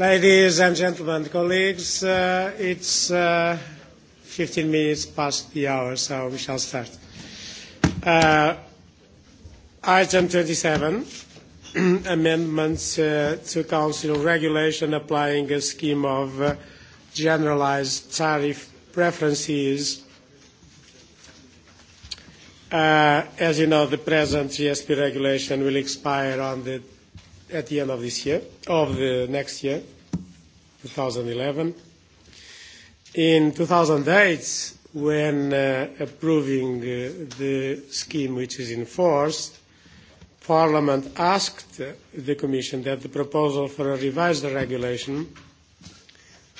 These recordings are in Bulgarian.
Ladies and gentlemen, colleagues, uh, it's uh, 15 minutes past the hour, so we shall start. Uh, item 27, amendments uh, to Council regulation applying a scheme of uh, generalized tariff preferences. Uh, as you know, the present GSP regulation will expire on the at the end of this year, of the next year, 2011. In 2008, when uh, approving uh, the scheme which is in force, Parliament asked the Commission that the proposal for a revised regulation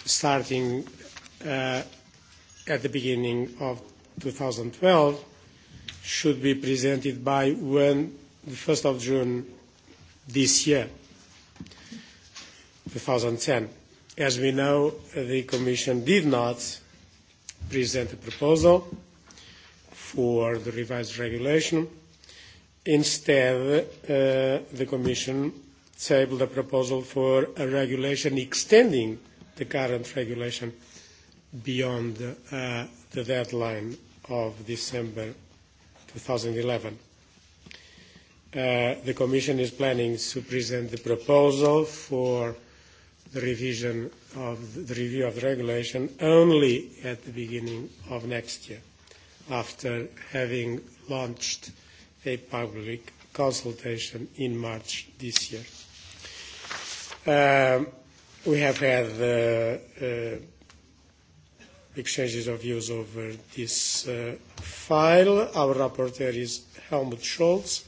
starting uh, at the beginning of 2012 should be presented by when the 1st of June this year, 2010. As we know, the Commission did not present a proposal for the revised regulation. Instead, the Commission tabled a proposal for a regulation extending the current regulation beyond the deadline of December 2011 the Commission is planning to present the proposal for the revision of the review of the regulation only at the beginning of next year, after having launched a public consultation in March this year. We have had exchanges of views over this file. Our rapporteur is Helmut Scholz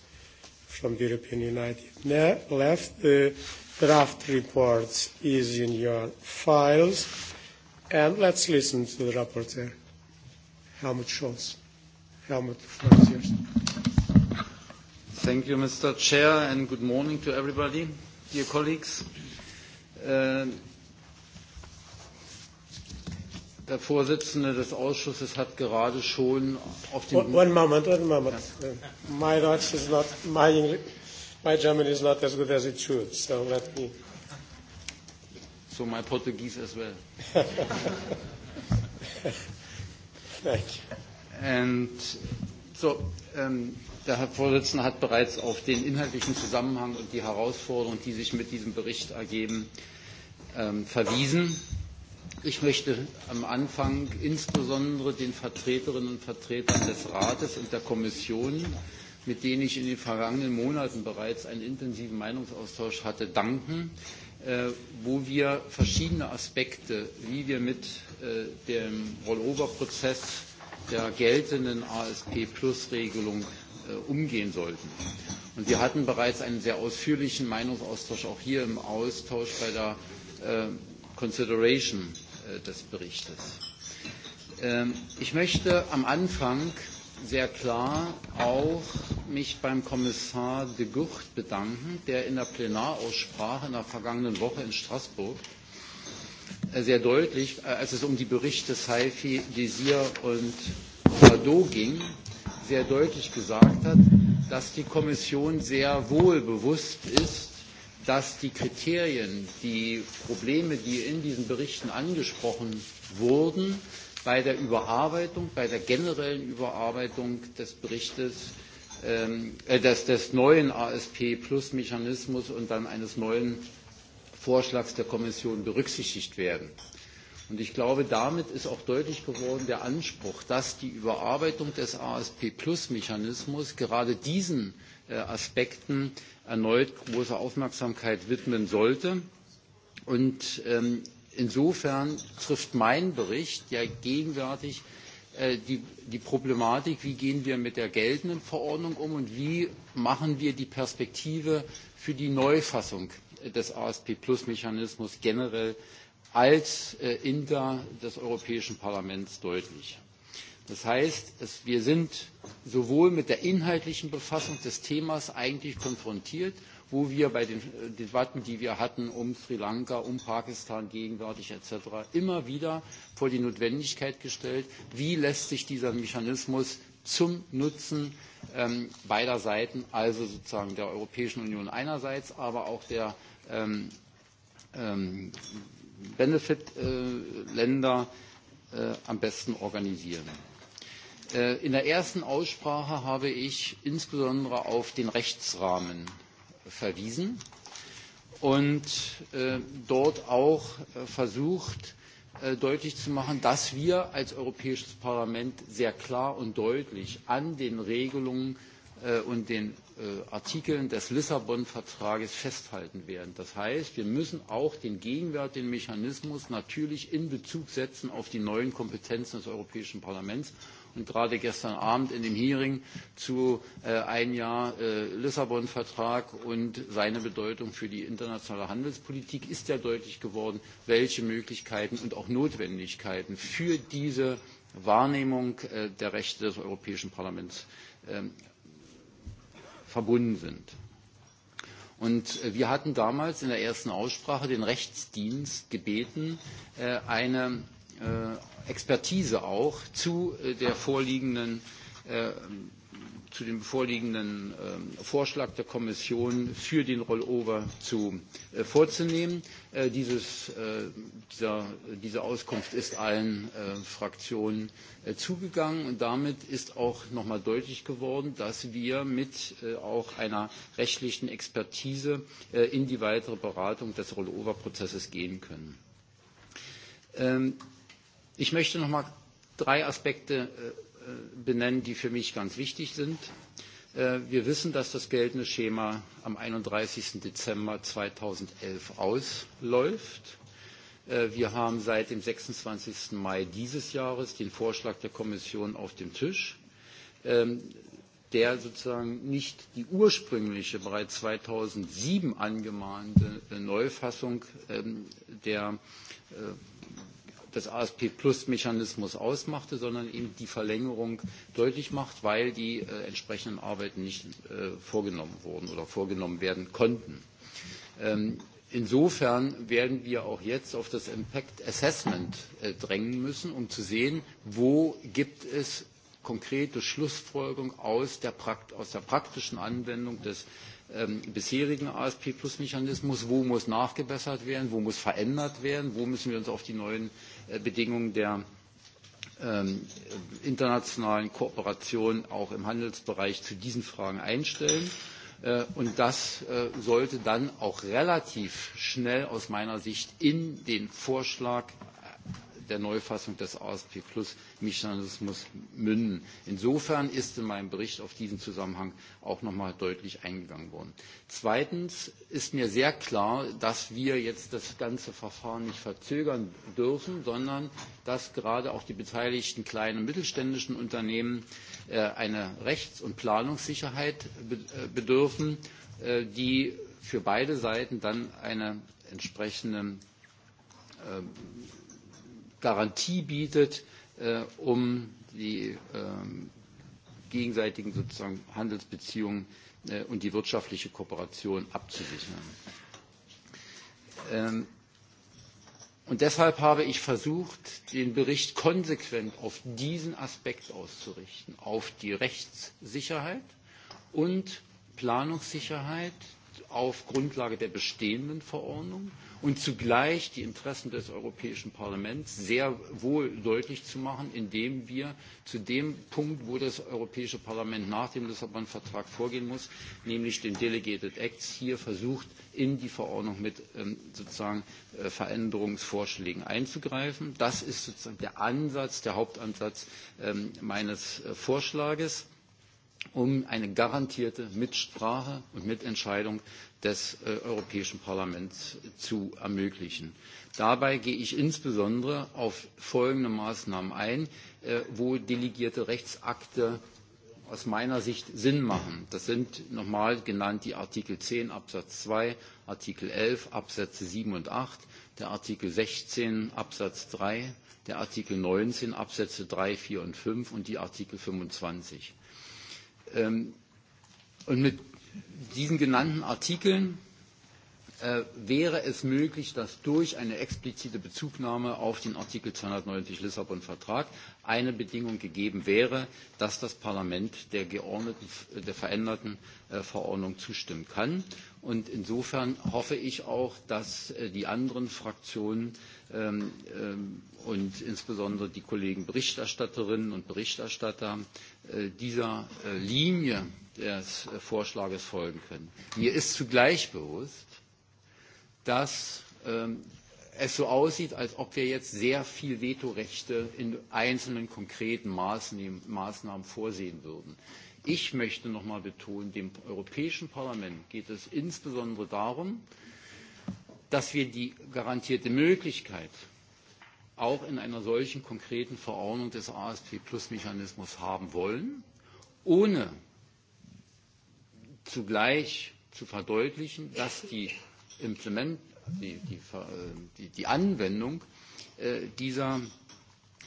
from the European United Left. The draft report is in your files. And let's listen to the rapporteur, Helmut Scholz. Helmut, the floor is yours. Thank you, Mr. Chair, and good morning to everybody, dear colleagues. Uh, Der Vorsitzende des Ausschusses hat gerade schon auf den. One one moment, one moment. My Dutch is not, my English, my German is not as good as it should, so let me. So my Portuguese as well. Thank you. And so, um, der Herr Vorsitzende hat bereits auf den inhaltlichen Zusammenhang und die Herausforderungen, die sich mit diesem Bericht ergeben, ähm, verwiesen Ich möchte am Anfang insbesondere den Vertreterinnen und Vertretern des Rates und der Kommission, mit denen ich in den vergangenen Monaten bereits einen intensiven Meinungsaustausch hatte, danken, wo wir verschiedene Aspekte, wie wir mit dem Rollover-Prozess der geltenden ASP-Plus-Regelung umgehen sollten. Und wir hatten bereits einen sehr ausführlichen Meinungsaustausch auch hier im Austausch bei der Consideration des Berichtes. Ich möchte am Anfang sehr klar auch mich beim Kommissar de Gucht bedanken, der in der Plenaraussprache in der vergangenen Woche in Straßburg sehr deutlich, als es um die Berichte Saifi, Desir und Jadot ging, sehr deutlich gesagt hat, dass die Kommission sehr wohl bewusst ist, dass die Kriterien, die Probleme, die in diesen Berichten angesprochen wurden, bei der Überarbeitung, bei der generellen Überarbeitung des Berichtes des, neuen ASP Plus Mechanismus und dann eines neuen Vorschlags der Kommission berücksichtigt werden. Und ich glaube, damit ist auch deutlich geworden der Anspruch, dass die Überarbeitung des ASP Plus Mechanismus gerade diesen Aspekten erneut große Aufmerksamkeit widmen sollte. Und insofern trifft mein Bericht ja gegenwärtig die Problematik, wie gehen wir mit der geltenden Verordnung um und wie machen wir die Perspektive für die Neufassung des ASP Mechanismus generell als Inter des Europäischen Parlaments deutlich. Das heißt, wir sind sowohl mit der inhaltlichen Befassung des Themas eigentlich konfrontiert, wo wir bei den Debatten, die wir hatten um Sri Lanka, um Pakistan gegenwärtig etc., immer wieder vor die Notwendigkeit gestellt, wie lässt sich dieser Mechanismus zum Nutzen beider Seiten, also sozusagen der Europäischen Union einerseits, aber auch der Benefit-Länder am besten organisieren in der ersten aussprache habe ich insbesondere auf den rechtsrahmen verwiesen und dort auch versucht deutlich zu machen dass wir als europäisches parlament sehr klar und deutlich an den regelungen und den artikeln des lissabon vertrags festhalten werden. das heißt wir müssen auch den gegenwärtigen mechanismus natürlich in bezug setzen auf die neuen kompetenzen des europäischen parlaments und gerade gestern Abend in dem Hearing zu einem Jahr Lissabon-Vertrag und seiner Bedeutung für die internationale Handelspolitik ist ja deutlich geworden, welche Möglichkeiten und auch Notwendigkeiten für diese Wahrnehmung der Rechte des Europäischen Parlaments verbunden sind. Und wir hatten damals in der ersten Aussprache den Rechtsdienst gebeten, eine Expertise auch zu der vorliegenden zu dem vorliegenden Vorschlag der Kommission für den Rollover vorzunehmen. diese Auskunft ist allen Fraktionen zugegangen und damit ist auch noch nochmal deutlich geworden, dass wir mit auch einer rechtlichen Expertise in die weitere Beratung des Rollover-Prozesses gehen können Ich möchte noch mal drei Aspekte benennen, die für mich ganz wichtig sind. Wir wissen, dass das geltende Schema am 31. Dezember 2011 ausläuft. Wir haben seit dem 26. Mai dieses Jahres den Vorschlag der Kommission auf dem Tisch, der sozusagen nicht die ursprüngliche, bereits 2007 angemahnte Neufassung der des ASP Plus Mechanismus ausmachte, sondern eben die Verlängerung deutlich macht, weil die entsprechenden Arbeiten nicht vorgenommen wurden oder vorgenommen werden konnten. Insofern werden wir auch jetzt auf das Impact Assessment drängen müssen, um zu sehen, wo gibt es konkrete Schlussfolgerungen aus der, praktischen Anwendung des bisherigen ASP Plus Mechanismus, wo muss nachgebessert werden, wo muss verändert werden, wo müssen wir uns auf die neuen Bedingungen der internationalen Kooperation auch im Handelsbereich zu diesen Fragen einstellen. Und das sollte dann auch relativ schnell aus meiner Sicht in den Vorschlag der Neufassung des ASP Plus Mechanismus münden. Insofern ist in meinem Bericht auf diesen Zusammenhang auch noch mal deutlich eingegangen worden. Zweitens ist mir sehr klar, dass wir jetzt das ganze Verfahren nicht verzögern dürfen, sondern dass gerade auch die beteiligten kleinen und mittelständischen Unternehmen einer Rechts- und Planungssicherheit bedürfen, die für beide Seiten dann eine entsprechende Garantie bietet, um die gegenseitigen sozusagen Handelsbeziehungen und die wirtschaftliche Kooperation abzusichern. Und deshalb habe ich versucht, den Bericht konsequent auf diesen Aspekt auszurichten, auf die Rechtssicherheit und Planungssicherheit auf Grundlage der bestehenden Verordnung und zugleich die Interessen des Europäischen Parlaments sehr wohl deutlich zu machen, indem wir zu dem Punkt, wo das Europäische Parlament nach dem Lissabon-Vertrag vorgehen muss, nämlich den Delegated Acts, hier versucht, in die Verordnung mit sozusagen Veränderungsvorschlägen einzugreifen. Das ist sozusagen der Ansatz, der Hauptansatz meines Vorschlages um eine garantierte Mitsprache und Mitentscheidung des Europäischen Parlaments zu ermöglichen. Dabei gehe ich insbesondere auf folgende Maßnahmen ein, wo delegierte Rechtsakte aus meiner Sicht Sinn machen. Das sind nochmal genannt die Artikel zehn Absatz zwei, Artikel elf Absätze sieben und acht, der Artikel sechzehn Absatz drei, der Artikel neunzehn Absätze drei, vier und fünf und die Artikel fünfundzwanzig Und mit diesen genannten Artikeln wäre es möglich, dass durch eine explizite Bezugnahme auf den Artikel 290 Lissabon Vertrag eine Bedingung gegeben wäre, dass das Parlament der veränderten Verordnung zustimmen kann. Und insofern hoffe ich auch, dass die anderen Fraktionen und insbesondere die Kollegen Berichterstatterinnen und Berichterstatter dieser Linie des Vorschlags folgen können. Mir ist zugleich bewusst, dass es so aussieht, als ob wir jetzt sehr viel Vetorechte in einzelnen konkreten Maßnahmen vorsehen würden. Ich möchte noch einmal betonen, dem Europäischen Parlament geht es insbesondere darum, dass wir die garantierte Möglichkeit auch in einer solchen konkreten Verordnung des ASP Plus Mechanismus haben wollen, ohne zugleich zu verdeutlichen, dass die, Implement die, die, die Anwendung dieser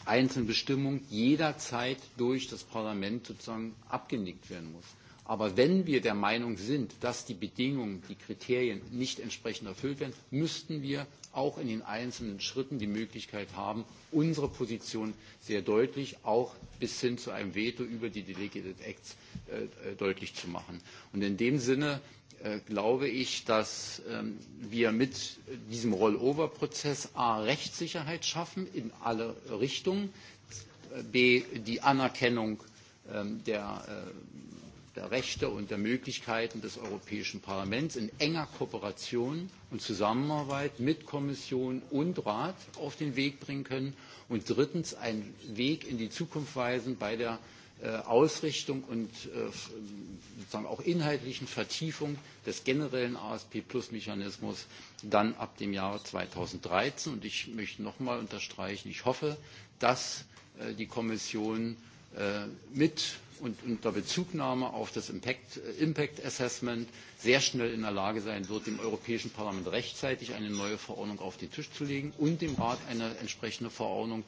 einzelnen Bestimmung jederzeit durch das Parlament sozusagen abgenickt werden muss. Aber wenn wir der Meinung sind, dass die Bedingungen, die Kriterien nicht entsprechend erfüllt werden, müssten wir auch in den einzelnen Schritten die Möglichkeit haben, unsere Position sehr deutlich, auch bis hin zu einem Veto über die Delegated Acts, deutlich zu machen. Und in dem Sinne glaube ich, dass wir mit diesem Rollover-Prozess a. Rechtssicherheit schaffen in alle Richtungen, b. die Anerkennung der Rechte und der Möglichkeiten des Europäischen Parlaments in enger Kooperation und Zusammenarbeit mit Kommission und Rat auf den Weg bringen können und drittens einen Weg in die Zukunft weisen bei der Ausrichtung und sozusagen auch inhaltlichen Vertiefung des generellen ASP Plus Mechanismus dann ab dem Jahr 2013. Und ich möchte nochmal unterstreichen, ich hoffe, dass die Kommission mit und unter Bezugnahme auf das Impact, Assessment sehr schnell in der Lage sein wird, dem Europäischen Parlament rechtzeitig eine neue Verordnung auf den Tisch zu legen und dem Rat eine entsprechende Verordnung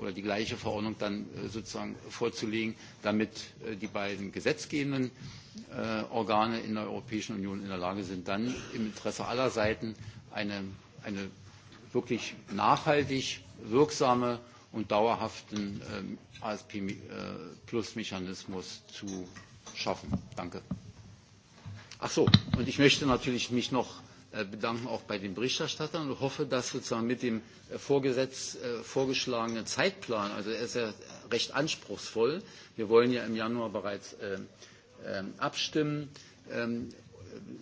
oder die gleiche Verordnung dann sozusagen vorzulegen, damit die beiden gesetzgebenden Organe in der Europäischen Union in der Lage sind, dann im Interesse aller Seiten eine, wirklich nachhaltig wirksame und dauerhaften ASP Plus Mechanismus zu schaffen. Danke. Ach so, und ich möchte natürlich mich noch bedanken auch bei den Berichterstattern und hoffe, dass sozusagen mit dem Vorgesetz vorgeschlagenen Zeitplan, also er ist ja recht anspruchsvoll, wir wollen ja im Januar bereits abstimmen,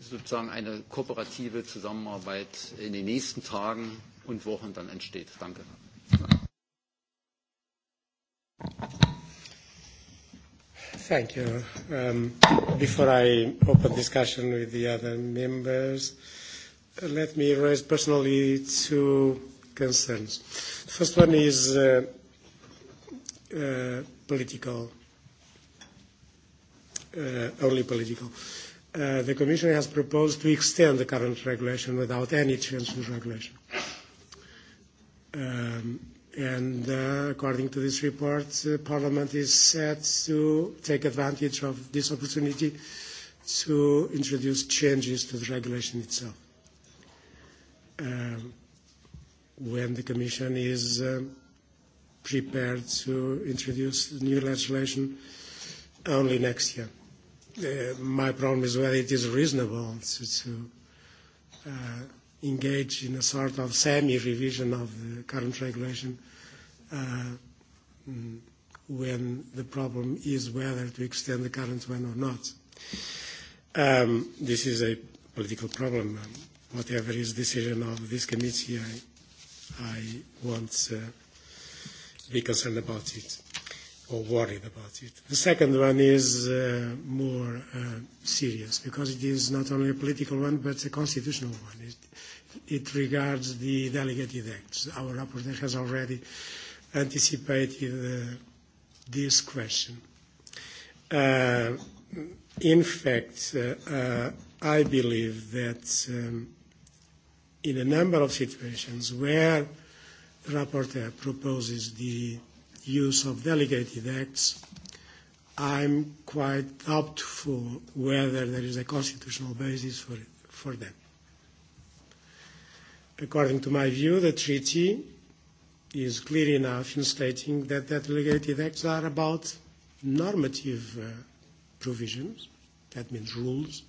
sozusagen eine kooperative Zusammenarbeit in den nächsten Tagen und Wochen dann entsteht. Danke. Thank you. Um, before I open discussion with the other members, let me raise personally two concerns. The first one is uh, uh, political, uh, only political. Uh, the Commission has proposed to extend the current regulation without any change to the regulation. Um, and uh, according to this report, uh, Parliament is set to take advantage of this opportunity to introduce changes to the regulation itself when the Commission is prepared to introduce new legislation only next year. My problem is whether it is reasonable to engage in a sort of semi-revision of the current regulation when the problem is whether to extend the current one or not. This is a political problem whatever is decision of this committee, I, I won't uh, be concerned about it or worried about it. The second one is uh, more uh, serious because it is not only a political one but a constitutional one. It, it regards the delegated acts. Our rapporteur has already anticipated uh, this question. Uh, in fact, uh, uh, I believe that um, in a number of situations where the rapporteur proposes the use of delegated acts, I'm quite doubtful whether there is a constitutional basis for, for them. According to my view, the treaty is clear enough in stating that the delegated acts are about normative uh, provisions, that means rules,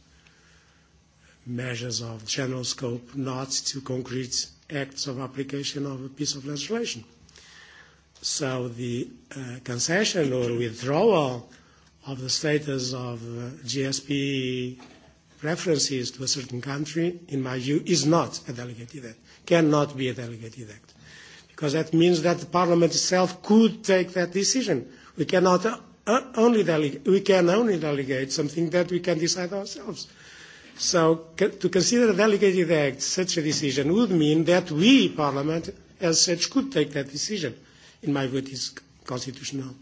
measures of general scope, not to concrete acts of application of a piece of legislation. So the uh, concession or withdrawal of the status of uh, GSP preferences to a certain country, in my view, is not a delegated act, cannot be a delegated act. Because that means that the Parliament itself could take that decision. We, cannot, uh, only delegate, we can only delegate something that we can decide ourselves. So to consider a delegated act such a decision would mean that we, Parliament, as such, could take that decision. In my view, it is constitutional,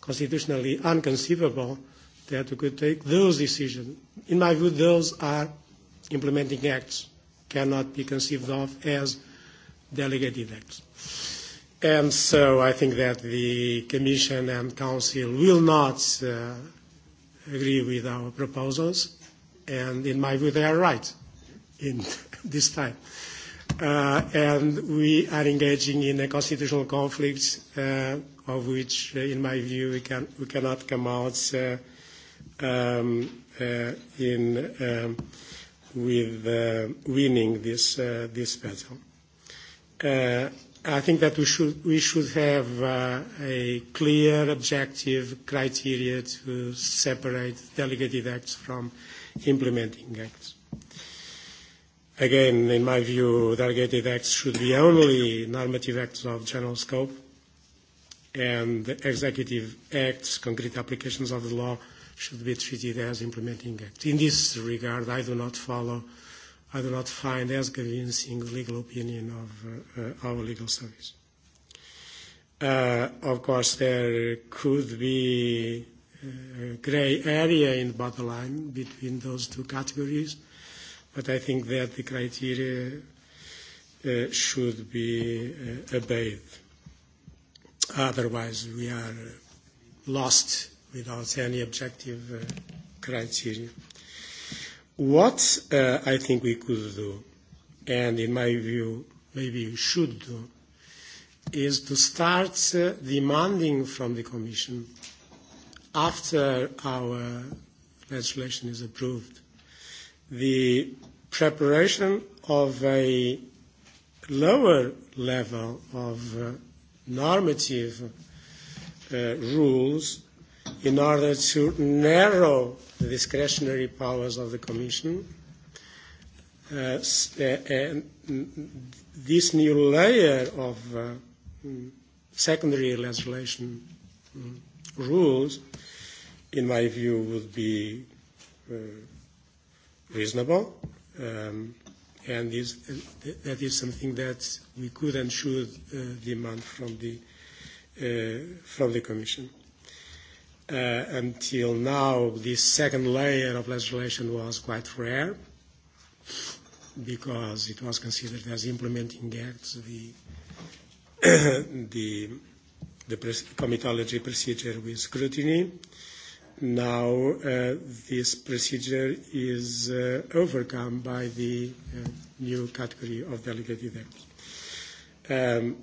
constitutionally unconceivable that we could take those decisions. In my view, those are implementing acts, cannot be conceived of as delegated acts. And so I think that the Commission and Council will not uh, agree with our proposals and in my view, they are right in this time. Uh, and we are engaging in a constitutional conflict uh, of which, in my view, we, can, we cannot come out uh, um, uh, in, um, with uh, winning this, uh, this battle. Uh, I think that we should, we should have uh, a clear objective criteria to separate delegated acts from uh, implementing acts. Again, in my view, delegated acts should be only normative acts of general scope, and executive acts, concrete applications of the law, should be treated as implementing acts. In this regard, I do not follow, I do not find as convincing the legal opinion of uh, our legal service. Uh, of course, there could be gray area in the borderline between those two categories, but I think that the criteria uh, should be uh, obeyed. Otherwise, we are lost without any objective uh, criteria. What uh, I think we could do, and in my view, maybe we should do, is to start uh, demanding from the Commission after our legislation is approved, the preparation of a lower level of normative uh, rules in order to narrow the discretionary powers of the Commission. Uh, and this new layer of uh, secondary legislation rules in my view, would be uh, reasonable. Um, and is, that is something that we could and should uh, demand from the, uh, from the Commission. Uh, until now, this second layer of legislation was quite rare because it was considered as implementing acts, the, the, the comitology procedure with scrutiny. Uh, now uh, this procedure is uh, overcome by the uh, new category of delegated acts. Um,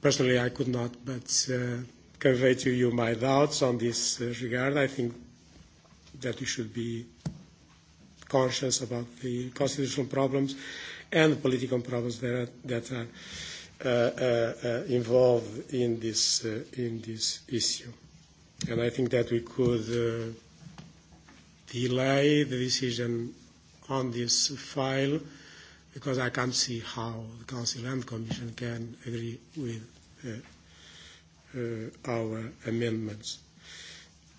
personally, I could not but uh, convey to you my doubts on this uh, regard. I think that we should be conscious about the constitutional problems and political problems that are, that are uh, uh, involved in this, uh, in this issue and I think that we could delay the decision on this file because I can't see how the Council and Commission can agree with our amendments.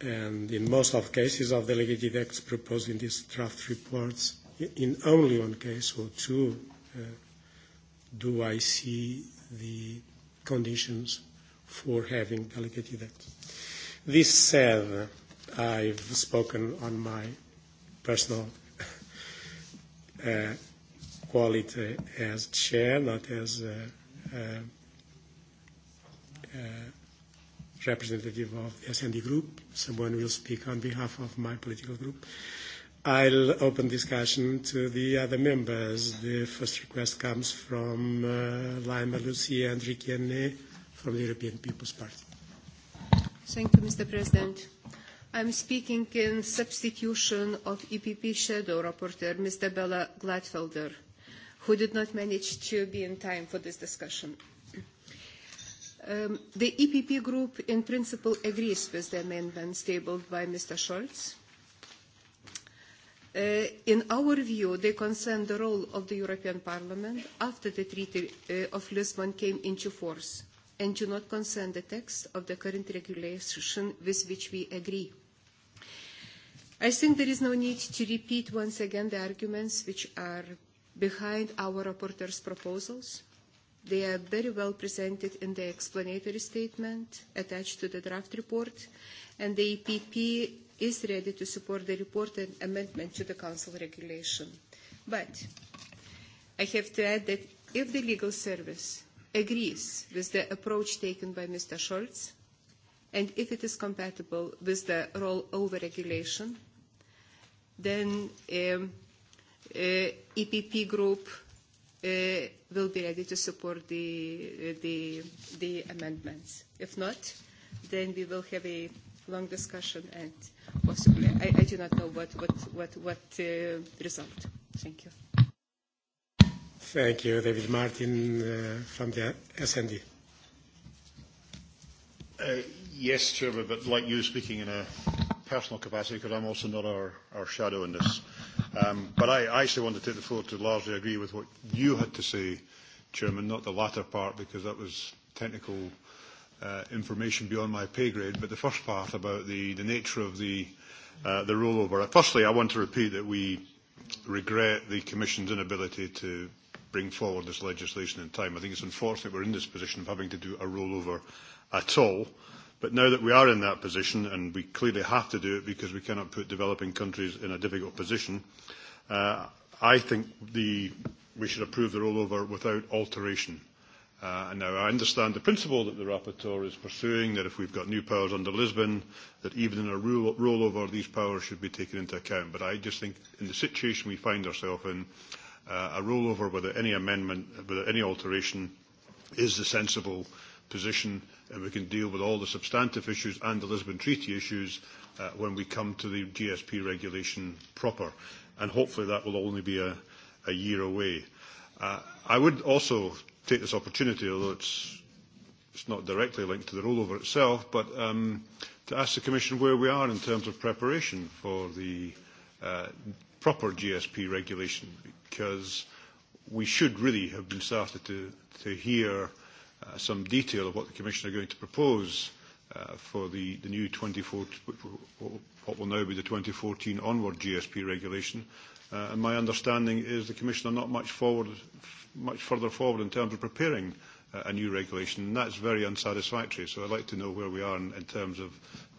And in most of cases of delegated acts proposed in these draft reports, in only one case or two, do I see the conditions for having delegated acts. This said, I've spoken on my personal uh, quality as chair, not as a, a, a representative of the SND group. Someone will speak on behalf of my political group. I'll open discussion to the other members. The first request comes from uh, Lima Lucia Andrikiane from the European People's Party. Thank you, Mr. President. I'm speaking in substitution of EPP Shadow Rapporteur, Mr. Bella Gladfelder, who did not manage to be in time for this discussion. the EPP group in principle agrees with the amendments tabled by Mr. Scholz. in our view, they concern the role of the European Parliament after the Treaty of Lisbon came into force – and do not concern the text of the current regulation with which we agree. I think there is no need to repeat once again the arguments which are behind our rapporteur's proposals. They are very well presented in the explanatory statement attached to the draft report, and the EPP is ready to support the report and amendment to the Council regulation. But I have to add that if the legal service agrees with the approach taken by Mr. Scholz and if it is compatible with the roll over regulation, then um, uh, EPP group uh, will be ready to support the, the, the amendments. If not, then we will have a long discussion and possibly, I, I do not know what, what, what, what uh, result. Thank you. Thank you. David Martin from the S&D. Yes, Chairman, but like you, speaking in a personal capacity, because I'm also not our our shadow in this. But I actually want to take the floor to largely agree with what you had to say, Chairman, not the latter part, because that was technical information beyond my pay grade, but the first part about the the nature of the the rollover. Firstly, I want to repeat that we regret the Commission's inability to bring forward this legislation in time. I think it's unfortunate we're in this position of having to do a rollover at all. But now that we are in that position, and we clearly have to do it because we cannot put developing countries in a difficult position, uh, I think the, we should approve the rollover without alteration. Uh, now, I understand the principle that the rapporteur is pursuing, that if we've got new powers under Lisbon, that even in a rollover, these powers should be taken into account. But I just think in the situation we find ourselves in, a rollover without any amendment, without any alteration, is the sensible position, and we can deal with all the substantive issues and the Lisbon Treaty issues uh, when we come to the GSP regulation proper. And hopefully that will only be a, a year away. Uh, I would also take this opportunity, although it's, it's not directly linked to the rollover itself, but um, to ask the Commission where we are in terms of preparation for the uh, proper GSP regulation because we should really have been started to, to hear uh, some detail of what the Commission are going to propose uh, for the, the new 2014, what will now be the 2014 onward GSP regulation. Uh, and my understanding is the Commission are not much, forward, much further forward in terms of preparing uh, a new regulation, and that's very unsatisfactory. So I'd like to know where we are in, in terms of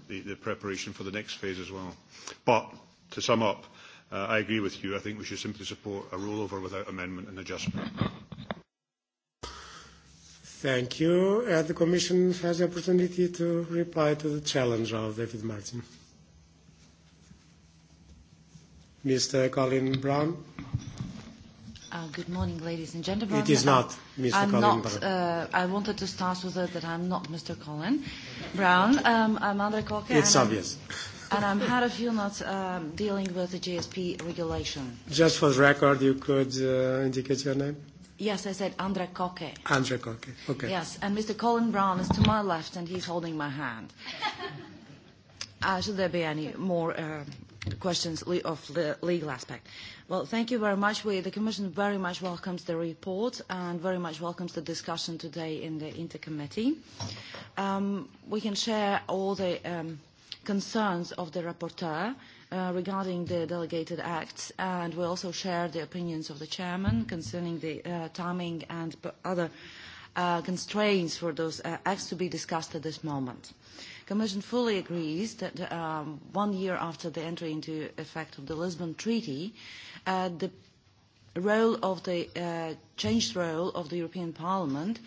the, the preparation for the next phase as well. But to sum up, Uh, I agree with you. I think we should simply support a rollover without amendment and adjustment. Thank you. Uh, the Commission has the opportunity to reply to the challenge of David Martin. Mr. Colin Brown. Uh, good morning, ladies and gentlemen. It is not Mr. I'm Colin not, Brown. Uh, I wanted to start with that, that I'm not Mr. Colin Brown. Um, I'm Andre Cocker. It's obvious. I'm, And um, how do you not um dealing with the GSP regulation? Just for the record, you could uh, indicate your name. Yes, I said Andre Koke. Andre Koke, okay. Yes, and Mr. Colin Brown is to my left, and he's holding my hand. Uh, should there be any more uh, questions of the legal aspect? Well, thank you very much. We, the Commission very much welcomes the report and very much welcomes the discussion today in the Intercommittee. Um, we can share all the... Um, concerns of the rapporteur regarding the delegated acts, and we also share the opinions of the chairman concerning the timing and other constraints for those acts to be discussed at this moment. The Commission fully agrees that one year after the entry into effect of the Lisbon Treaty, the role of the changed role of the European Parliament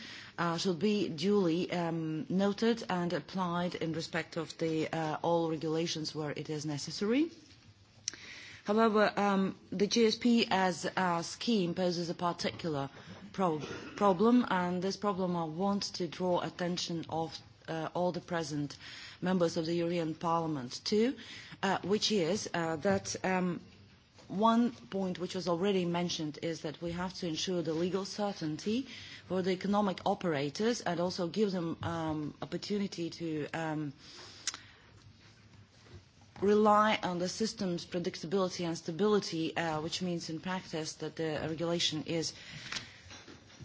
should be duly noted and applied in respect of the all regulations where it is necessary. However, the GSP as a scheme poses a particular problem, and this problem I want to draw attention of all the present members of the European Parliament to, which is that One point which was already mentioned is that we have to ensure the legal certainty for the economic operators and also give them um, opportunity to um, rely on the system's predictability and stability, uh, which means in practice that the regulation is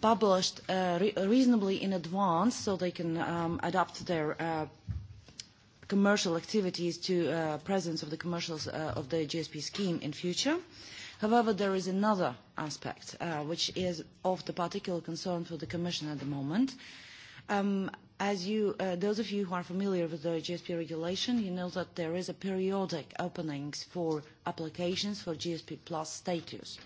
published uh, re reasonably in advance so they can um, adapt their uh, commercial activities to uh, presence of the commercials uh, of the GSP scheme in future. However, there is another aspect uh, which is of the particular concern for the Commission at the moment. Um, as you, uh, those of you who are familiar with the GSP regulation, you know that there is a periodic openings for applications for GSP plus status.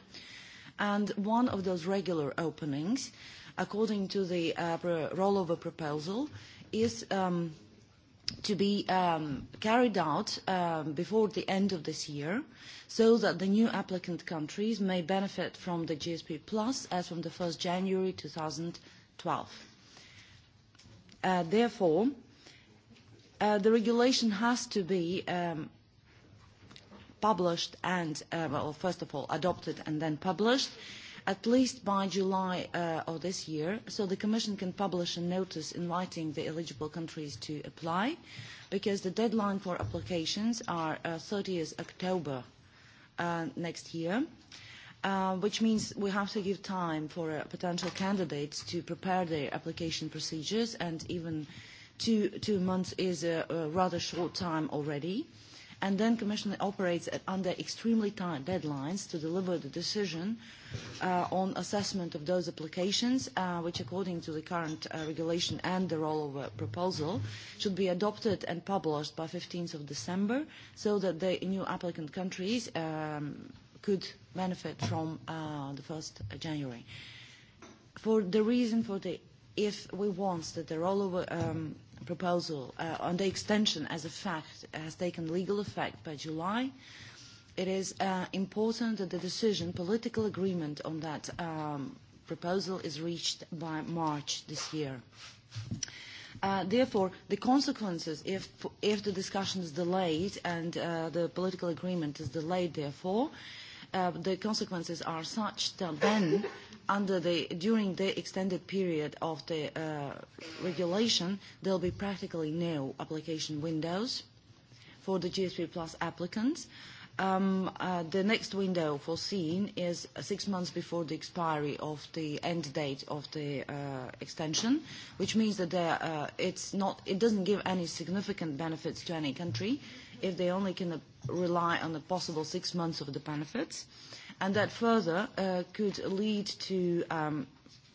And one of those regular openings, according to the uh, rollover proposal, is um, – to be carried out before the end of this year so that the new applicant countries may benefit from the GSP Plus as from the 1st January 2012. Uh, therefore, uh, the regulation has to be um, published and, uh, well, first of all, adopted and then published uh, at least by July uh, of this year, so the Commission can publish a notice inviting the eligible countries to apply, because the deadline for applications are uh, 30th October uh, next year, uh, which means we have to give time for uh, potential candidates to prepare their application procedures, and even two, two months is a, a rather short time already. Uh, and then Commission operates at, under extremely tight deadlines to deliver the decision uh, on assessment of those applications, uh, which according to the current uh, regulation and the rollover proposal should be adopted and published by 15th of December so that the new applicant countries um, could benefit from uh, the 1st of January. For the reason for the if we want that the rollover um, proposal uh, on the extension as a fact has taken legal effect by July. It is uh, important that the decision, political agreement on that um, proposal is reached by March this year. Uh, therefore, the consequences, if, if the discussion is delayed and uh, the political agreement is delayed, therefore, uh, the consequences are such that then under the, during the extended period of the uh, regulation, there will be practically no application windows for the GSP Plus applicants. Um, uh, the next window foreseen is six months before the expiry of the end date of the uh, extension, which means that uh, it's not, it doesn't give any significant benefits to any country if they only can rely on the possible six months of the benefits. Uh, and that further uh, could lead to um,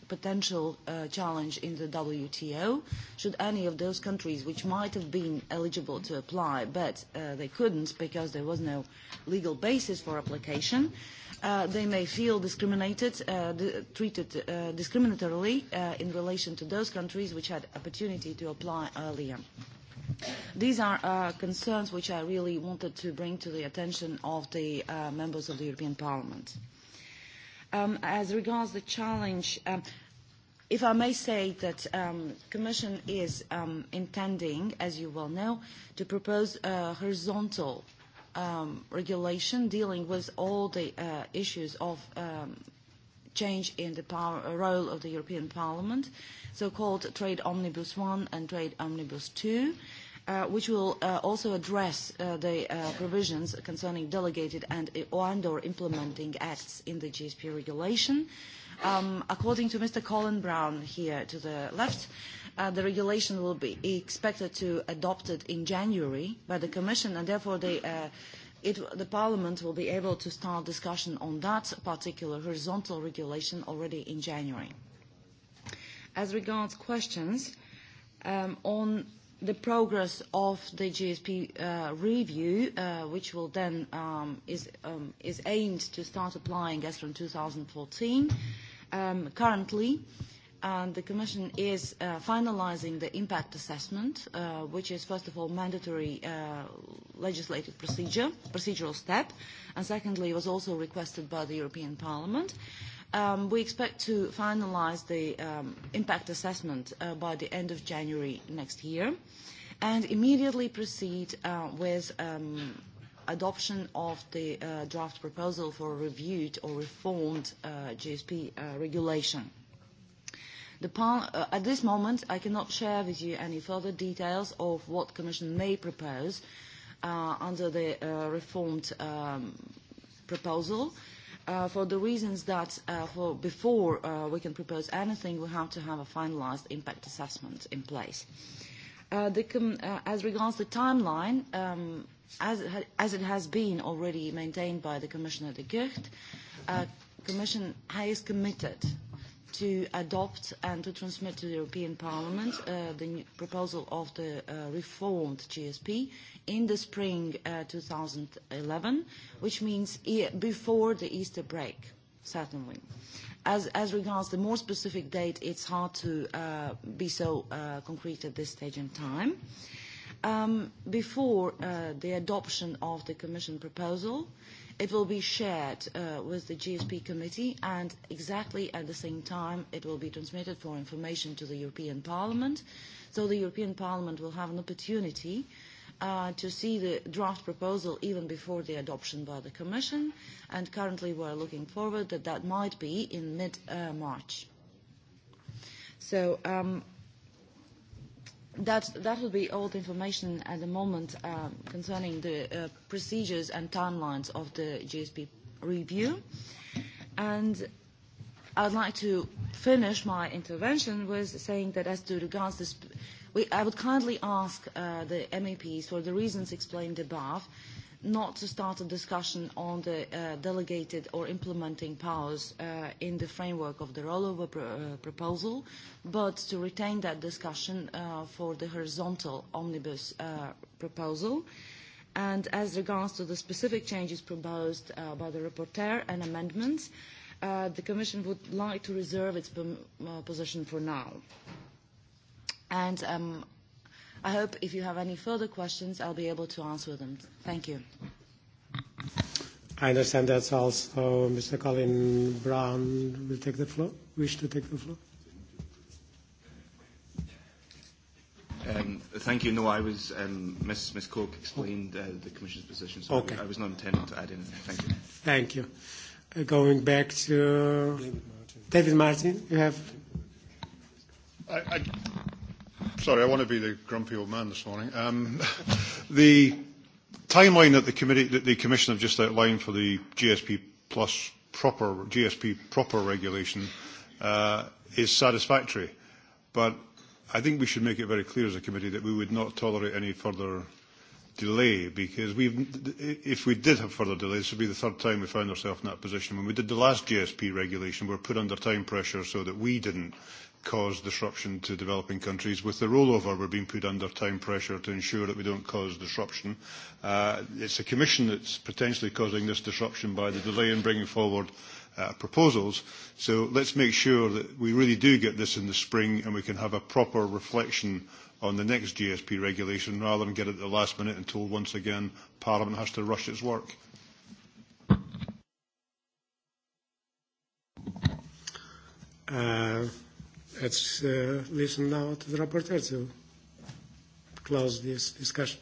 potential uh, challenge in the WTO should any of those countries which might have been eligible to apply but uh, they couldn't because there was no legal basis for application, uh, they may feel discriminated, uh, treated uh, discriminatorily uh, in relation to those countries which had opportunity to apply earlier. These are uh, concerns which I really wanted to bring to the attention of the uh, members of the European Parliament. Um, as regards the challenge, um, if I may say that um, Commission is um, intending, as you well know, to propose a horizontal um, regulation dealing with all the uh, issues of um, change in the power, role of the European Parliament, so-called Trade Omnibus 1 and Trade Omnibus 2, uh, which will uh, also address uh, the uh, provisions concerning delegated and or implementing acts in the GSP regulation. Um, according to Mr. Colin Brown here to the left, uh, the regulation will be expected to adopted in January by the Commission, and therefore the uh, it, the Parliament will be able to start discussion on that particular horizontal regulation already in January. As regards questions um, on the progress of the GSP uh, review, uh, which will then um, is, um, is aimed to start applying as from 2014, um, currently, uh, the Commission is finalizing the impact assessment, which is, first of all, mandatory legislative procedure, procedural step, and secondly, was also requested by the European Parliament. we expect to finalize the impact assessment by the end of January next year and immediately proceed with adoption of the draft proposal for reviewed or reformed GSP regulation at this moment, I cannot share with you any further details of what the Commission may propose uh, under the uh, reformed um, proposal. Uh, for the reasons that uh, for before uh, we can propose anything, we have to have a finalized impact assessment in place. Uh, the com- uh, as regards the timeline, um, as, it as it has been already maintained by the Commissioner de Gucht, uh, Commission is committed to adopt and to transmit to the European Parliament uh, the proposal of the uh, reformed GSP in the spring uh, 2011, which means e before the Easter break, certainly. As, as regards the more specific date, it's hard to uh, be so uh, concrete at this stage in time. Um, before uh, the adoption of the Commission proposal, uh, It will be shared uh, with the GSP committee and exactly at the same time it will be transmitted for information to the European Parliament. So the European Parliament will have an opportunity uh, to see the draft proposal even before the adoption by the Commission and currently we are looking forward that that might be in mid-March. so um, That that will be all the information at the moment concerning the procedures and timelines of the GSP review. And I would like to finish my intervention with saying that as to regards this, we, I would kindly ask the MEPs for the reasons explained above not to start a discussion on the uh, delegated or implementing powers uh, in the framework of the rollover pr uh, proposal, but to retain that discussion uh, for the horizontal omnibus uh, proposal. And as regards to the specific changes proposed uh, by the rapporteur and amendments, uh, the Commission would like to reserve its uh, position for now. And um, I hope if you have any further questions, I'll be able to answer them. Thank you. I understand that's also Mr. Colin Brown will take the floor, wish to take the floor. thank you. No, I was, Ms. Ms. explained the Commission's position, okay. I was not intending to add anything. Thank you. Thank you. going back to David Martin, David Martin, you have. Sorry, I want to be the grumpy old man this morning. Um, the timeline that the, committee, that the Commission have just outlined for the GSP plus proper GSP proper regulation uh, is satisfactory, but I think we should make it very clear as a committee that we would not tolerate any further delay because we've, if we did have further delays, this would be the third time we found ourselves in that position. When we did the last GSP regulation, we were put under time pressure so that we didn't cause disruption to developing countries. With the rollover, we're being put under time pressure to ensure that we don't cause disruption. Uh, it's the Commission that's potentially causing this disruption by the delay in bringing forward uh, proposals. So let's make sure that we really do get this in the spring and we can have a proper reflection on the next GSP regulation rather than get it at the last minute until once again Parliament has to rush its work. Uh, Let's uh, listen now to the rapporteur to close this discussion.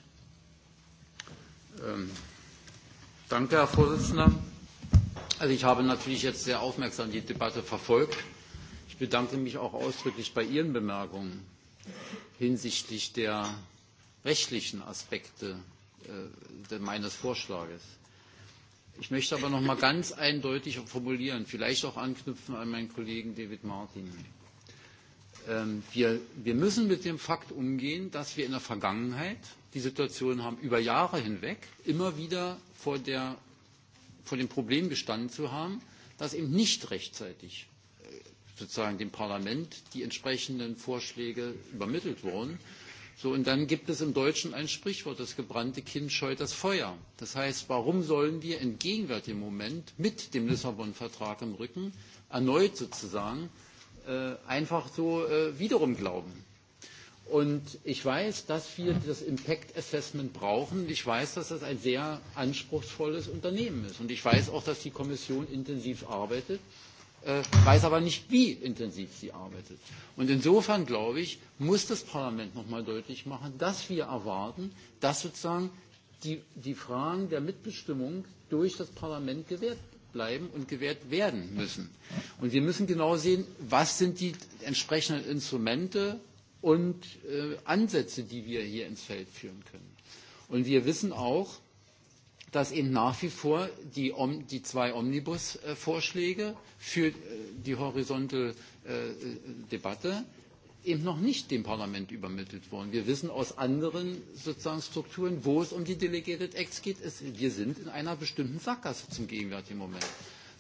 Um, danke, Herr Vorsitzender. Also ich habe natürlich jetzt sehr aufmerksam die Debatte verfolgt. Ich bedanke mich auch ausdrücklich bei Ihren Bemerkungen hinsichtlich der rechtlichen Aspekte meines Vorschlages. Ich möchte aber noch mal ganz eindeutig formulieren, vielleicht auch anknüpfen an meinen Kollegen David Martin wir, müssen mit dem Fakt umgehen, dass wir in der Vergangenheit die Situation haben, über Jahre hinweg immer wieder vor, dem Problem gestanden zu haben, dass eben nicht rechtzeitig sozusagen dem Parlament die entsprechenden Vorschläge übermittelt wurden. und dann gibt es im Deutschen ein Sprichwort, das gebrannte Kind scheut das Feuer. Das heißt, warum sollen wir im gegenwärtigen Moment mit dem Lissabon-Vertrag im Rücken erneut sozusagen einfach so wiederum glauben. Und ich weiß, dass wir das Impact Assessment brauchen. Ich weiß, dass das ein sehr anspruchsvolles Unternehmen ist. Und ich weiß auch, dass die Kommission intensiv arbeitet, weiß aber nicht, wie intensiv sie arbeitet. Und insofern, glaube ich, muss das Parlament noch mal deutlich machen, dass wir erwarten, dass sozusagen die, Fragen der Mitbestimmung durch das Parlament gewährt bleiben und gewährt werden müssen. Und wir müssen genau sehen, was sind die entsprechenden Instrumente und Ansätze, die wir hier ins Feld führen können. Und wir wissen auch, dass eben nach wie vor die, zwei Omnibus-Vorschläge für die horizontale Debatte eben noch nicht dem Parlament übermittelt worden. Wir wissen aus anderen sozusagen Strukturen, wo es um die Delegated Acts geht. wir sind in einer bestimmten Sackgasse zum gegenwärtigen Moment.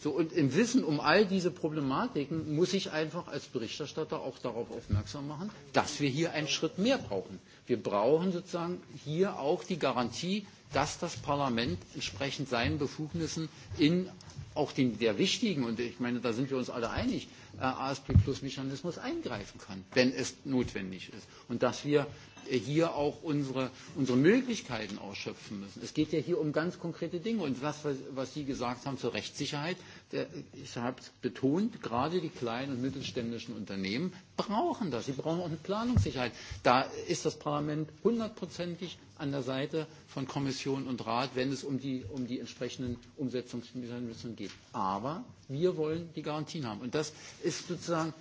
So, und im Wissen um all diese Problematiken muss ich einfach als Berichterstatter auch darauf aufmerksam machen, dass wir hier einen Schritt mehr brauchen. Wir brauchen sozusagen hier auch die Garantie, dass das Parlament entsprechend seinen Befugnissen in auch den, der wichtigen, und ich meine, da sind wir uns alle einig, ASP Plus Mechanismus eingreifen kann, wenn es notwendig ist. Und dass wir hier auch unsere, unsere Möglichkeiten ausschöpfen müssen. Es geht ja hier um ganz konkrete Dinge. Und das, was Sie gesagt haben zur Rechtssicherheit, der, ich habe es betont, gerade die kleinen und mittelständischen Unternehmen brauchen das. Sie brauchen auch eine Planungssicherheit. Da ist das Parlament hundertprozentig an der Seite von Kommission und Rat, wenn es um die, um die entsprechenden Umsetzungsmechanismen geht. Aber wir wollen die Garantien haben. Und das ist sozusagen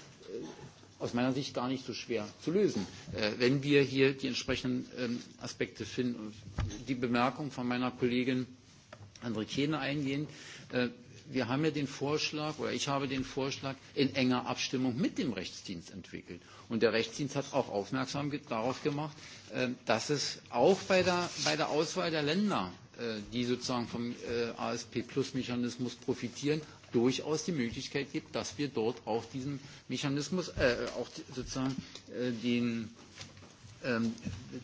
aus meiner Sicht gar nicht so schwer zu lösen, wenn wir hier die entsprechenden Aspekte finden. Die Bemerkung von meiner Kollegin Andrikene eingehen. Wir haben ja den Vorschlag, oder ich habe den Vorschlag in enger Abstimmung mit dem Rechtsdienst entwickelt. Und der Rechtsdienst hat auch aufmerksam darauf gemacht, dass es auch bei der Auswahl der Länder die sozusagen vom ASP Plus Mechanismus profitieren, durchaus die Möglichkeit gibt, dass wir dort auch diesen Mechanismus, auch sozusagen die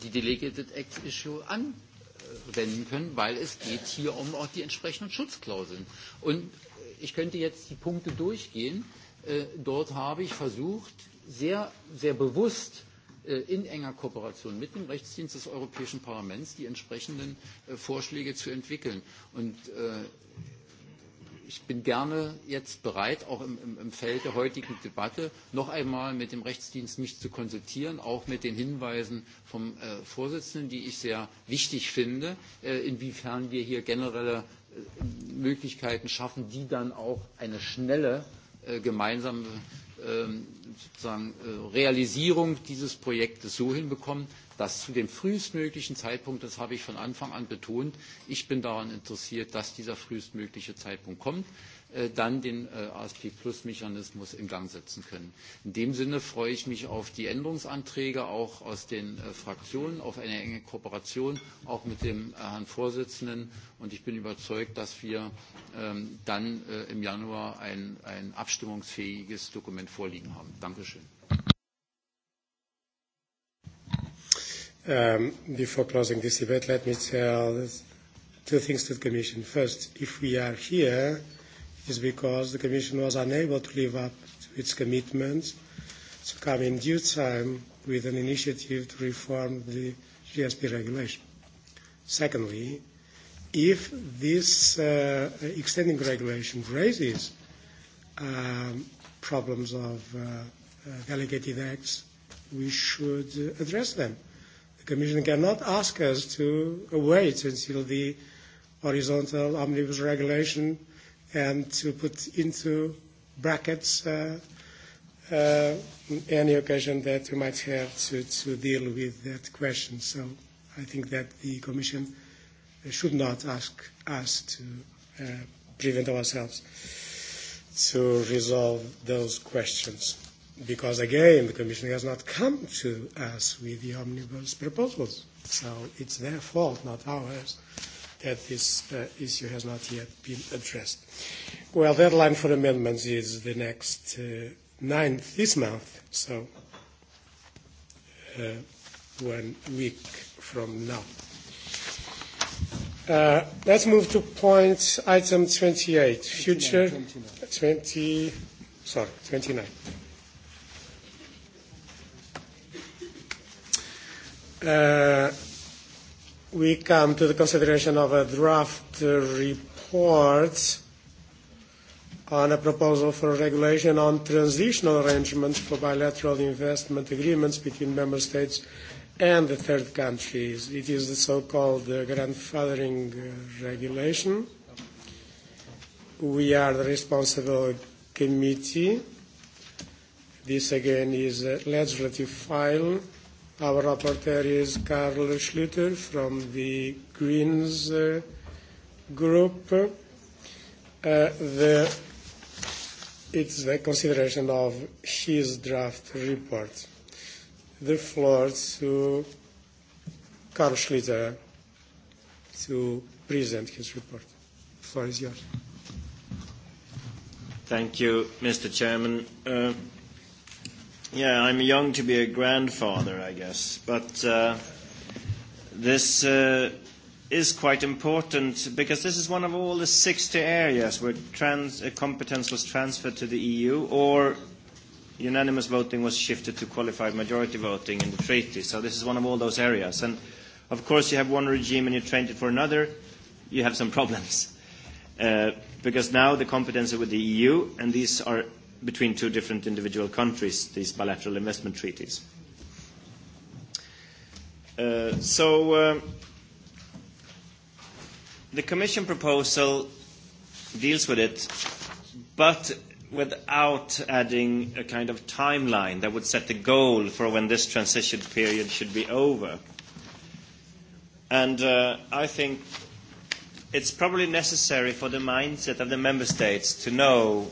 Delegated Act Issue anwenden können, weil es geht hier um auch die entsprechenden Schutzklauseln. Und ich könnte jetzt die Punkte durchgehen. Dort habe ich versucht, sehr, sehr bewusst in enger Kooperation mit dem Rechtsdienst des Europäischen Parlaments die entsprechenden Vorschläge zu entwickeln. Und ich bin gerne jetzt bereit, auch im, Feld der heutigen Debatte noch einmal mit dem Rechtsdienst mich zu konsultieren, auch mit den Hinweisen vom Vorsitzenden, die ich sehr wichtig finde, inwiefern wir hier generelle Möglichkeiten schaffen, die dann auch eine schnelle gemeinsame Realisierung dieses Projektes so hinbekommen, dass zu dem frühestmöglichen Zeitpunkt, das habe ich von Anfang an betont, ich bin daran interessiert, dass dieser frühestmögliche Zeitpunkt kommt, dann den ASP Plus Mechanismus in Gang setzen können. In dem Sinne freue ich mich auf die Änderungsanträge auch aus den Fraktionen, auf eine enge Kooperation auch mit dem Herrn Vorsitzenden und ich bin überzeugt, dass wir dann im Januar ein, abstimmungsfähiges Dokument vorliegen haben. Dankeschön. before closing this debate, let me tell two things to the Commission. First, if we are here, is because the Commission was unable to live up to its commitment to come in due time with an initiative to reform the GSP regulation. Secondly, if this uh, extending regulation raises um, problems of uh, delegated acts, we should address them Commission cannot ask us to wait until the horizontal omnibus regulation and to put into brackets uh, uh, any occasion that we might have to, to deal with that question. So I think that the Commission should not ask us to uh, prevent ourselves to resolve those questions because again, the Commission has not come to us with the omnibus proposals. So it's their fault, not ours, that this uh, issue has not yet been addressed. Well, deadline for amendments is the next uh, ninth this month, so uh, one week from now. Uh, let's move to point item 28, future 29. 20, sorry, 29. we come to the consideration of a draft report on a proposal for a regulation on transitional arrangements for bilateral investment agreements between member states and the third countries. It is the so-called grandfathering regulation. We are the responsible committee. This again is a legislative file Our rapporteur is Karl Schlüter from the Greens uh, group. Uh, the, it's the consideration of his draft report. The floor to Karl Schlüter to present his report. The floor is yours. Thank you, Mr. Chairman. Uh, Yeah, I'm young to be a grandfather, I guess, but uh, this uh, is quite important because this is one of all the 60 areas where trans- uh, competence was transferred to the EU or unanimous voting was shifted to qualified majority voting in the treaty. So this is one of all those areas. And of course, you have one regime and you trained it for another, you have some problems. Uh, because now the competence is with the EU, and these are between two different individual countries, these bilateral investment treaties. so the Commission proposal deals with it, but without adding a kind of timeline that would set the goal for when this transition period should be over. And uh, I think it's probably necessary for the mindset of the member states to know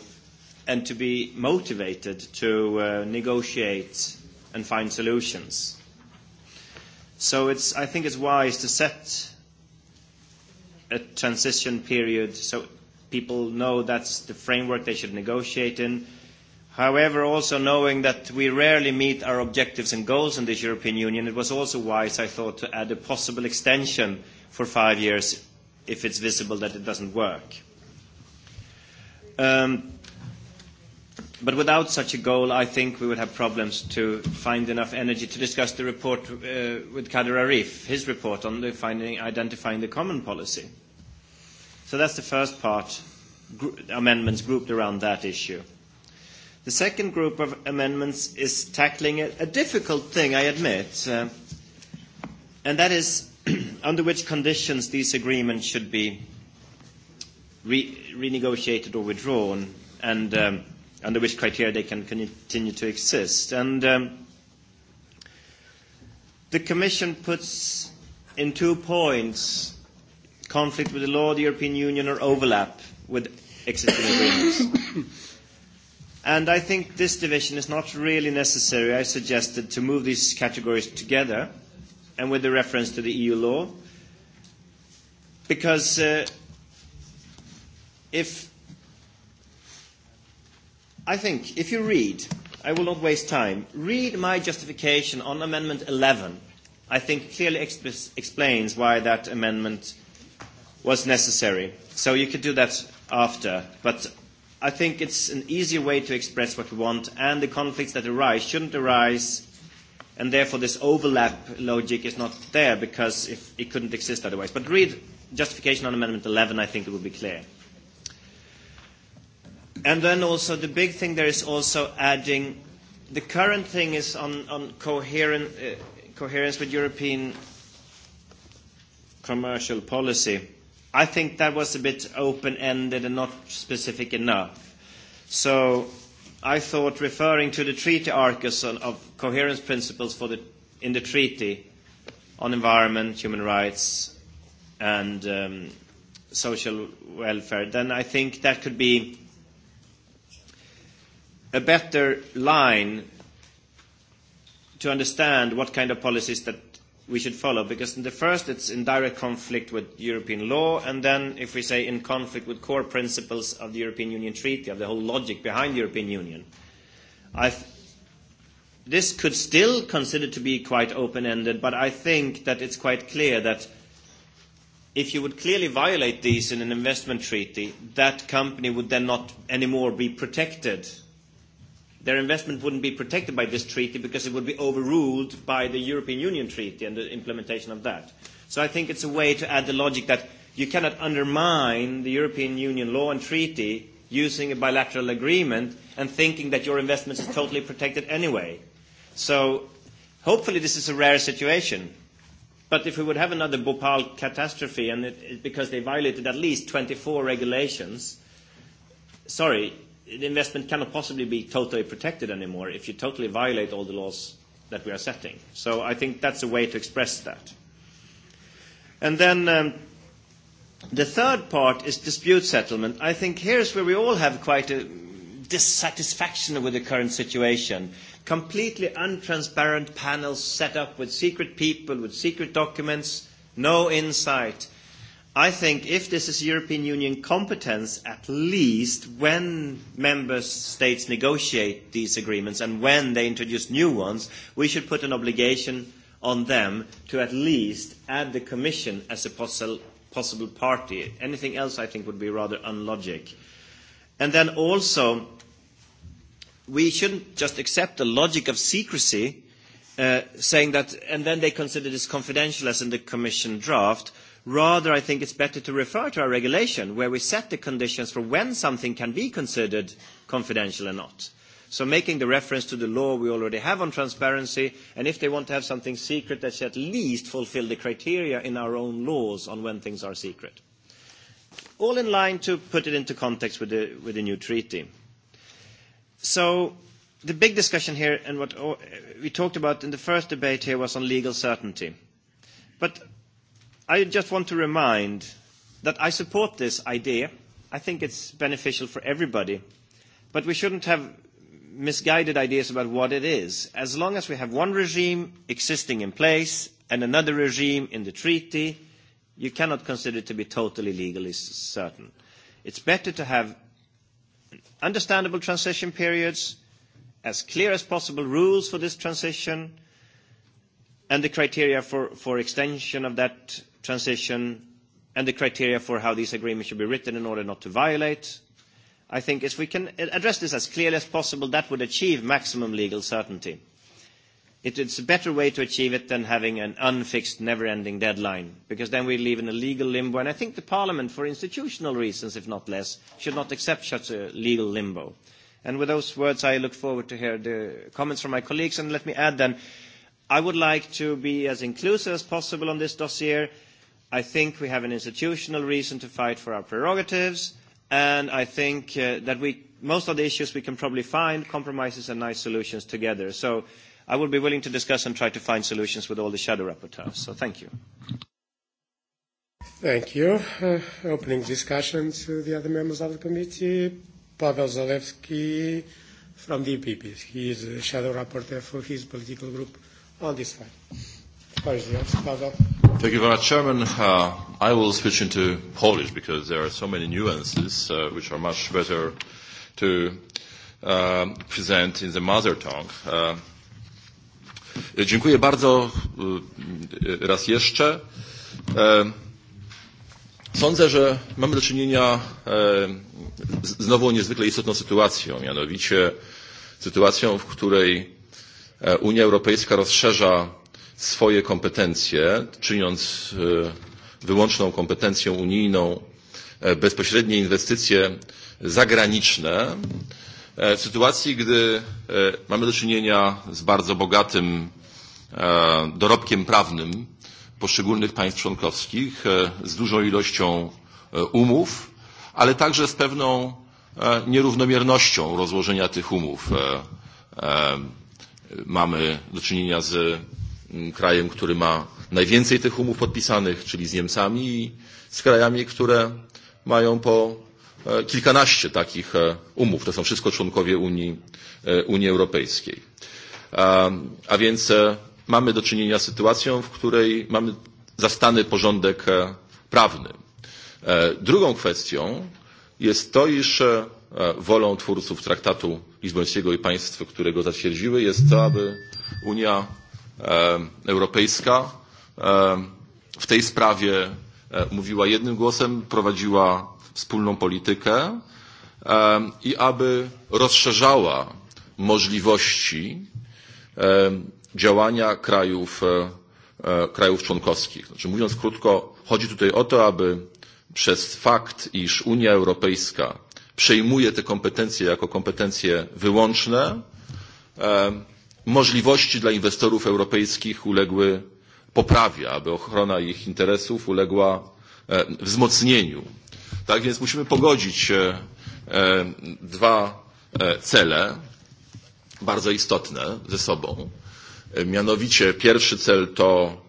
and to be motivated to uh, negotiate and find solutions. So it's, I think it's wise to set a transition period so people know that's the framework they should negotiate in. However, also knowing that we rarely meet our objectives and goals in this European Union, it was also wise, I thought, to add a possible extension for five years if it's visible that it doesn't work. Um, But without such a goal, I think we would have problems to find enough energy to discuss the report uh, with Kader Arif, his report on the finding, identifying the common policy. So that's the first part, gr- amendments grouped around that issue. The second group of amendments is tackling a, a difficult thing, I admit, uh, and that is under which conditions these agreements should be re- renegotiated or withdrawn. And... Um, under which criteria they can continue to exist. And um, the Commission puts in two points conflict with the law of the European Union or overlap with existing agreements. And I think this division is not really necessary. I suggested to move these categories together and with the reference to the EU law because uh, if I think if you read, I will not waste time, read my justification on Amendment 11. I think clearly exp- explains why that amendment was necessary. So you could do that after. But I think it's an easier way to express what we want, and the conflicts that arise shouldn't arise, and therefore this overlap logic is not there because if it couldn't exist otherwise. But read justification on Amendment 11, I think it will be clear. And then also the big thing there is also adding the current thing is on, on coherent, uh, coherence with European commercial policy. I think that was a bit open-ended and not specific enough. So I thought referring to the treaty arcus on, of coherence principles for the, in the treaty on environment, human rights, and um, social welfare, then I think that could be a better line to understand what kind of policies that we should follow because in the first it's in direct conflict with European law and then if we say in conflict with core principles of the European Union Treaty, of the whole logic behind the European Union. I this could still consider to be quite open-ended, but I think that it's quite clear that if you would clearly violate these in an investment treaty, that company would then not anymore be protected their investment wouldn't be protected by this treaty because it would be overruled by the European Union treaty and the implementation of that. So I think it's a way to add the logic that you cannot undermine the European Union law and treaty using a bilateral agreement and thinking that your investment is totally protected anyway. So hopefully this is a rare situation. But if we would have another Bhopal catastrophe and it, it, because they violated at least 24 regulations, sorry, the investment cannot possibly be totally protected anymore if you totally violate all the laws that we are setting. So I think that's a way to express that. And then um, the third part is dispute settlement. I think here's where we all have quite a dissatisfaction with the current situation. Completely untransparent panels set up with secret people, with secret documents, no insight, I think if this is European Union competence, at least when member states negotiate these agreements and when they introduce new ones, we should put an obligation on them to at least add the Commission as a possible party. Anything else, I think, would be rather unlogic. And then also, we shouldn't just accept the logic of secrecy, saying that, and then they consider this confidential as in the Commission draft Rather, I think it's better to refer to our regulation where we set the conditions for when something can be considered confidential or not. So making the reference to the law we already have on transparency, and if they want to have something secret, they should at least fulfil the criteria in our own laws on when things are secret. All in line to put it into context with the, with the new treaty. So the big discussion here and what we talked about in the first debate here was on legal certainty. But I just want to remind that I support this idea. I think it's beneficial for everybody. But we shouldn't have misguided ideas about what it is. As long as we have one regime existing in place and another regime in the treaty, you cannot consider it to be totally legally certain. It's better to have understandable transition periods, as clear as possible rules for this transition, and the criteria for, for extension of that transition, and the criteria for how these agreements should be written in order not to violate. I think if we can address this as clearly as possible, that would achieve maximum legal certainty. It is a better way to achieve it than having an unfixed, never-ending deadline, because then we live in a legal limbo. And I think the Parliament, for institutional reasons, if not less, should not accept such a legal limbo. And with those words, I look forward to hear the comments from my colleagues. And let me add then, I would like to be as inclusive as possible on this dossier I think we have an institutional reason to fight for our prerogatives, and I think that we, most of the issues we can probably find compromises and nice solutions together. So I would be willing to discuss and try to find solutions with all the shadow rapporteurs. So thank you. Thank you. Uh, opening discussion to the other members of the committee. Pavel Zalewski from the EPP. He is a shadow rapporteur for his political group on this file. Pavel. Thank you very much, Chairman. Uh, I will switch into Polish because there are so many nuances uh, which are much better to uh, present in the mother tongue. Uh, dziękuję bardzo uh, raz jeszcze. Uh, Sądzę, że mamy do czynienia z nową niezwykle istotną sytuacją, mianowicie sytuacją, w której Unia Europejska rozszerza swoje kompetencje, czyniąc wyłączną kompetencją unijną bezpośrednie inwestycje zagraniczne, w sytuacji, gdy mamy do czynienia z bardzo bogatym dorobkiem prawnym poszczególnych państw członkowskich, z dużą ilością umów, ale także z pewną nierównomiernością rozłożenia tych umów. Mamy do czynienia z krajem, który ma najwięcej tych umów podpisanych, czyli z Niemcami i z krajami, które mają po kilkanaście takich umów. To są wszystko członkowie Unii, Unii Europejskiej. A więc mamy do czynienia z sytuacją, w której mamy zastany porządek prawny. Drugą kwestią jest to, iż wolą twórców traktatu lizbońskiego i państw, które go zatwierdziły, jest to, aby Unia Europejska w tej sprawie mówiła jednym głosem, prowadziła wspólną politykę i aby rozszerzała możliwości działania krajów, krajów członkowskich. Znaczy, mówiąc krótko, chodzi tutaj o to, aby przez fakt, iż Unia Europejska przejmuje te kompetencje jako kompetencje wyłączne, możliwości dla inwestorów europejskich uległy poprawie, aby ochrona ich interesów uległa wzmocnieniu. Tak więc musimy pogodzić dwa cele bardzo istotne ze sobą. Mianowicie pierwszy cel to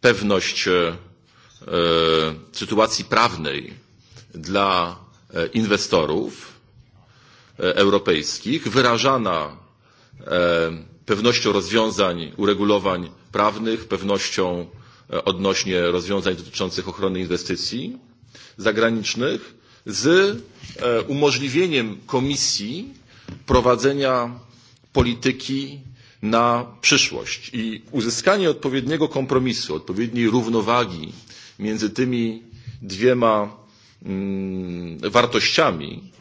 pewność sytuacji prawnej dla inwestorów europejskich, wyrażana pewnością rozwiązań, uregulowań prawnych, pewnością odnośnie rozwiązań dotyczących ochrony inwestycji zagranicznych, z umożliwieniem Komisji prowadzenia polityki na przyszłość i uzyskanie odpowiedniego kompromisu, odpowiedniej równowagi między tymi dwiema wartościami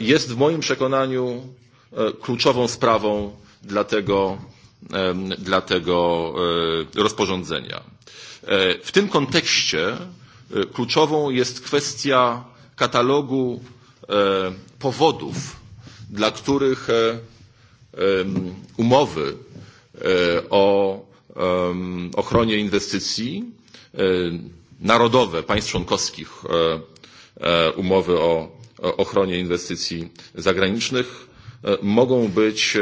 jest w moim przekonaniu kluczową sprawą dla tego, dla tego rozporządzenia. W tym kontekście kluczową jest kwestia katalogu powodów, dla których umowy o ochronie inwestycji narodowe państw członkowskich umowy o ochronie inwestycji zagranicznych mogą być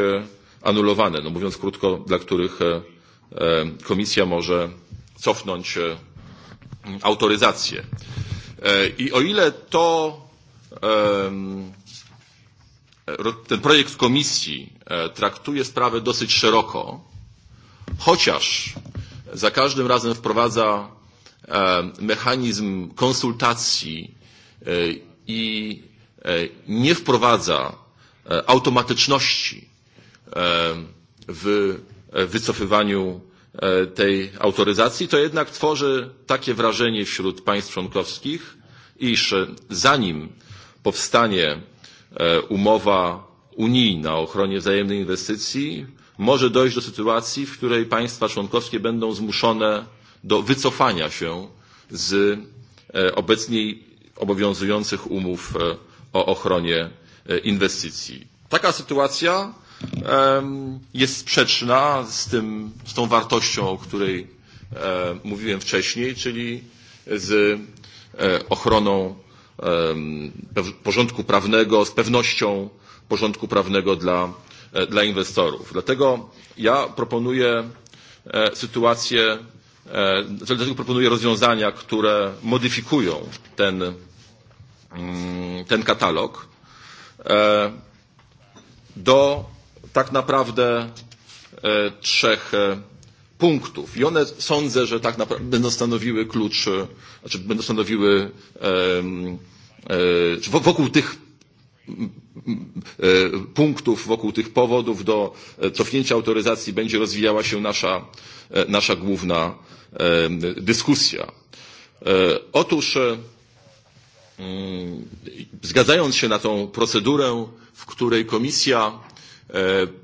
anulowane, no mówiąc krótko, dla których komisja może cofnąć autoryzację. I o ile to ten projekt komisji traktuje sprawę dosyć szeroko, chociaż za każdym razem wprowadza mechanizm konsultacji i nie wprowadza automatyczności w wycofywaniu tej autoryzacji, to jednak tworzy takie wrażenie wśród państw członkowskich, iż zanim powstanie umowa unijna o ochronie wzajemnej inwestycji, może dojść do sytuacji, w której państwa członkowskie będą zmuszone do wycofania się z obecnie obowiązujących umów o ochronie inwestycji. Taka sytuacja jest sprzeczna z, tym, z tą wartością, o której mówiłem wcześniej, czyli z ochroną porządku prawnego, z pewnością porządku prawnego dla, dla inwestorów. Dlatego ja proponuję sytuację, dlatego proponuję rozwiązania, które modyfikują ten, ten katalog do tak naprawdę trzech punktów. I one sądzę, że tak naprawdę będą stanowiły klucz, znaczy będą stanowiły wokół tych punktów, wokół tych powodów do cofnięcia autoryzacji będzie rozwijała się nasza, nasza główna dyskusja. Otóż zgadzając się na tą procedurę, w której Komisja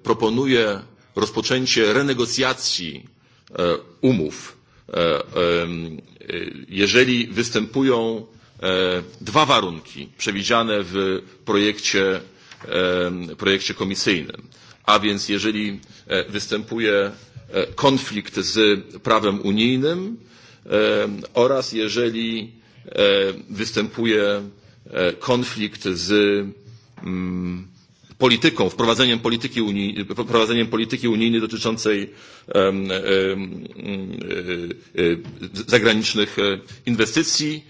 proponuje rozpoczęcie renegocjacji umów, jeżeli występują dwa warunki przewidziane w projekcie, projekcie komisyjnym, a więc jeżeli występuje konflikt z prawem unijnym oraz jeżeli występuje konflikt z polityką, wprowadzeniem polityki, unii, wprowadzeniem polityki unijnej dotyczącej zagranicznych inwestycji.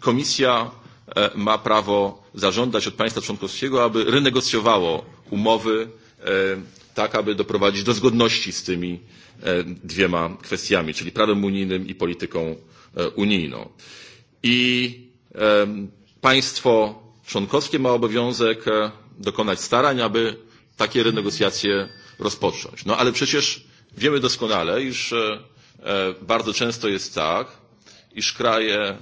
Komisja ma prawo zażądać od państwa członkowskiego, aby renegocjowało umowy tak, aby doprowadzić do zgodności z tymi dwiema kwestiami, czyli prawem unijnym i polityką unijną i państwo członkowskie ma obowiązek dokonać starań, aby takie renegocjacje rozpocząć. No ale przecież wiemy doskonale, iż bardzo często jest tak, iż kraje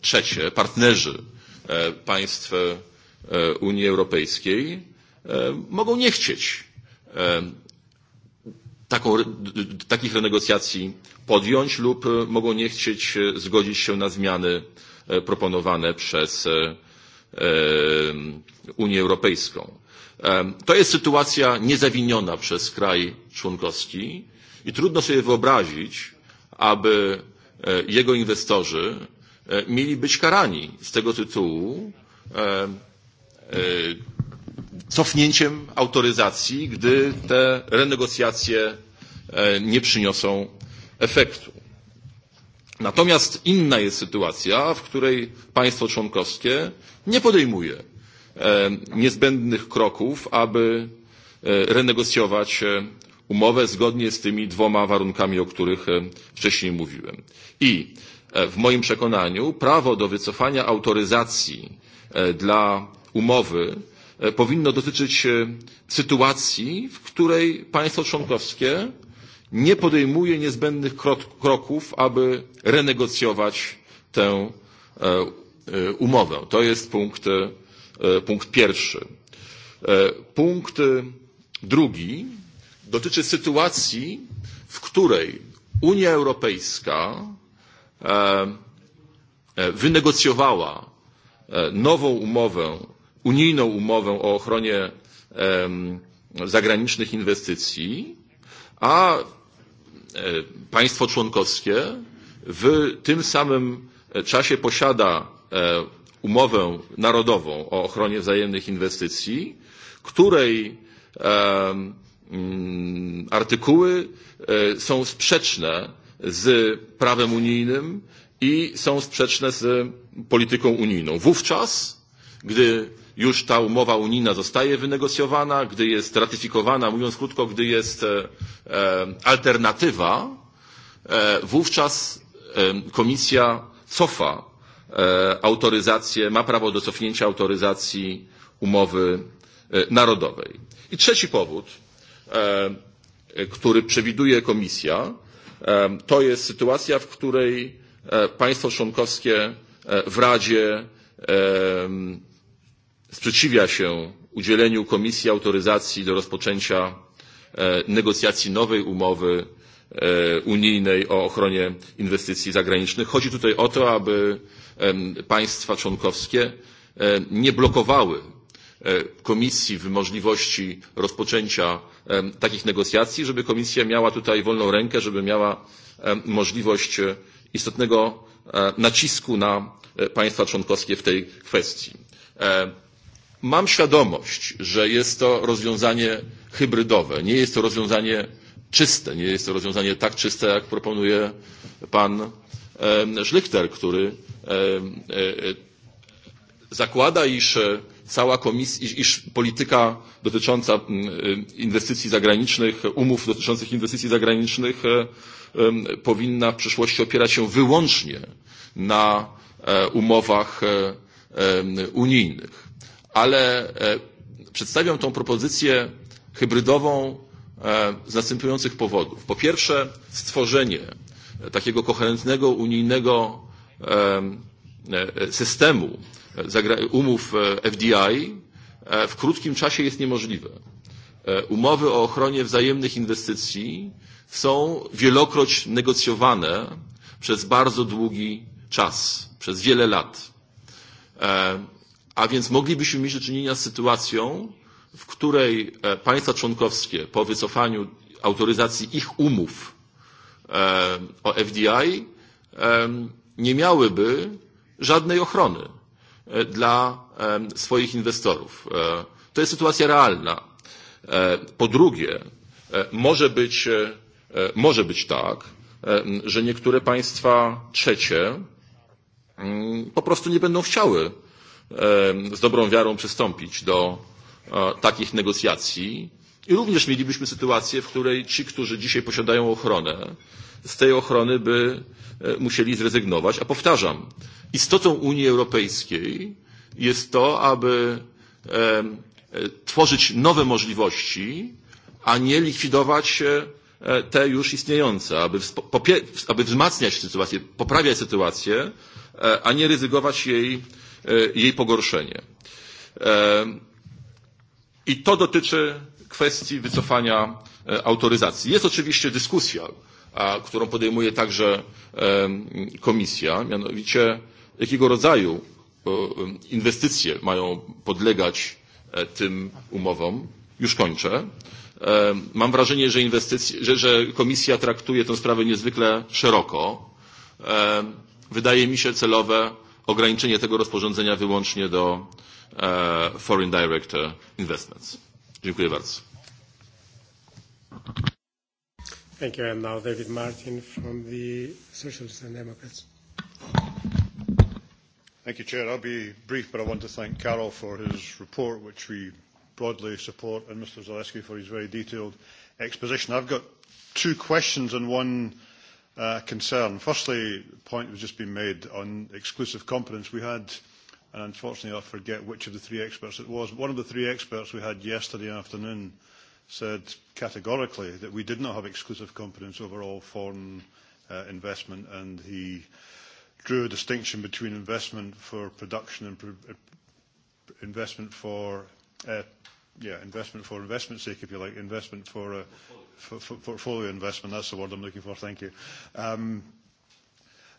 trzecie, partnerzy państw Unii Europejskiej mogą nie chcieć taką, takich renegocjacji podjąć lub mogą nie chcieć zgodzić się na zmiany proponowane przez Unię Europejską. To jest sytuacja niezawiniona przez kraj członkowski i trudno sobie wyobrazić, aby jego inwestorzy mieli być karani z tego tytułu, cofnięciem autoryzacji, gdy te renegocjacje nie przyniosą efektu. Natomiast inna jest sytuacja, w której państwo członkowskie nie podejmuje niezbędnych kroków, aby renegocjować umowę zgodnie z tymi dwoma warunkami, o których wcześniej mówiłem. I w moim przekonaniu prawo do wycofania autoryzacji dla umowy powinno dotyczyć sytuacji, w której państwo członkowskie nie podejmuje niezbędnych kroków, aby renegocjować tę umowę. To jest punkt, punkt pierwszy. Punkt drugi dotyczy sytuacji, w której Unia Europejska wynegocjowała nową umowę unijną umowę o ochronie zagranicznych inwestycji, a państwo członkowskie w tym samym czasie posiada umowę narodową o ochronie wzajemnych inwestycji, której artykuły są sprzeczne z prawem unijnym i są sprzeczne z polityką unijną. Wówczas, gdy już ta umowa unijna zostaje wynegocjowana, gdy jest ratyfikowana, mówiąc krótko, gdy jest alternatywa, wówczas komisja cofa autoryzację, ma prawo do cofnięcia autoryzacji umowy narodowej. I trzeci powód, który przewiduje komisja, to jest sytuacja, w której państwo członkowskie w Radzie sprzeciwia się udzieleniu Komisji autoryzacji do rozpoczęcia negocjacji nowej umowy unijnej o ochronie inwestycji zagranicznych. Chodzi tutaj o to, aby państwa członkowskie nie blokowały Komisji w możliwości rozpoczęcia takich negocjacji, żeby Komisja miała tutaj wolną rękę, żeby miała możliwość istotnego nacisku na państwa członkowskie w tej kwestii Mam świadomość, że jest to rozwiązanie hybrydowe, nie jest to rozwiązanie czyste, nie jest to rozwiązanie tak czyste, jak proponuje pan Schlichter, który zakłada, iż cała komisja, iż polityka dotycząca inwestycji zagranicznych, umów dotyczących inwestycji zagranicznych powinna w przyszłości opierać się wyłącznie na umowach unijnych ale przedstawiam tą propozycję hybrydową z następujących powodów. Po pierwsze, stworzenie takiego koherentnego unijnego systemu umów FDI w krótkim czasie jest niemożliwe. Umowy o ochronie wzajemnych inwestycji są wielokroć negocjowane przez bardzo długi czas, przez wiele lat. A więc moglibyśmy mieć do czynienia z sytuacją, w której państwa członkowskie po wycofaniu autoryzacji ich umów o FDI nie miałyby żadnej ochrony dla swoich inwestorów. To jest sytuacja realna. Po drugie, może być, może być tak, że niektóre państwa trzecie po prostu nie będą chciały z dobrą wiarą przystąpić do takich negocjacji. I również mielibyśmy sytuację, w której ci, którzy dzisiaj posiadają ochronę, z tej ochrony by musieli zrezygnować. A powtarzam, istotą Unii Europejskiej jest to, aby tworzyć nowe możliwości, a nie likwidować te już istniejące, aby, aby wzmacniać sytuację, poprawiać sytuację, a nie ryzykować jej jej pogorszenie. I to dotyczy kwestii wycofania autoryzacji. Jest oczywiście dyskusja, którą podejmuje także komisja, mianowicie jakiego rodzaju inwestycje mają podlegać tym umowom. Już kończę. Mam wrażenie, że, że, że komisja traktuje tę sprawę niezwykle szeroko. Wydaje mi się celowe ograniczenie tego rozporządzenia wyłącznie do foreign direct investments. Dziękuję bardzo. Thank you. And now David Martin from the Socialists and Democrats. Thank you, Chair. I'll be brief, but I want to thank Carol for his report, which we broadly support, and Mr. Zaleski for his very detailed exposition. I've got two questions and one uh, concern. Firstly, the point was just been made on exclusive competence. We had, and unfortunately I forget which of the three experts it was, but one of the three experts we had yesterday afternoon said categorically that we did not have exclusive competence over all foreign uh, investment, and he drew a distinction between investment for production and investment for uh, yeah, investment for investment sake, if you like, investment for, uh, for, for portfolio investment. That's the word I'm looking for. Thank you. Um,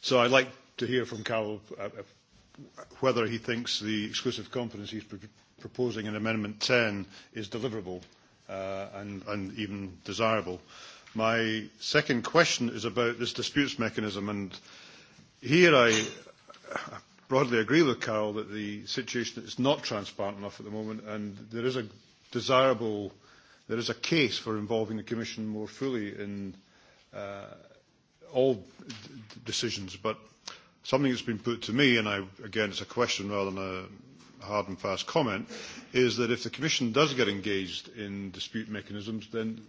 so I'd like to hear from Carol uh, whether he thinks the exclusive competence he's pr- proposing in Amendment 10 is deliverable uh, and, and even desirable. My second question is about this disputes mechanism, and here I broadly agree with Carol that the situation is not transparent enough at the moment, and there is a desirable there is a case for involving the Commission more fully in uh, all decisions. But something that's been put to me, and I, again, it's a question rather than a hard and fast comment, is that if the Commission does get engaged in dispute mechanisms, then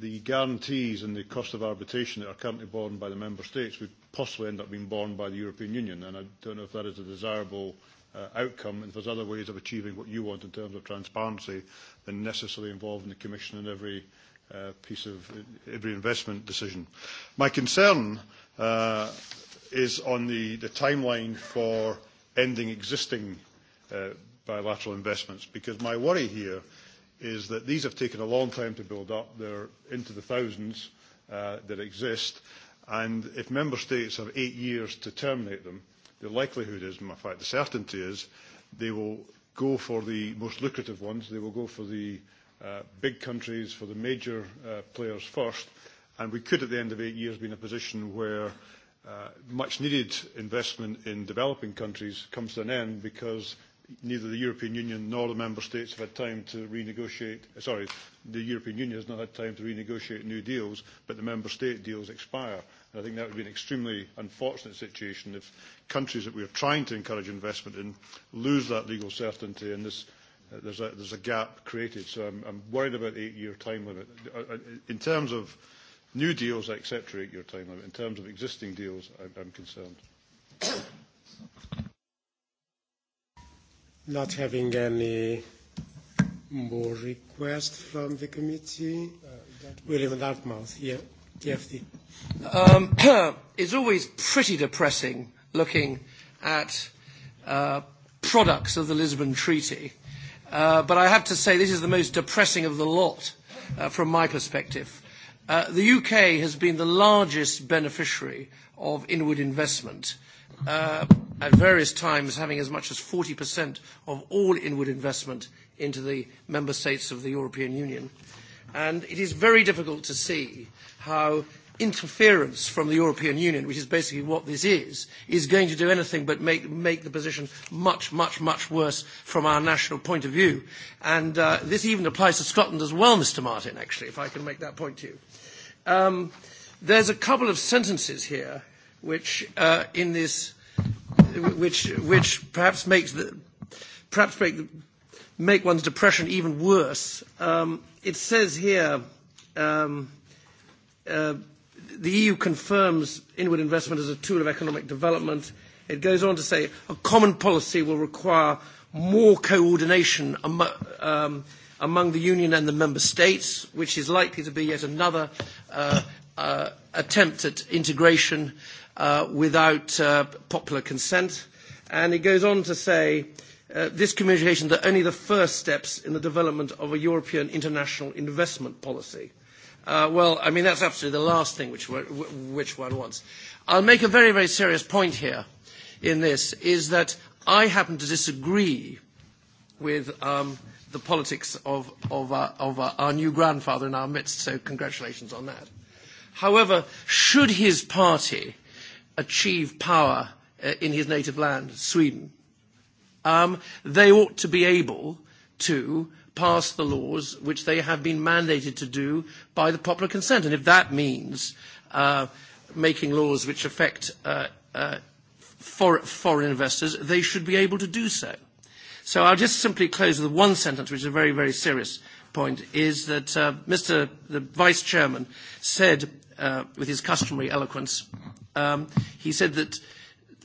the guarantees and the cost of arbitration that are currently borne by the Member States would possibly end up being borne by the European Union. And I don't know if that is a desirable uh, outcome. If there's other ways of achieving what you want in terms of transparency, than necessarily involving the Commission in every uh, piece of every investment decision. My concern uh, is on the, the timeline for ending existing uh, bilateral investments, because my worry here is that these have taken a long time to build up. They're into the thousands uh, that exist. And if member states have eight years to terminate them, the likelihood is, in fact, the certainty is, they will go for the most lucrative ones. They will go for the uh, big countries, for the major uh, players first. And we could, at the end of eight years, be in a position where uh, much needed investment in developing countries comes to an end because neither the European Union nor the member states have had time to renegotiate. Sorry, the European Union has not had time to renegotiate new deals, but the member state deals expire. I think that would be an extremely unfortunate situation if countries that we are trying to encourage investment in lose that legal certainty and this, uh, there's, a, there's a gap created. So I'm, I'm worried about the eight-year time limit. In terms of new deals, I accept your eight-year time limit. In terms of existing deals, I, I'm concerned. Not having any more requests from the committee. William Dartmouth, yeah. DfT. Um, it's always pretty depressing looking at uh, products of the Lisbon Treaty, uh, but I have to say this is the most depressing of the lot uh, from my perspective. Uh, the UK has been the largest beneficiary of inward investment, uh, at various times having as much as 40% of all inward investment into the member states of the European Union. And it is very difficult to see how interference from the European Union, which is basically what this is, is going to do anything but make, make the position much, much, much worse from our national point of view. And uh, this even applies to Scotland as well, Mr. Martin, actually, if I can make that point to you. Um, there's a couple of sentences here which, uh, in this, which, which perhaps makes the, perhaps make the make one's depression even worse. Um, it says here um, uh, the EU confirms inward investment as a tool of economic development. It goes on to say a common policy will require more coordination among, um, among the Union and the Member States, which is likely to be yet another uh, uh, attempt at integration uh, without uh, popular consent. And it goes on to say uh, this communication are only the first steps in the development of a European international investment policy. well, I mean, that's absolutely the last thing which, which one wants. I'll make a very, very serious point here in this, is that I happen to disagree with um, the politics of, of, of our new grandfather in our midst, so congratulations on that. However, should his party achieve power in his native land, Sweden, um, they ought to be able to pass the laws which they have been mandated to do by the popular consent. And if that means uh, making laws which affect uh, uh, for, foreign investors, they should be able to do so. So I'll just simply close with one sentence, which is a very, very serious point, is that uh, Mr. the Vice Chairman said, uh, with his customary eloquence, um, he said that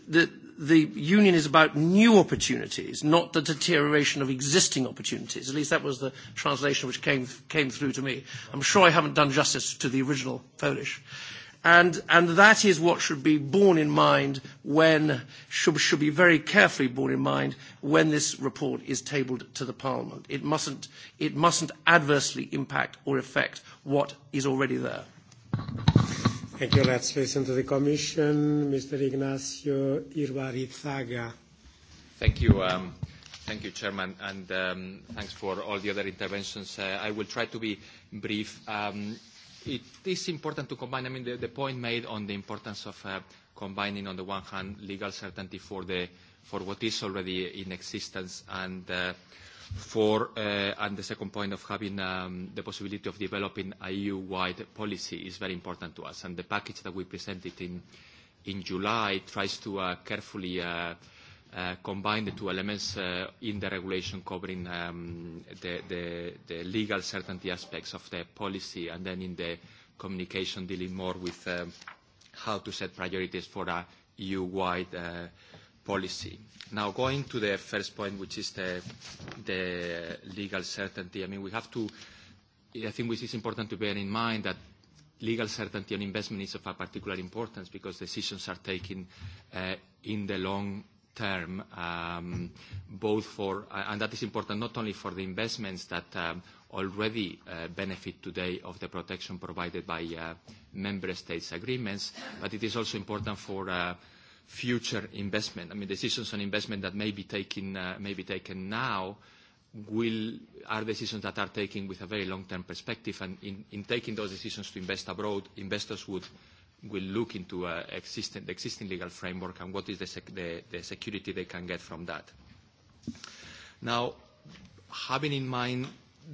the, the union is about new opportunities, not the deterioration of existing opportunities. At least that was the translation which came, came through to me. I'm sure I haven't done justice to the original Polish. And, and that is what should be borne in mind when, should, should be very carefully borne in mind when this report is tabled to the Parliament. It mustn't, it mustn't adversely impact or affect what is already there. Thank you. Let's listen to the Commission. Mr. Ignacio Irbarizzaga. Thank you. Thank you, Chairman, and um, thanks for all the other interventions. Uh, I will try to be brief. Um, it is important to combine, I mean, the, the point made on the importance of uh, combining, on the one hand, legal certainty for, the, for what is already in existence and uh, for, uh, and the second point of having um, the possibility of developing a EU-wide policy is very important to us. And the package that we presented in, in July tries to uh, carefully uh, uh, combine the two elements uh, in the regulation covering um, the, the, the legal certainty aspects of the policy and then in the communication dealing more with um, how to set priorities for a EU-wide uh, policy. Now, going to the first point, which is the, the legal certainty. I mean, we have to, I think it is important to bear in mind that legal certainty on investment is of a particular importance because decisions are taken in the long term, both for, and that is important not only for the investments that already benefit today of the protection provided by member states agreements, but it is also important for future investment, I mean, decisions on investment that may be taken, uh, may be taken now will, are decisions that are taken with a very long-term perspective. And in, in taking those decisions to invest abroad, investors would will look into uh, existing, the existing legal framework and what is the, sec the, the security they can get from that. Now, having in mind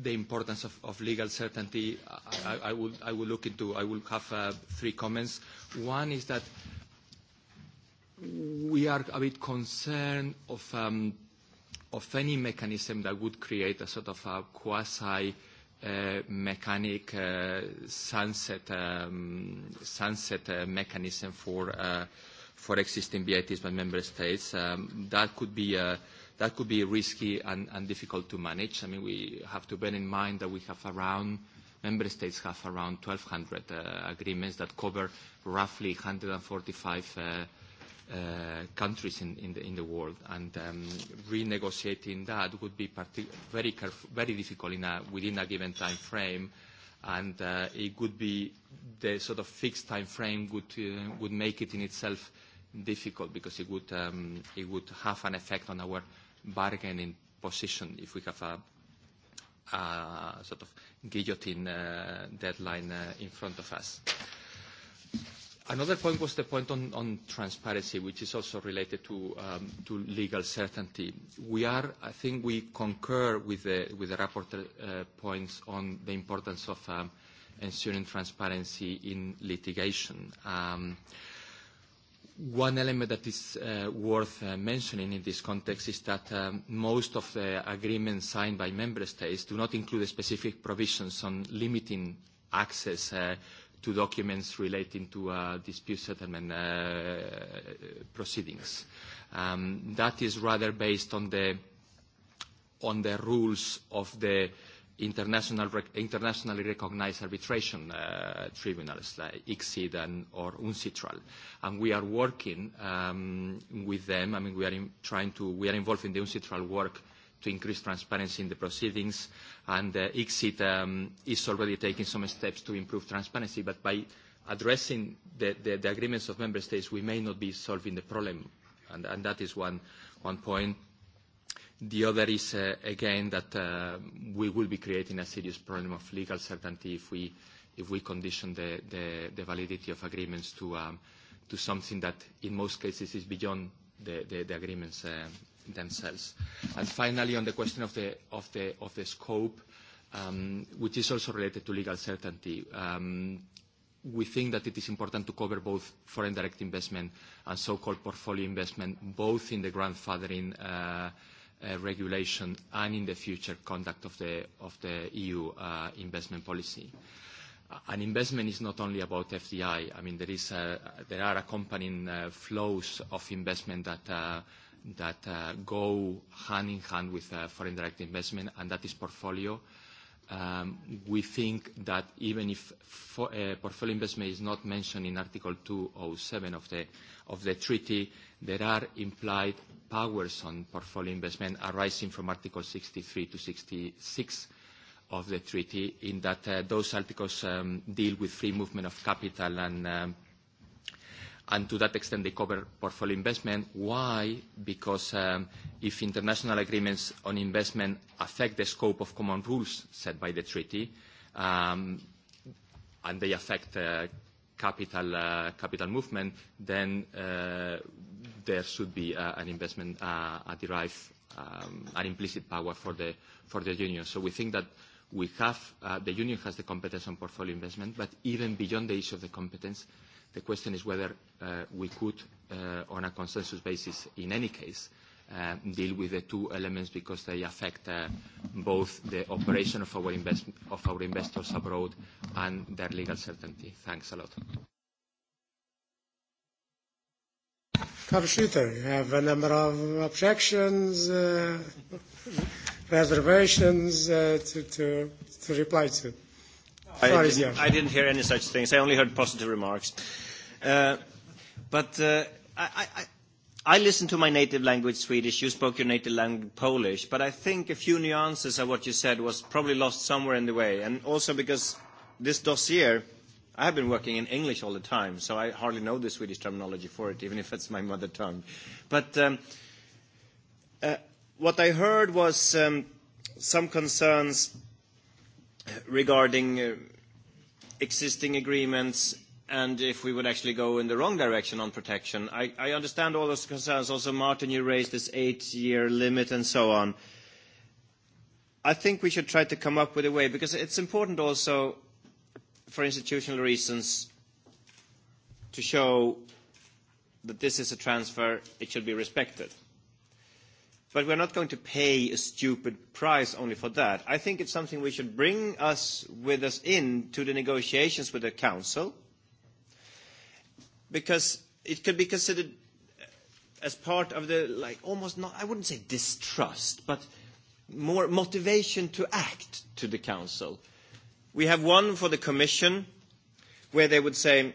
the importance of, of legal certainty, I, I, I, would, I would look into, I will have uh, three comments. One is that we are a bit concerned of um, of any mechanism that would create a sort of a quasi uh, mechanic uh, sunset um, sunset uh, mechanism for uh, for existing VATs by member states. Um, that could be uh, that could be risky and, and difficult to manage. I mean, we have to bear in mind that we have around member states have around 1,200 uh, agreements that cover roughly 145. Uh, uh, countries in, in, the, in the world, and um, renegotiating that would be partic- very, caref- very difficult in a, within a given time frame, and uh, it would be the sort of fixed time frame would, uh, would make it in itself difficult because it would, um, it would have an effect on our bargaining position if we have a, a sort of guillotine uh, deadline uh, in front of us. Another point was the point on, on transparency, which is also related to, um, to legal certainty. We are, I think we concur with the, with the rapporteur uh, points on the importance of um, ensuring transparency in litigation. Um, One element that is worth mentioning in this context is that most of the agreements signed by member states do not include specific provisions on limiting access to documents relating to uh, dispute settlement uh, proceedings. Um, that is rather based on the, on the rules of the international internationally recognized arbitration uh, tribunals like ICSID and, or UNCITRAL. And we are working um, with them. I mean, we are in, trying to, we are involved in the UNCITRAL work to increase transparency in the proceedings, and ICSID is already taking some steps to improve transparency, but by addressing the agreements of member states, we may not be solving the problem, and that is one point. The other is, again, that we will be creating a serious problem of legal certainty if we if we condition the validity of agreements to something that in most cases is beyond the agreement's themselves. And finally, on the question of the, of the, of the scope, which is also related to legal certainty, we think that it is important to cover both foreign direct investment and so-called portfolio investment, both in the grandfathering regulation and in the future conduct of the, of the EU investment policy. An investment is not only about FDI. I mean, there, is there are accompanying uh, flows of investment that uh, that uh, go hand in hand with uh, foreign direct investment, and that is portfolio. Um, we think that even if portfolio investment is not mentioned in Article 207 of the, of the treaty, there are implied powers on portfolio investment arising from Article 63 to 66 of the treaty, in that those articles um, deal with free movement of capital and and to that extent, they cover portfolio investment. Why? Because if international agreements on investment affect the scope of common rules set by the treaty, and they affect capital movement, then there should be an investment derived, an implicit power for the union. So we think that we have the union has the competence on portfolio investment, but even beyond the issue of the competence, the question is whether we could, on a consensus basis, in any case, deal with the two elements because they affect both the operation of our of our investors abroad and their legal certainty. Thanks a lot. Carl Schlyter, you have a number of objections, reservations to reply to. I didn't hear any such things. I only heard positive remarks. But uh, I, I, I listened to my native language Swedish, you spoke your native language Polish, but I think a few nuances of what you said was probably lost somewhere in the way. And also because this dossier, I have been working in English all the time, so I hardly know the Swedish terminology for it, even if it's my mother tongue. But um, uh, what I heard was um, some concerns regarding uh, existing agreements and if we would actually go in the wrong direction on protection. I, I understand all those concerns. Also, Martin, you raised this eight-year limit and so on. I think we should try to come up with a way, because it's important also for institutional reasons to show that this is a transfer, it should be respected. But we're not going to pay a stupid price only for that. I think it's something we should bring us with us in to the negotiations with the Council – because it could be considered as part of the like almost not I wouldn't say distrust, but more motivation to act to the council. We have one for the commission where they would say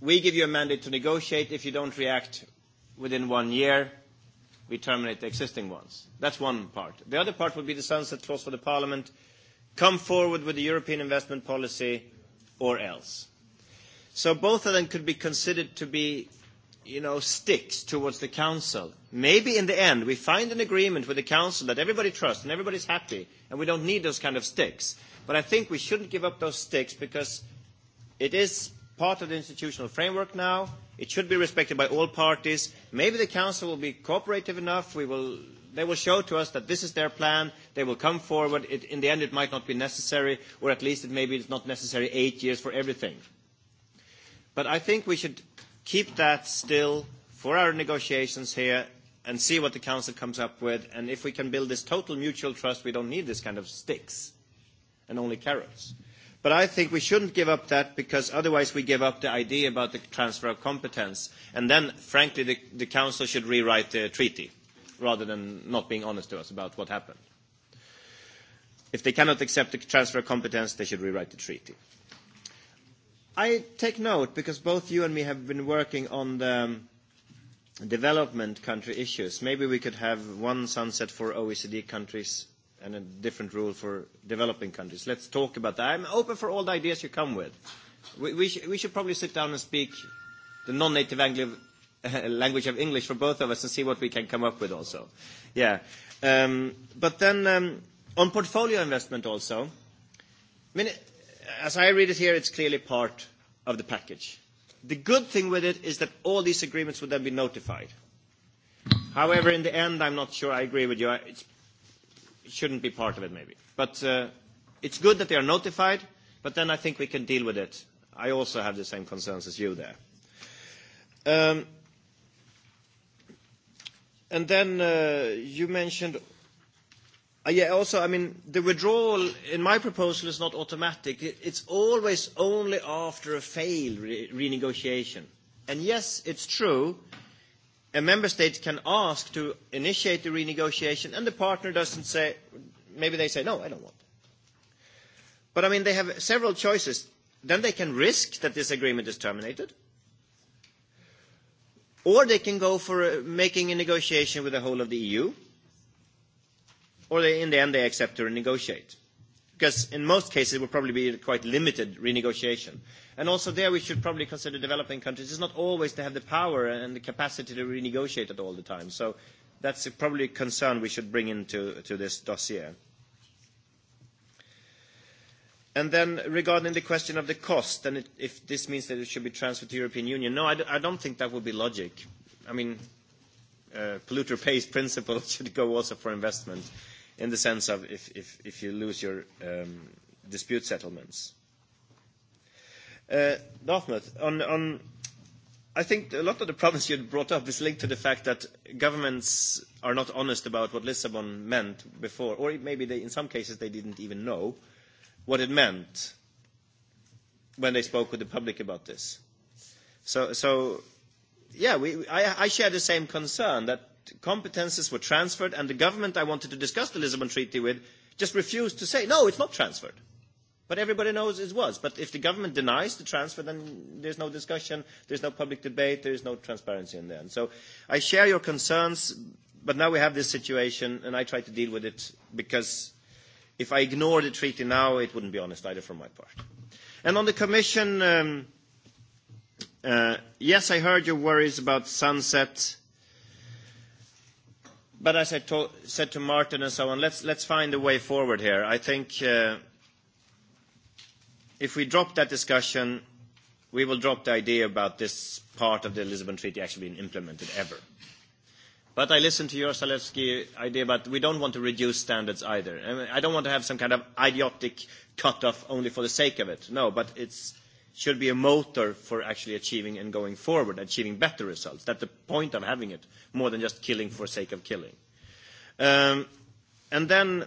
we give you a mandate to negotiate if you don't react within one year we terminate the existing ones. That's one part. The other part would be the sunset clause for the parliament come forward with the European investment policy or else So both of them could be considered to be, you know, sticks towards the council. Maybe in the end we find an agreement with the council that everybody trusts and everybody's happy, and we don't need those kind of sticks. But I think we shouldn't give up those sticks because it is part of the institutional framework now. It should be respected by all parties. Maybe the council will be cooperative enough. We will they will show to us that this is their plan, they will come forward. It, in the end, it might not be necessary, or at least it maybe it's not necessary eight years for everything. But I think we should keep that still for our negotiations here and see what the Council comes up with. And if we can build this total mutual trust, we don't need this kind of sticks and only carrots. But I think we shouldn't give up that because otherwise we give up the idea about the transfer of competence. And then, frankly, the, the Council should rewrite the treaty rather than not being honest to us about what happened. If they cannot accept the transfer of competence, they should rewrite the treaty. I take note because both you and me have been working on the development country issues. Maybe we could have one sunset for OECD countries and a different rule for developing countries. Let's talk about that. I'm open for all the ideas you come with. We, we, sh- we should probably sit down and speak the non-native Anglo- language of English for both of us and see what we can come up with also. Yeah. Um, but then um, on portfolio investment also, I mean, as I read it here, it's clearly part of the package. The good thing with it is that all these agreements would then be notified. However, in the end, I'm not sure I agree with you. It's, it shouldn't be part of it, maybe. But uh, it's good that they are notified, but then I think we can deal with it. I also have the same concerns as you there. Um, and then uh, you mentioned yeah, also, I mean, the withdrawal in my proposal is not automatic. It, it's always only after a failed re- renegotiation. And yes, it's true, a member state can ask to initiate the renegotiation, and the partner doesn't say, maybe they say, no, I don't want. But I mean, they have several choices. Then they can risk that this agreement is terminated, or they can go for making a negotiation with the whole of the EU or they, in the end they accept to renegotiate. Because in most cases it will probably be quite limited renegotiation. And also there we should probably consider developing countries. It's not always they have the power and the capacity to renegotiate it all the time. So that's probably a concern we should bring into to this dossier. And then regarding the question of the cost, and it, if this means that it should be transferred to the European Union, no, I, d- I don't think that would be logic. I mean, uh, polluter pays principle should go also for investment in the sense of if, if, if you lose your um, dispute settlements. Uh, Dartmouth, on, on, I think a lot of the problems you brought up is linked to the fact that governments are not honest about what Lisbon meant before, or maybe they, in some cases they didn't even know what it meant when they spoke with the public about this. So, so yeah, we, I, I share the same concern that competences were transferred, and the government I wanted to discuss the Lisbon Treaty with just refused to say, no, it's not transferred. But everybody knows it was. But if the government denies the transfer, then there's no discussion, there's no public debate, there is no transparency in the end. So I share your concerns, but now we have this situation, and I try to deal with it because if I ignore the treaty now, it wouldn't be honest either from my part. And on the Commission, um, uh, yes, I heard your worries about sunset But as I told, said to Martin and so on, let's let's find a way forward here. I think uh if we drop that discussion, we will drop the idea about this part of the Lisbon Treaty actually being implemented ever. But I listened to your Zalewski idea about we don't want to reduce standards either. I, mean, I don't want to have some kind of idiotic cutoff only for the sake of it. No, but it's should be a motor for actually achieving and going forward, achieving better results. That's the point of having it, more than just killing for sake of killing. Um, and then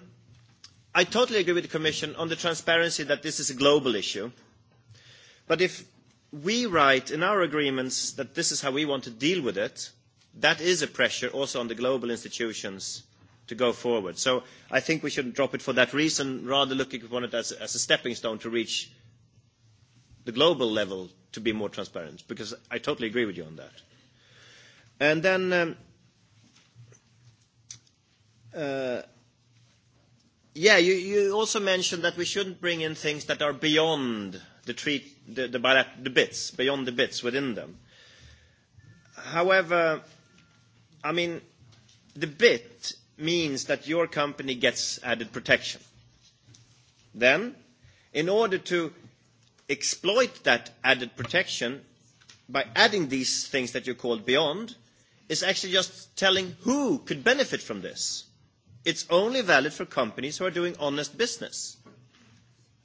I totally agree with the Commission on the transparency that this is a global issue. But if we write in our agreements that this is how we want to deal with it, that is a pressure also on the global institutions to go forward. So I think we shouldn't drop it for that reason, rather looking upon it as, as a stepping stone to reach the global level to be more transparent, because I totally agree with you on that. And then um, uh, Yeah, you you also mentioned that we shouldn't bring in things that are beyond the treat the the the bits, beyond the bits within them. However, I mean, the bit means that your company gets added protection. Then, in order to exploit that added protection by adding these things that you called beyond is actually just telling who could benefit from this. It's only valid for companies who are doing honest business.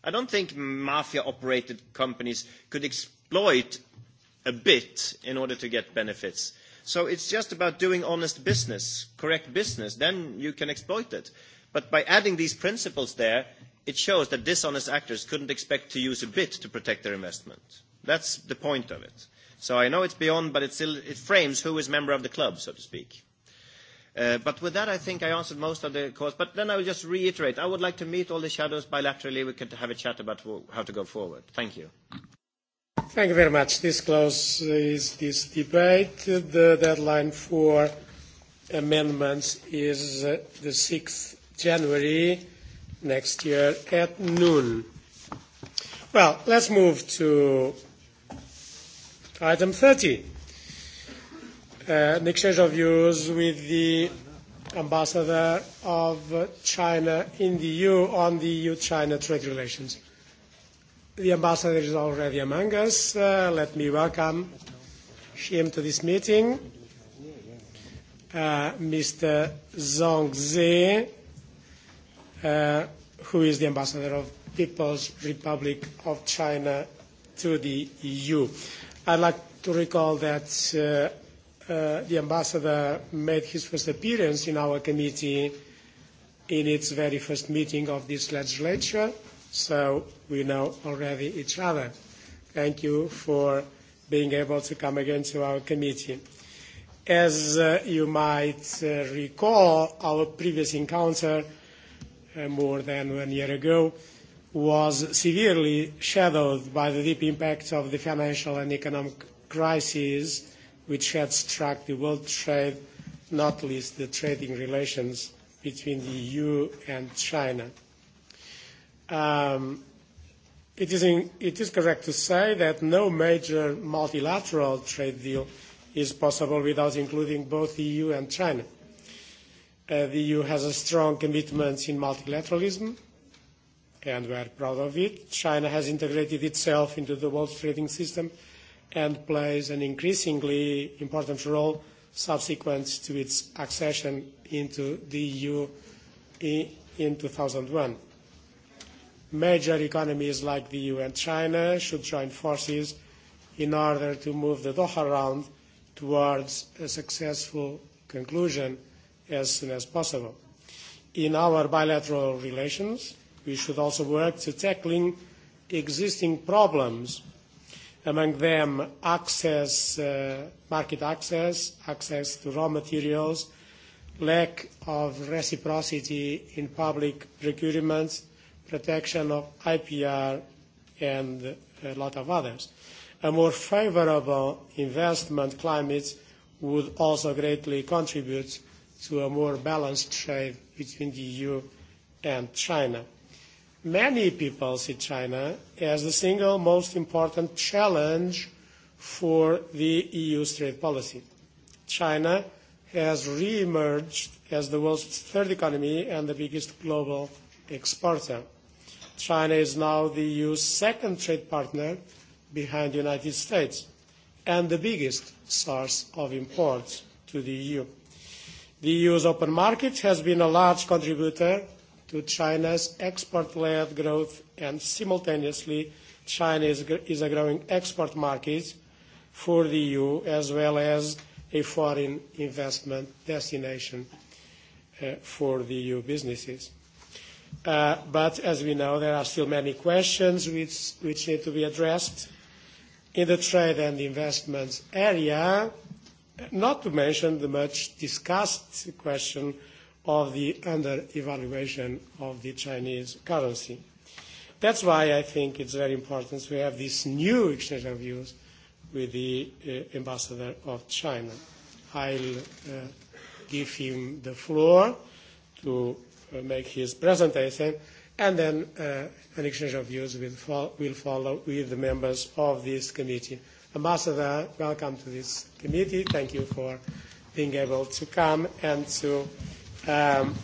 I don't think mafia-operated companies could exploit a bit in order to get benefits. So it's just about doing honest business, correct business, then you can exploit it. But by adding these principles there, it shows that dishonest actors couldn't expect to use a bit to protect their investment. That's the point of it. So I know it's beyond, but it still it frames who is member of the club, so to speak. Uh, but with that, I think I answered most of the calls. But then I will just reiterate: I would like to meet all the shadows bilaterally. We could have a chat about how to go forward. Thank you. Thank you very much. This closes this debate. The deadline for amendments is the 6th January next year at noon. Well, let's move to item 30, an exchange of views with the ambassador of China in the EU on the EU-China trade relations. The ambassador is already among us. Let me welcome him to this meeting. Mr. Zhongzi, who is the ambassador of People's Republic of China to the EU. I'd like to recall that the ambassador made his first appearance in our committee in its very first meeting of this legislature, so we know already each other. Thank you for being able to come again to our committee. As you might recall, our previous encounter more than one year ago, was severely shadowed by the deep impacts of the financial and economic crisis which had struck the world trade, not least the trading relations between the EU and China. it, is it is correct to say that no major multilateral trade deal is possible without including both the EU and China the EU has a strong commitment in multilateralism, and we are proud of it. China has integrated itself into the world trading system and plays an increasingly important role subsequent to its accession into the EU in two thousand one. Major economies like the EU and China should join forces in order to move the Doha round towards a successful conclusion as soon as possible. In our bilateral relations, we should also work to tackling existing problems, among them access, uh, market access, access to raw materials, lack of reciprocity in public procurement, protection of IPR, and a lot of others. A more favourable investment climate would also greatly contribute to a more balanced trade between the EU and China. Many people see China as the single most important challenge for the EU's trade policy. China has re-emerged as the world's third economy and the biggest global exporter. China is now the EU's second trade partner behind the United States and the biggest source of imports to the EU. The EU's open market has been a large contributor to China's export-led growth, and simultaneously, China is a growing export market for the EU as well as a foreign investment destination for the EU businesses. But as we know, there are still many questions which need to be addressed in the trade and investments area not to mention the much discussed question of the under evaluation of the Chinese currency. That's why I think it's very important to have this new exchange of views with the uh, ambassador of China. I'll uh, give him the floor to uh, make his presentation, and then uh, an exchange of views will, fo- will follow with the members of this committee. Ambassador, welcome to this committee. Thank you for being able to come and to um,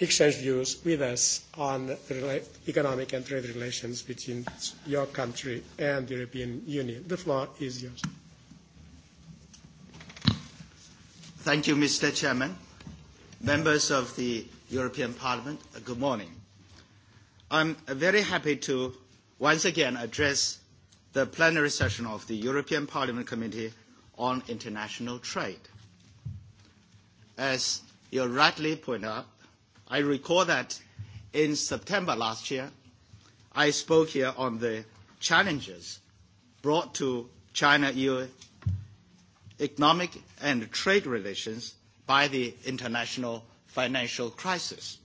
exchange views with us on the economic and trade relations between your country and the European Union. The floor is yours. Thank you, Mr. Chairman. Members of the European Parliament, good morning. I'm very happy to once again address the plenary session of the European Parliament Committee on International Trade. As you rightly point out, I recall that in September last year, I spoke here on the challenges brought to China-EU economic and trade relations by the international financial crisis.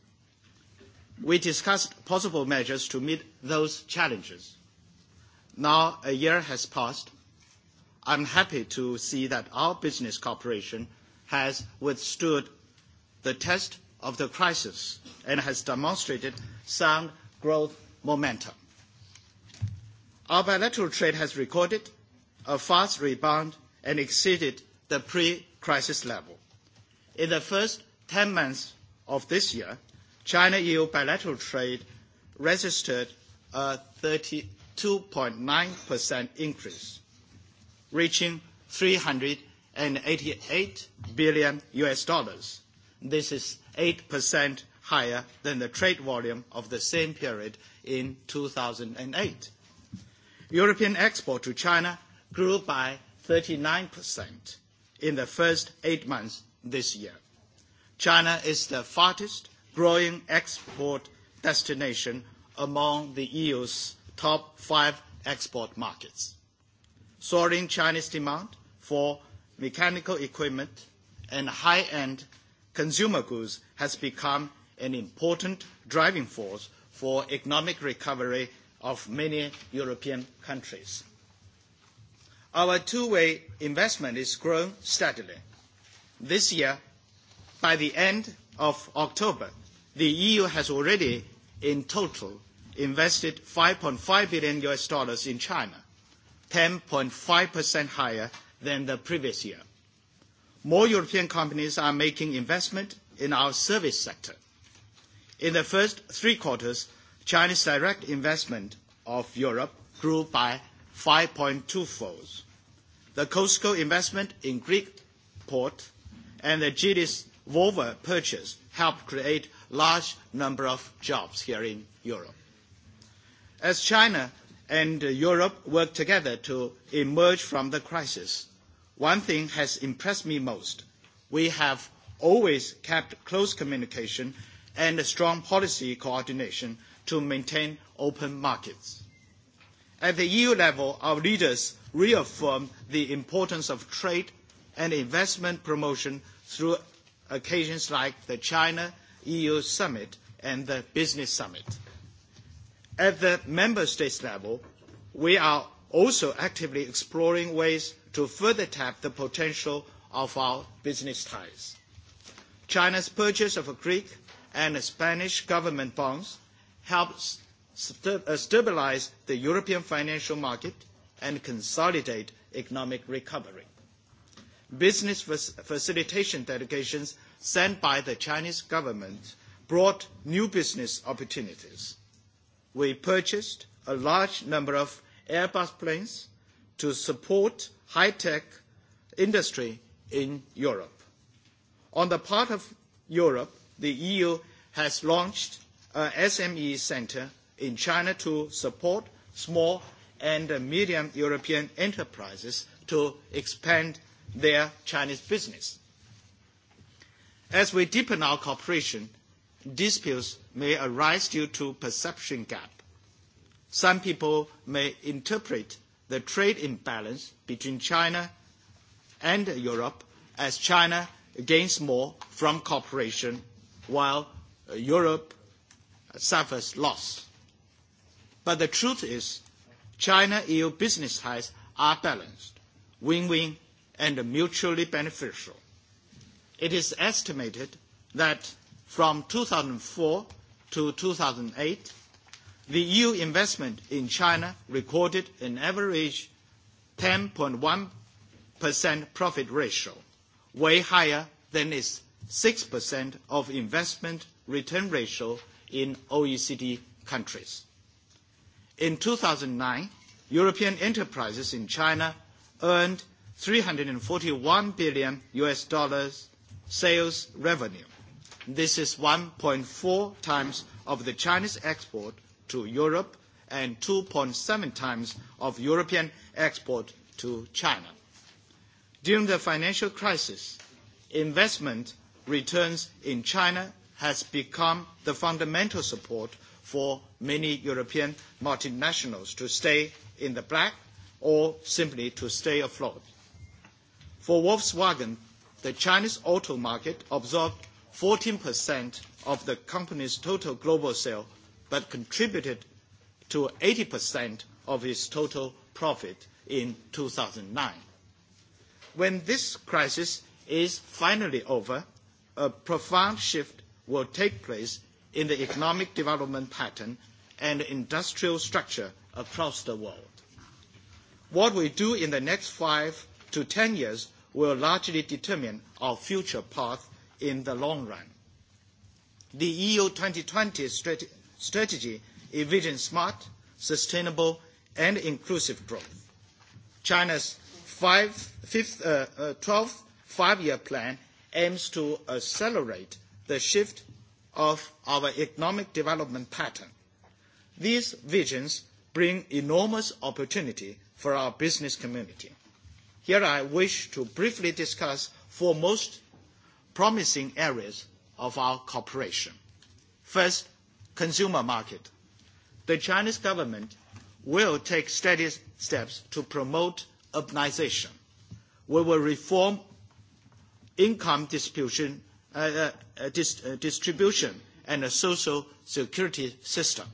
We discussed possible measures to meet those challenges Now a year has passed. I'm happy to see that our business cooperation has withstood the test of the crisis and has demonstrated sound growth momentum. Our bilateral trade has recorded a fast rebound and exceeded the pre-crisis level. In the first 10 months of this year, China-EU bilateral trade registered a 2.9% increase, reaching $388 billion. US dollars. This is 8% higher than the trade volume of the same period in 2008. European export to China grew by 39% in the first eight months this year. China is the fastest growing export destination among the EU's top five export markets. Soaring Chinese demand for mechanical equipment and high-end consumer goods has become an important driving force for economic recovery of many European countries. Our two-way investment is growing steadily. This year, by the end of October, the EU has already in total invested $5.5 billion US dollars in China, 10.5% higher than the previous year. More European companies are making investment in our service sector. In the first three quarters, Chinese direct investment of Europe grew by 5.2-fold. The COSCO investment in Greek port and the Geely's Volvo purchase helped create large number of jobs here in Europe as China and Europe work together to emerge from the crisis, one thing has impressed me most. We have always kept close communication and strong policy coordination to maintain open markets. At the EU level, our leaders reaffirmed the importance of trade and investment promotion through occasions like the China-EU Summit and the Business Summit. At the member states level, we are also actively exploring ways to further tap the potential of our business ties. China's purchase of Greek and Spanish government bonds helps stabilise the European financial market and consolidate economic recovery. Business facilitation delegations sent by the Chinese government brought new business opportunities we purchased a large number of Airbus planes to support high-tech industry in Europe. On the part of Europe, the EU has launched a SME centre in China to support small and medium European enterprises to expand their Chinese business. As we deepen our cooperation disputes may arise due to perception gap. Some people may interpret the trade imbalance between China and Europe as China gains more from cooperation while Europe suffers loss. But the truth is China-EU business ties are balanced, win-win and mutually beneficial. It is estimated that From 2004 to 2008, the EU investment in China recorded an average 10.1% profit ratio, way higher than its 6% of investment return ratio in OECD countries. In 2009, European enterprises in China earned $341 billion US dollars sales revenue, This is 1.4 times of the Chinese export to Europe and 2.7 times of European export to China. During the financial crisis, investment returns in China has become the fundamental support for many European multinationals to stay in the black or simply to stay afloat. For Volkswagen, the Chinese auto market observed 14% of the company's total global sales, but contributed to 80% of its total profit in 2009. When this crisis is finally over, a profound shift will take place in the economic development pattern and industrial structure across the world. What we do in the next five to ten years will largely determine our future path in the long run. The EU 2020 strategy envisions smart, sustainable, and inclusive growth. China's five, fifth, uh, uh, 12th five-year plan aims to accelerate the shift of our economic development pattern. These visions bring enormous opportunity for our business community. Here I wish to briefly discuss four most promising areas of our cooperation. First, consumer market. The Chinese government will take steady steps to promote urbanization. We will reform income distribution, distribution and a social security system.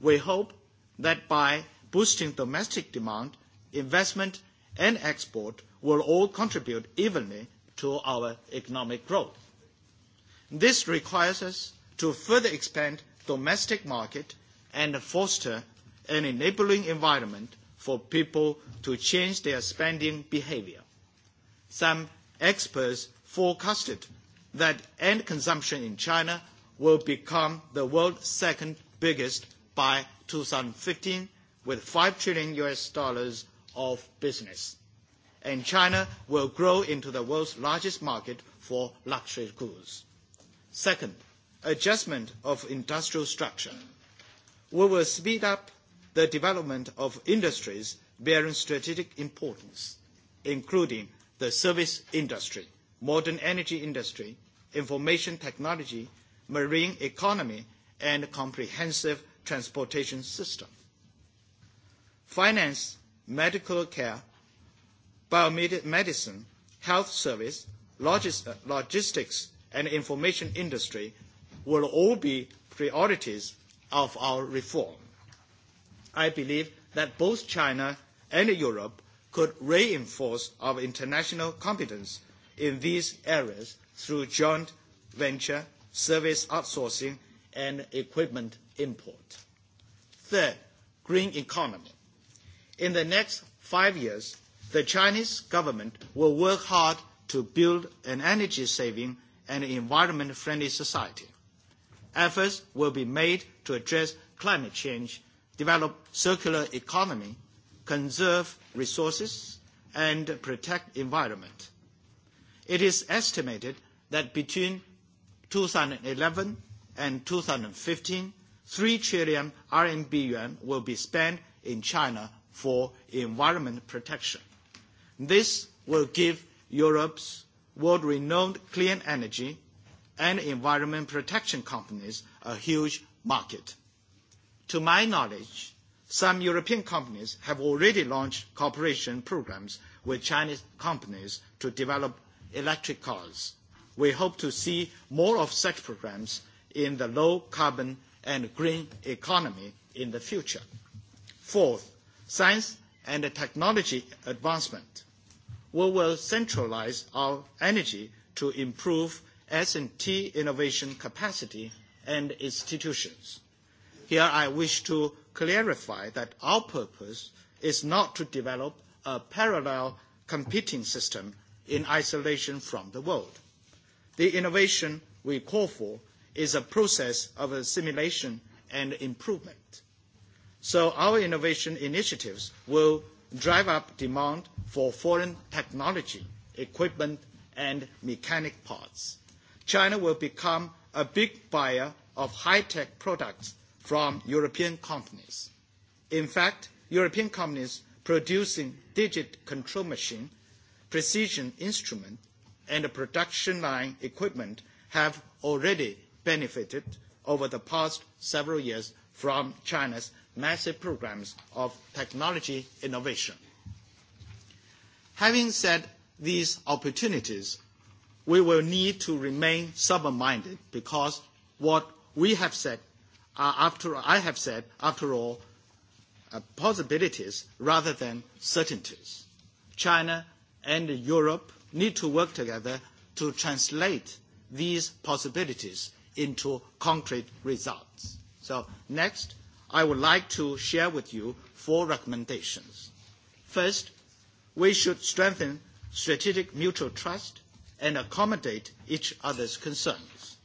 We hope that by boosting domestic demand, investment and export will all contribute evenly to our economic growth. This requires us to further expand domestic market and foster an enabling environment for people to change their spending behaviour. Some experts forecasted that end consumption in China will become the world's second biggest by fifteen with $5 trillion US dollars of business and China will grow into the world's largest market for luxury goods. Second, adjustment of industrial structure. We will speed up the development of industries bearing strategic importance, including the service industry, modern energy industry, information technology, marine economy, and comprehensive transportation system. Finance, medical care, biomedicine, health service, logistics, and information industry will all be priorities of our reform. I believe that both China and Europe could reinforce our international competence in these areas through joint venture, service outsourcing, and equipment import. Third, green economy. In the next five years, the Chinese government will work hard to build an energy-saving and environment-friendly society. Efforts will be made to address climate change, develop circular economy, conserve resources, and protect environment. It is estimated that between 2011 and 2015, 3 trillion RMB yuan will be spent in China for environment protection. This will give Europe's world-renowned clean energy and environment protection companies a huge market. To my knowledge, some European companies have already launched cooperation programs with Chinese companies to develop electric cars. We hope to see more of such programs in the low carbon and green economy in the future. Fourth, science and technology advancement. We will centralise our energy to improve S&T innovation capacity and institutions. Here I wish to clarify that our purpose is not to develop a parallel competing system in isolation from the world. The innovation we call for is a process of assimilation and improvement. So our innovation initiatives will drive up demand for foreign technology, equipment, and mechanic parts. China will become a big buyer of high-tech products from European companies. In fact, European companies producing digit control machine, precision instrument, and production line equipment have already benefited over the past several years from China's massive programs of technology innovation. Having said these opportunities, we will need to remain sober-minded because what we have said, are after I have said, after all, are possibilities rather than certainties. China and Europe need to work together to translate these possibilities into concrete results. So next, I would like to share with you four recommendations. First, we should strengthen strategic mutual trust and accommodate each other's concerns.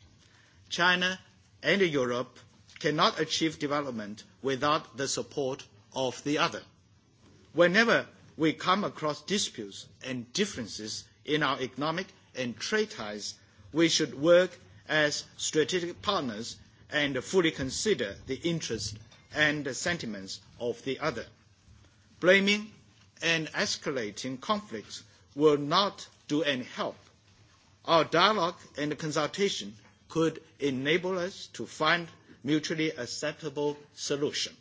China and Europe cannot achieve development without the support of the other. Whenever we come across disputes and differences in our economic and trade ties, we should work as strategic partners and fully consider the interests and the sentiments of the other. Blaming and escalating conflicts will not do any help. Our dialogue and consultation could enable us to find mutually acceptable solution.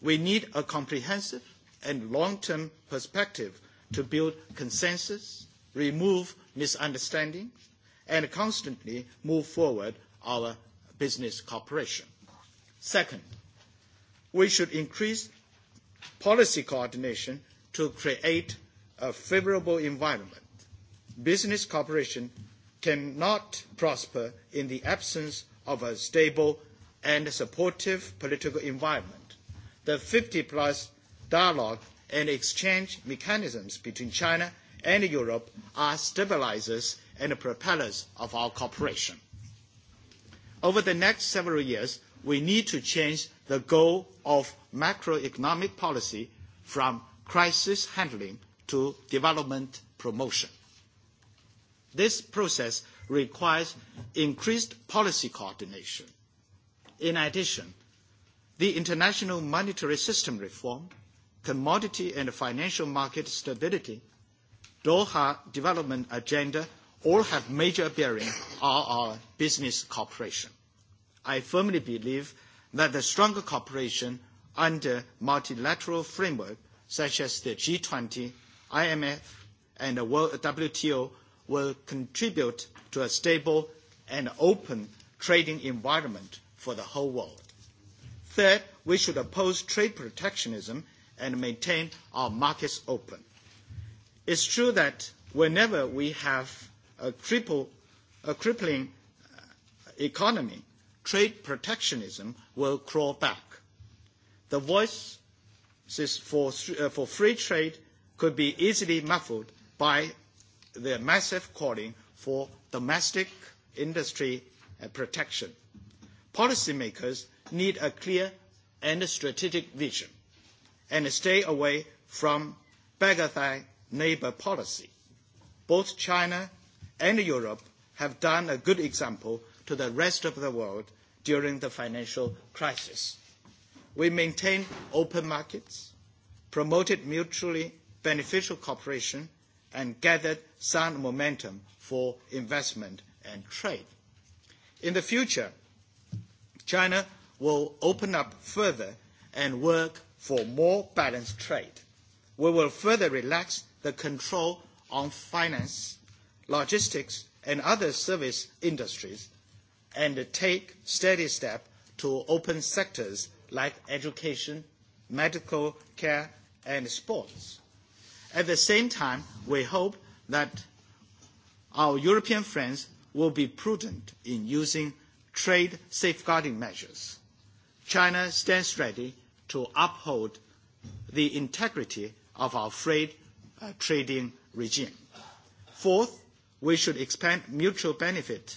We need a comprehensive and long-term perspective to build consensus, remove misunderstanding, and constantly move forward our business cooperation. Second, we should increase policy coordination to create a favourable environment. Business cooperation cannot prosper in the absence of a stable and supportive political environment. The fifty plus dialogue and exchange mechanisms between China and Europe are stabilisers and propellers of our cooperation. Over the next several years, we need to change the goal of macroeconomic policy from crisis handling to development promotion. This process requires increased policy coordination. In addition, the international monetary system reform, commodity and financial market stability, Doha development agenda all have major bearing on our business cooperation. I firmly believe that the stronger cooperation under multilateral framework such as the g twenty, IMF, and the WTO will contribute to a stable and open trading environment for the whole world. Third, we should oppose trade protectionism and maintain our markets open. It's true that whenever we have a, crippling economy, trade protectionism will crawl back. The voices for, for free trade could be easily muffled by the massive calling for domestic industry protection. Policymakers need a clear and strategic vision and stay away from beggar neighbour policy. Both China and Europe have done a good example to the rest of the world during the financial crisis. We maintained open markets, promoted mutually beneficial cooperation, and gathered sound momentum for investment and trade. In the future, China will open up further and work for more balanced trade. We will further relax the control on finance, logistics, and other service industries and take steady steps to open sectors like education, medical care, and sports. At the same time, we hope that our European friends will be prudent in using trade safeguarding measures. China stands ready to uphold the integrity of our free trading regime. Fourth, we should expand mutual benefit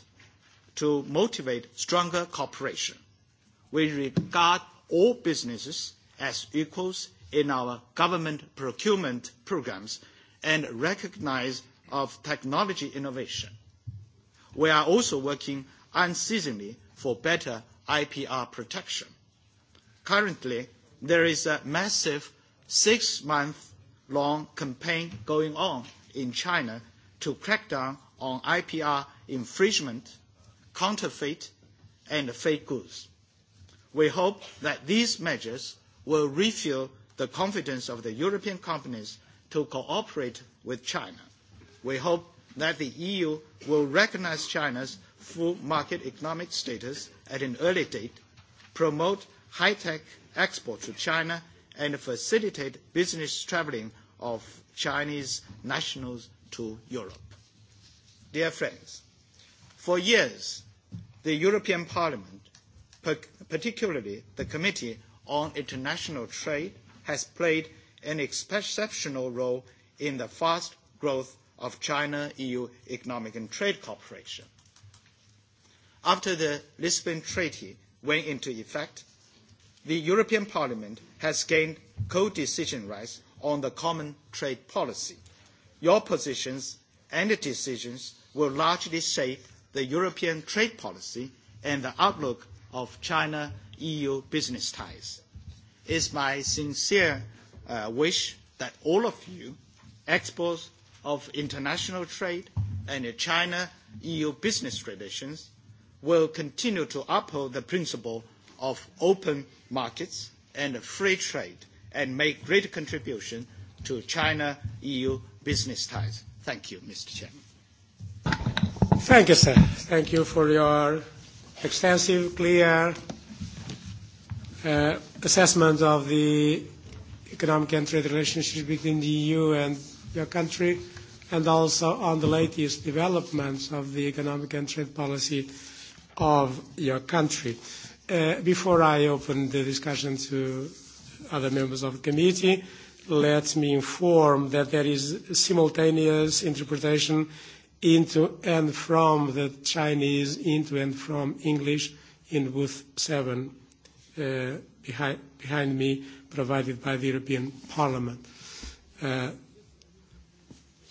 to motivate stronger cooperation. We regard all businesses as equals in our government procurement programs and recognize of technology innovation. We are also working unceasingly for better IPR protection. Currently, there is a massive six-month-long campaign going on in China to crack down on IPR infringement counterfeit and fake goods. We hope that these measures will refuel the confidence of the European companies to cooperate with China. We hope that the EU will recognise China's full market economic status at an early date, promote high-tech export to China, and facilitate business travelling of Chinese nationals to Europe. Dear friends, for years, the European Parliament, particularly the Committee on International Trade, has played an exceptional role in the fast growth of China-EU economic and trade cooperation. After the Lisbon Treaty went into effect, the European Parliament has gained co-decision rights on the common trade policy. Your positions and decisions will largely shape the European trade policy and the outlook of China-EU business ties. It is my sincere wish that all of you, experts of international trade and China-EU business relations, will continue to uphold the principle of open markets and free trade and make great contribution to China-EU business ties. Thank you, Mr. Chairman. Thank you, sir. Thank you for your extensive, clear uh, assessment of the economic and trade relationship between the EU and your country, and also on the latest developments of the economic and trade policy of your country. Uh, before I open the discussion to other members of the committee, let me inform that there is simultaneous interpretation into and from the Chinese, into and from English in booth seven uh, behind, behind me, provided by the European Parliament. Uh,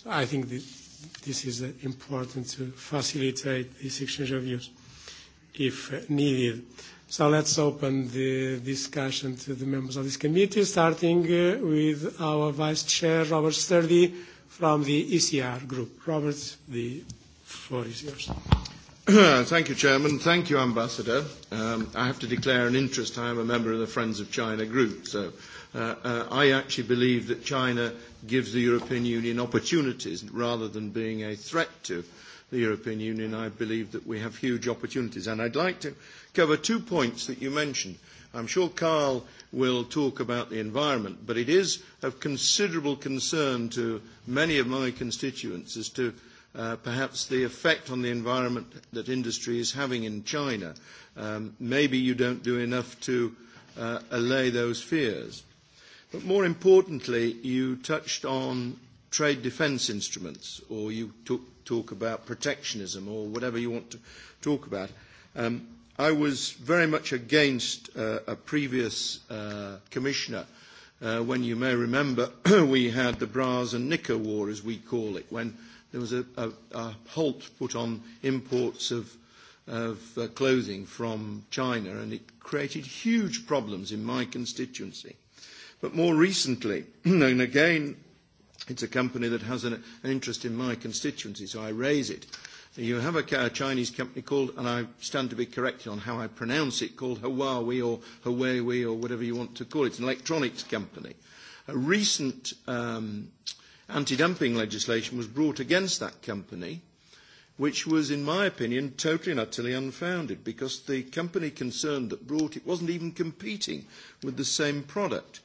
I think this, this is important to facilitate this exchange of views if needed. So let's open the discussion to the members of this committee, starting uh, with our Vice Chair, Robert Sturdy from the ECR group. Robert, the floor is yours. Thank you, Chairman. Thank you, Ambassador. Um, I have to declare an interest. I am a member of the Friends of China group, so uh, uh, I actually believe that China gives the European Union opportunities rather than being a threat to the European Union. I believe that we have huge opportunities, and I'd like to cover two points that you mentioned. I'm sure Carl will talk about the environment, but it is of considerable concern to many of my constituents as to uh, perhaps the effect on the environment that industry is having in China. Um, maybe you don't do enough to uh, allay those fears. But more importantly, you touched on trade defence instruments, or you talk, talk about protectionism, or whatever you want to talk about. Um, I was very much against uh, a previous uh, commissioner. Uh, when you may remember, we had the Bras and Nicker War, as we call it, when there was a, a, a halt put on imports of, of uh, clothing from China, and it created huge problems in my constituency. But more recently, and again, it's a company that has an, an interest in my constituency, so I raise it You have a, Chinese company called, and I stand to be corrected on how I pronounce it, called Huawei or Huawei or whatever you want to call it. It's an electronics company. A recent um, anti-dumping legislation was brought against that company, which was, in my opinion, totally and utterly unfounded because the company concerned that brought it wasn't even competing with the same product.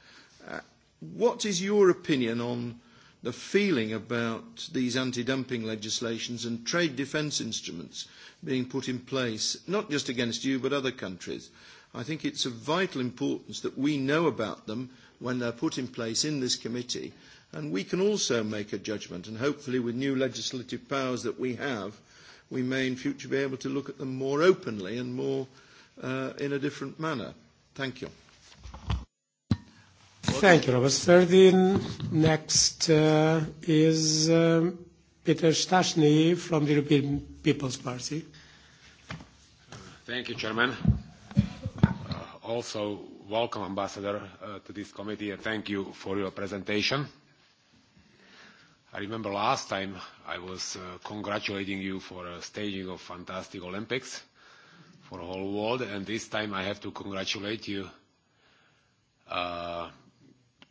Uh, what is your opinion on the feeling about these anti-dumping legislations and trade defence instruments being put in place, not just against you, but other countries. I think it's of vital importance that we know about them when they're put in place in this committee, and we can also make a judgment, and hopefully with new legislative powers that we have, we may in future be able to look at them more openly and more uh, in a different manner. Thank you. Thank you, Robert Sterdin. Next is Peter Stashny from the European People's Party. Thank you, Chairman. also, welcome, Ambassador, to this committee, and thank you for your presentation. I remember last time I was uh, congratulating you for a staging of fantastic Olympics for the whole world, and this time I have to congratulate you uh,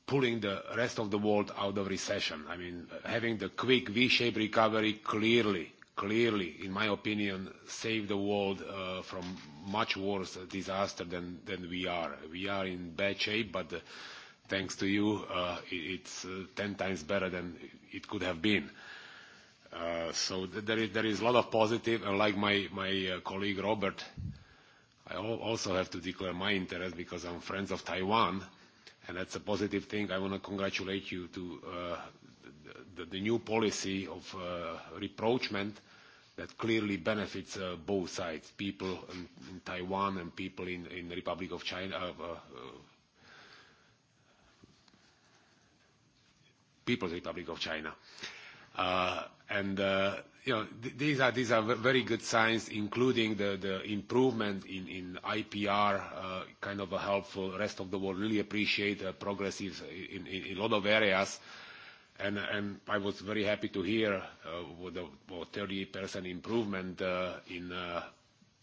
pulling the rest of the world out of recession. I mean, having the quick V-shaped recovery clearly, clearly, in my opinion, saved the world from much worse disaster than, than we are. We are in bad shape, but thanks to you, it's 10 times better than it could have been. so there is, there is a lot of positive, and like my, my uh, colleague Robert, I also have to declare my interest because I'm friends of Taiwan and that's a positive thing. I want to congratulate you to uh, the, the new policy of uh, reproachment that clearly benefits uh, both sides, people in, in Taiwan and people in, in the Republic of China, uh, uh, People's Republic of China. Uh, and uh, know, these are these are very good signs, including the the improvement in in IPR, uh, kind of a helpful. Rest of the world really appreciate uh, progress in, in in a lot of areas, and and I was very happy to hear uh, with the 30% improvement uh, in uh,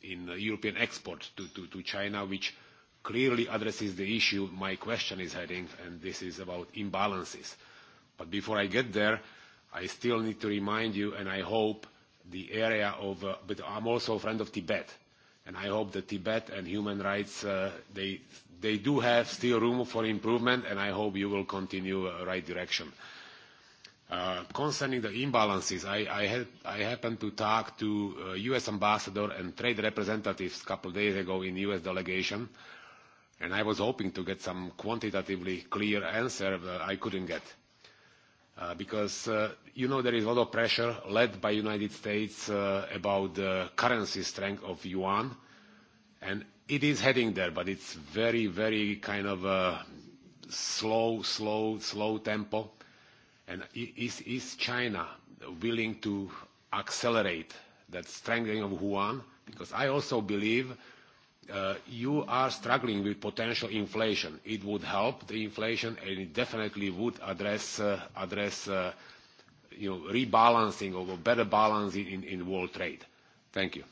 in European export to, to to China, which clearly addresses the issue my question is heading, and this is about imbalances. But before I get there. I still need to remind you, and I hope the area of, uh, but I'm also a friend of Tibet, and I hope that Tibet and human rights, uh, they, they do have still room for improvement, and I hope you will continue uh, right direction. Uh, concerning the imbalances, I, I, had, I happened to talk to uh, U.S. ambassador and trade representatives a couple of days ago in U.S. delegation, and I was hoping to get some quantitatively clear answer, but I couldn't get because you know there is a lot of pressure led by United States about the currency strength of yuan, and it is heading there, but it's very, very kind of a slow, slow, slow tempo. And is, is China willing to accelerate that strengthening of yuan? Because I also believe you are struggling with potential inflation. It would help the inflation, and it definitely would address you know, rebalancing or better balance in world trade. Thank you.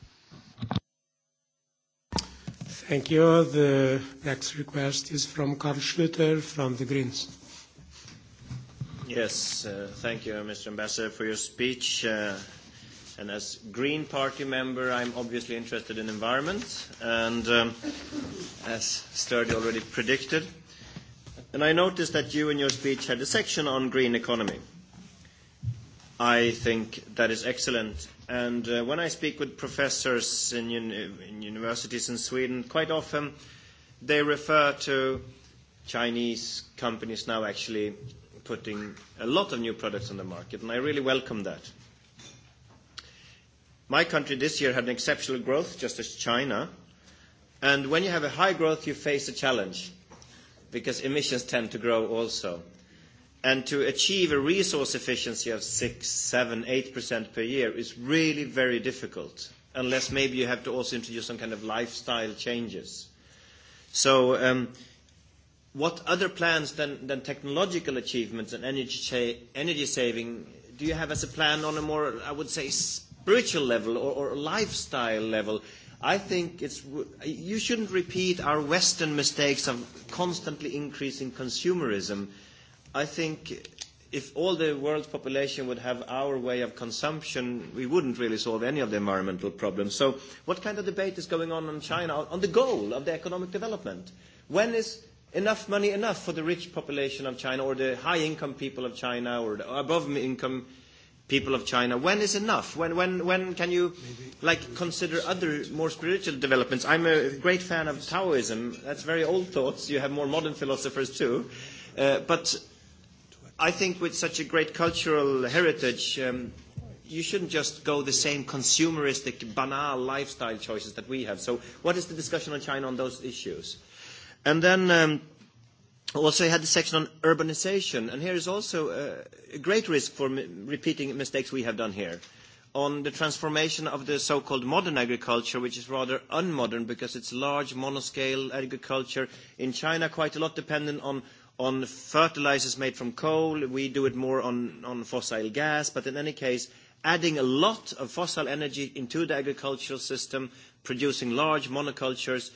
Thank you. The next request is from Karl Schlüter from the Greens. Yes, thank you, Mr. Ambassador, for your speech. And as Green Party member, I'm obviously interested in environment, and um, as Sturdy already predicted. And I noticed that you in your speech had a section on green economy. I think that is excellent. And uh, when I speak with professors in, un- in universities in Sweden, quite often they refer to Chinese companies now actually putting a lot of new products on the market, and I really welcome that. My country this year had an exceptional growth, just as China. And when you have a high growth, you face a challenge because emissions tend to grow also. And to achieve a resource efficiency of 6, 7, 8% per year is really very difficult, unless maybe you have to also introduce some kind of lifestyle changes. So, um, what other plans than, than technological achievements and energy, cha- energy saving do you have as a plan on a more, I would say, spiritual level or, or lifestyle level, I think it's, you shouldn't repeat our Western mistakes of constantly increasing consumerism. I think if all the world's population would have our way of consumption, we wouldn't really solve any of the environmental problems. So what kind of debate is going on in China on the goal of the economic development? When is enough money enough for the rich population of China or the high-income people of China or the above-income people of China. When is enough? When, when, when can you like consider other more spiritual developments? I'm a great fan of Taoism. That's very old thoughts. You have more modern philosophers too. Uh, but I think with such a great cultural heritage, um, you shouldn't just go the same consumeristic, banal lifestyle choices that we have. So what is the discussion on China on those issues? And then... Um, also had a section on urbanization, and here is also a great risk for repeating mistakes we have done here on the transformation of the so-called modern agriculture, which is rather unmodern because it's large monoscale agriculture. In China, quite a lot dependent on on fertilizers made from coal. We do it more on on fossil gas. But in any case, adding a lot of fossil energy into the agricultural system, producing large monocultures,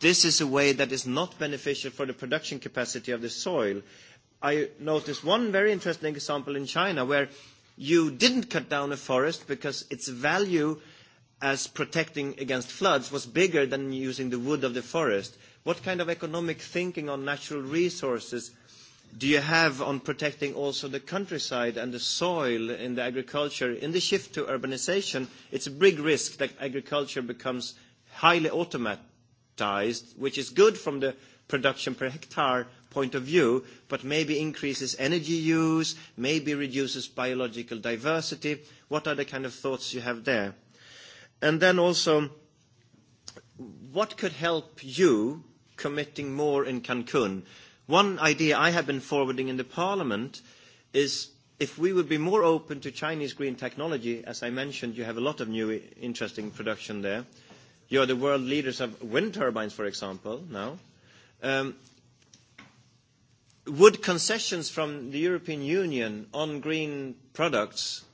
This is a way that is not beneficial for the production capacity of the soil. I noticed one very interesting example in China where you didn't cut down a forest because its value as protecting against floods was bigger than using the wood of the forest. What kind of economic thinking on natural resources do you have on protecting also the countryside and the soil in the agriculture? In the shift to urbanization, it's a big risk that agriculture becomes highly automat subsidized, which is good from the production per hectare point of view, but maybe increases energy use, maybe reduces biological diversity. What are the kind of thoughts you have there? And then also, what could help you committing more in Cancun? One idea I have been forwarding in the parliament is if we would be more open to Chinese green technology, as I mentioned, you have a lot of new interesting production there, You are the world leaders of wind turbines, for example, now. Um, would concessions from the European Union on green products,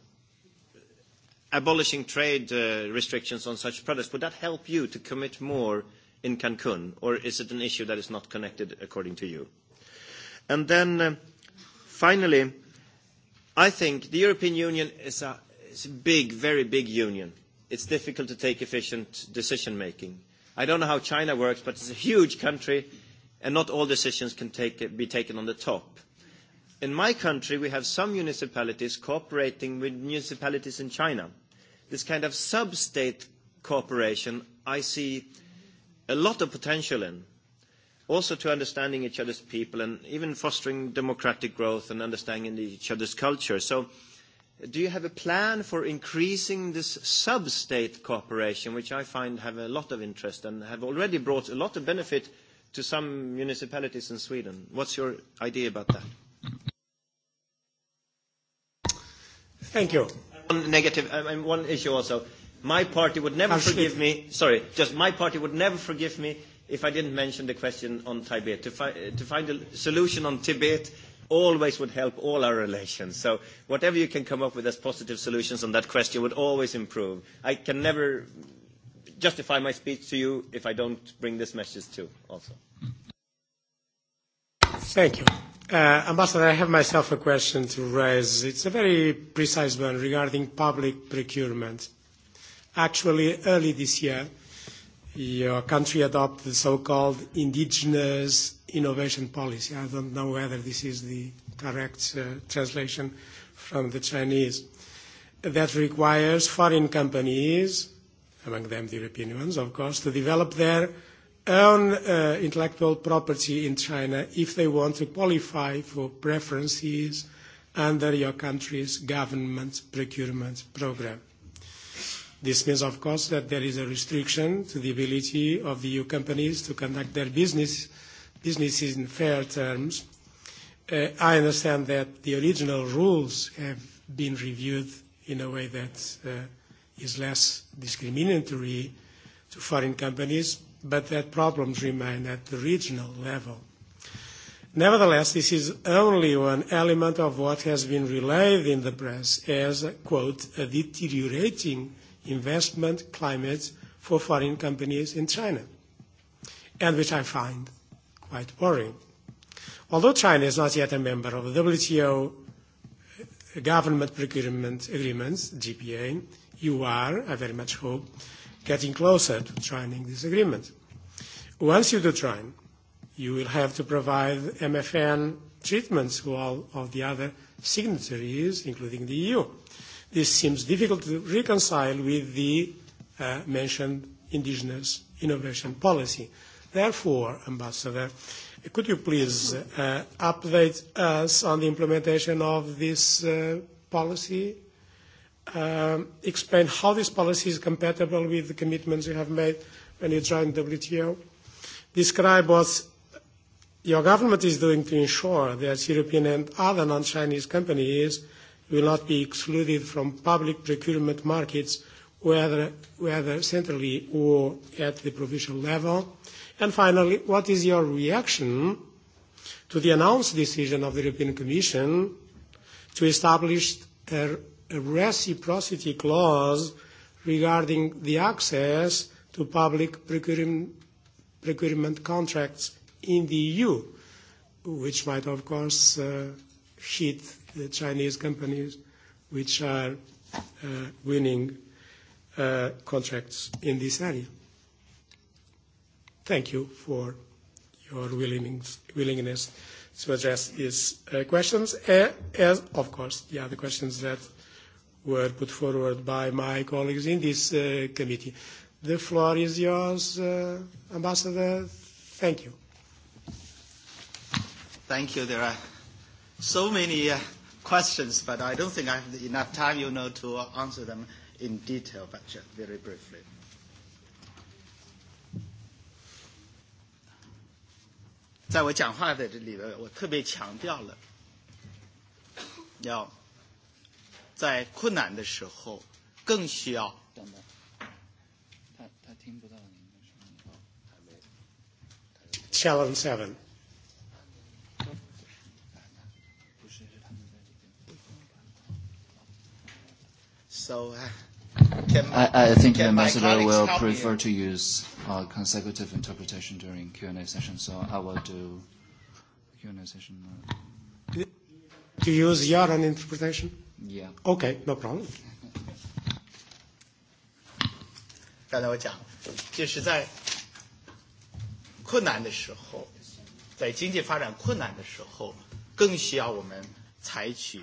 abolishing trade uh, restrictions on such products, would that help you to commit more in Cancun, or is it an issue that is not connected according to you? And then uh, finally, I think the European Union is a, is a big, very big union it's difficult to take efficient decision making. I don't know how China works, but it's a huge country, and not all decisions can take, be taken on the top. In my country, we have some municipalities cooperating with municipalities in China. This kind of sub-state cooperation, I see a lot of potential in. Also to understanding each other's people and even fostering democratic growth and understanding each other's culture. So do you have a plan for increasing this sub-state cooperation, which I find have a lot of interest and have already brought a lot of benefit to some municipalities in Sweden? What's your idea about that? Thank you. One negative, and one issue also. My party would never forgive me. Sorry, just my party would never forgive me if I didn't mention the question on Tibet. To, fi- to find a solution on Tibet always would help all our relations. So whatever you can come up with as positive solutions on that question would always improve. I can never justify my speech to you if I don't bring this message too, also. Thank you. Uh, Ambassador, I have myself a question to raise. It's a very precise one regarding public procurement. Actually, early this year, your country adopt the so-called indigenous innovation policy. I don't know whether this is the correct uh, translation from the Chinese. That requires foreign companies, among them the European ones, of course, to develop their own uh, intellectual property in China if they want to qualify for preferences under your country's government procurement program. This means, of course, that there is a restriction to the ability of the EU companies to conduct their business businesses in fair terms. I understand that the original rules have been reviewed in a way that is less discriminatory to foreign companies, but that problems remain at the regional level. Nevertheless, this is only one element of what has been relayed in the press as, quote, "a deteriorating investment climate for foreign companies in China, and which I find quite worrying. Although China is not yet a member of the WTO Government Procurement Agreements, GPA, you are, I very much hope, getting closer to joining this agreement. Once you do join, you will have to provide MFN treatments to all of the other signatories, including the EU. This seems difficult to reconcile with the uh, mentioned indigenous innovation policy. Therefore, Ambassador, could you please uh, update us on the implementation of this uh, policy? Um, explain how this policy is compatible with the commitments you have made when you joined WTO. Describe what your government is doing to ensure that European and other non-Chinese companies will not be excluded from public procurement markets, whether, centrally or at the provincial level? And finally, what is your reaction to the announced decision of the European Commission to establish a, a reciprocity clause regarding the access to public procurement, contracts in the EU, which might, of course, hit the Chinese companies which are uh, winning uh, contracts in this area. Thank you for your willingness, willingness to address these uh, questions, as, of course, the other questions that were put forward by my colleagues in this uh, committee. The floor is yours, uh, Ambassador. Thank you. Thank you. There are so many uh, questions, but I don't think I have enough time, you know, to answer them in detail, but just very briefly. challenge seven. so can I, think the ambassador will prefer to use consecutive interpretation during Q&A session, so I will do Q&A session. To use your own interpretation? Yeah. Okay, no problem. 刚才我讲，就是在困难的时候，在经济发展困难的时候，更需要我们采取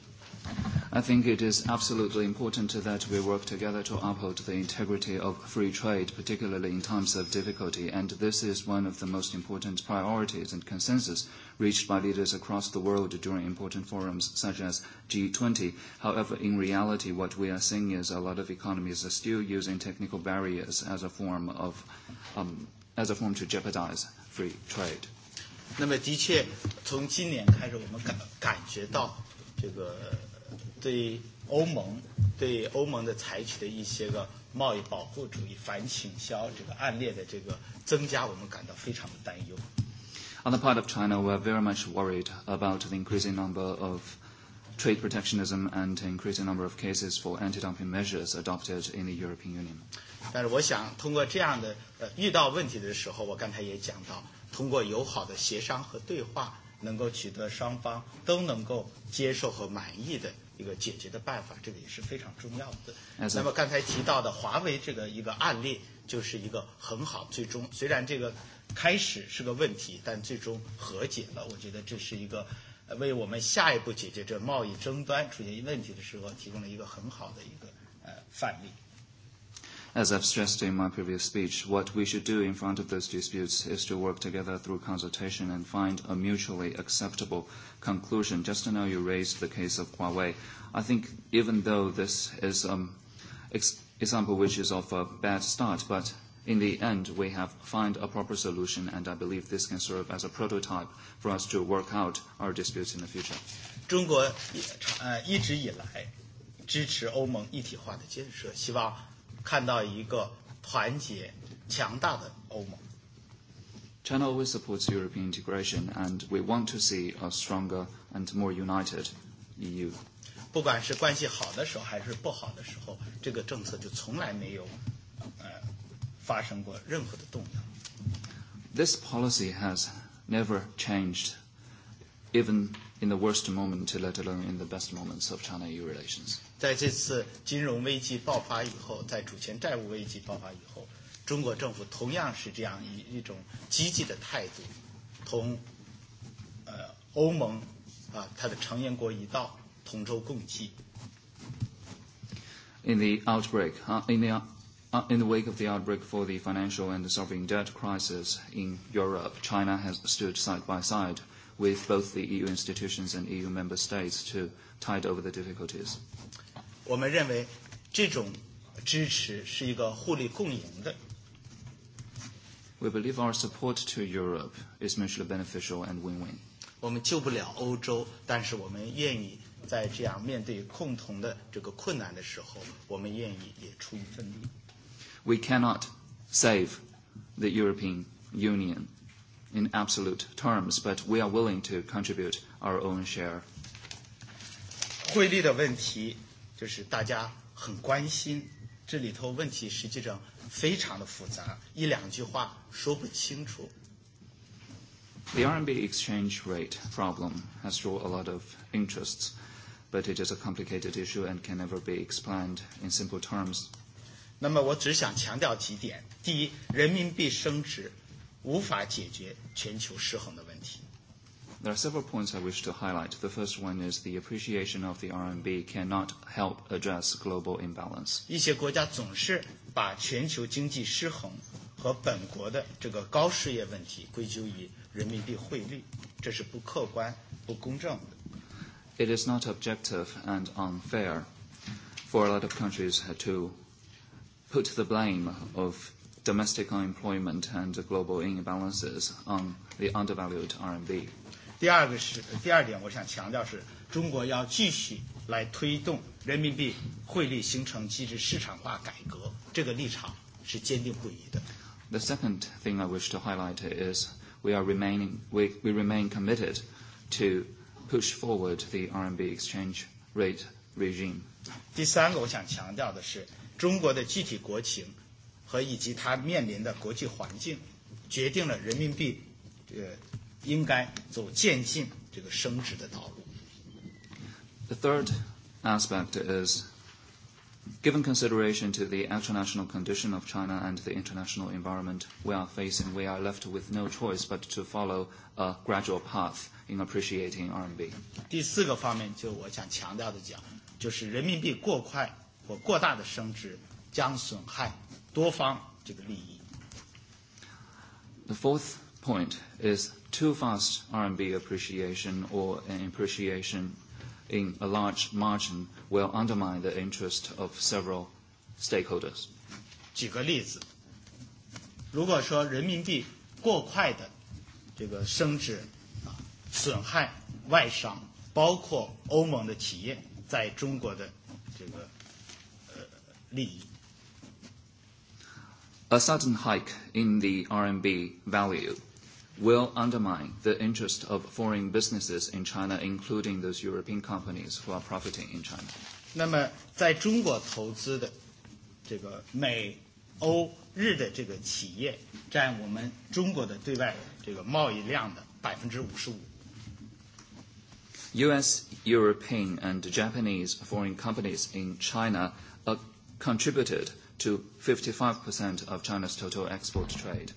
I think it is absolutely important that we work together to uphold the integrity of free trade, particularly in times of difficulty, and this is one of the most important priorities and consensus reached by leaders across the world during important forums such as G20. However, in reality, what we are seeing is a lot of economies are still using technical barriers as a form of um, as a form to jeopardize free trade. 那么，的确，从今年开始，我们感感觉到这个对欧盟对欧盟的采取的一些个贸易保护主义、反倾销这个案例的这个增加，我们感到非常的担忧。On the part of China, we are very much worried about the increasing number of trade protectionism and increasing number of cases for anti-dumping measures adopted in the European Union. 但是我想通过这样的呃遇到问题的时候，我刚才也讲到，通过友好的协商和对话，能够取得双方都能够接受和满意的一个解决的办法，这个也是非常重要的。那么刚才提到的华为这个一个案例，就是一个很好，最终虽然这个开始是个问题，但最终和解了。我觉得这是一个为我们下一步解决这贸易争端出现问题的时候提供了一个很好的一个呃范例。As I've stressed in my previous speech, what we should do in front of those disputes is to work together through consultation and find a mutually acceptable conclusion. Just now you raised the case of Huawei. I think even though this is an example which is of a bad start, but in the end, we have found a proper solution, and I believe this can serve as a prototype for us to work out our disputes in the future. 看到一个团结强大的欧盟。China always supports European integration, and we want to see a stronger and more united EU. 不管是关系好的时候还是不好的时候，这个政策就从来没有呃发生过任何的动摇。This policy has never changed, even in the worst moment, let alone in the best moments of China-EU relations. 在这次金融危机爆发以后，在主权债务危机爆发以后，中国政府同样是这样一一种积极的态度，同呃欧盟啊它的成员国一道同舟共济。In the outbreak, uh, in the In the wake of the outbreak for the financial and sovereign debt crisis in Europe, China has stood side by side with both the EU institutions and EU member states to tide over the difficulties. We believe our support to Europe is mutually beneficial and win-win. 我们救不了欧洲，但是我们愿意在这样面对共同的这个困难的时候，我们愿意也出一份力。We cannot save the European Union in absolute terms, but we are willing to contribute our own share. The RMB exchange rate problem has drawn a lot of interests, but it is a complicated issue and can never be explained in simple terms. 那么我只想强调几点：第一，人民币升值无法解决全球失衡的问题。There are several points I wish to highlight. The first one is the appreciation of the RMB cannot help address global imbalance. 一些国家总是把全球经济失衡和本国的这个高失业问题归咎于人民币汇率，这是不客观、不公正的。It is not objective and unfair for a lot of countries to put the blame of domestic unemployment and global imbalances on the undervalued RMB. 第二个是第二点，我想强调是中国要继续来推动人民币汇率形成机制市场化改革，这个立场是坚定不移的。The second thing I wish to highlight is we are remaining we, we remain committed to push forward the RMB exchange rate regime. 第三个我想强调的是，中国的具体国情和以及它面临的国际环境，决定了人民币呃应该走渐进这个升值的道路。The third aspect is Given consideration to the international condition of China and the international environment we are facing, we are left with no choice but to follow a gradual path in appreciating RMB. 第四个方面，就我想强调的讲，就是人民币过快或过大的升值将损害多方这个利益。The fourth point is too fast RMB appreciation or an appreciation in a large margin will undermine the interest of several stakeholders. 举个例子，如果说人民币过快的这个升值啊，损害外商，包括欧盟的企业在中国的这个呃利益。A sudden hike in the RMB value will undermine the interest of foreign businesses in China, including those European companies who are profiting in China. 那么，在中国投资的这个美、欧、日的这个企业，占我们中国的对外这个贸易量的百分之五十五。U.S., European, and Japanese foreign companies in China contributed to 55% of China's total export trade.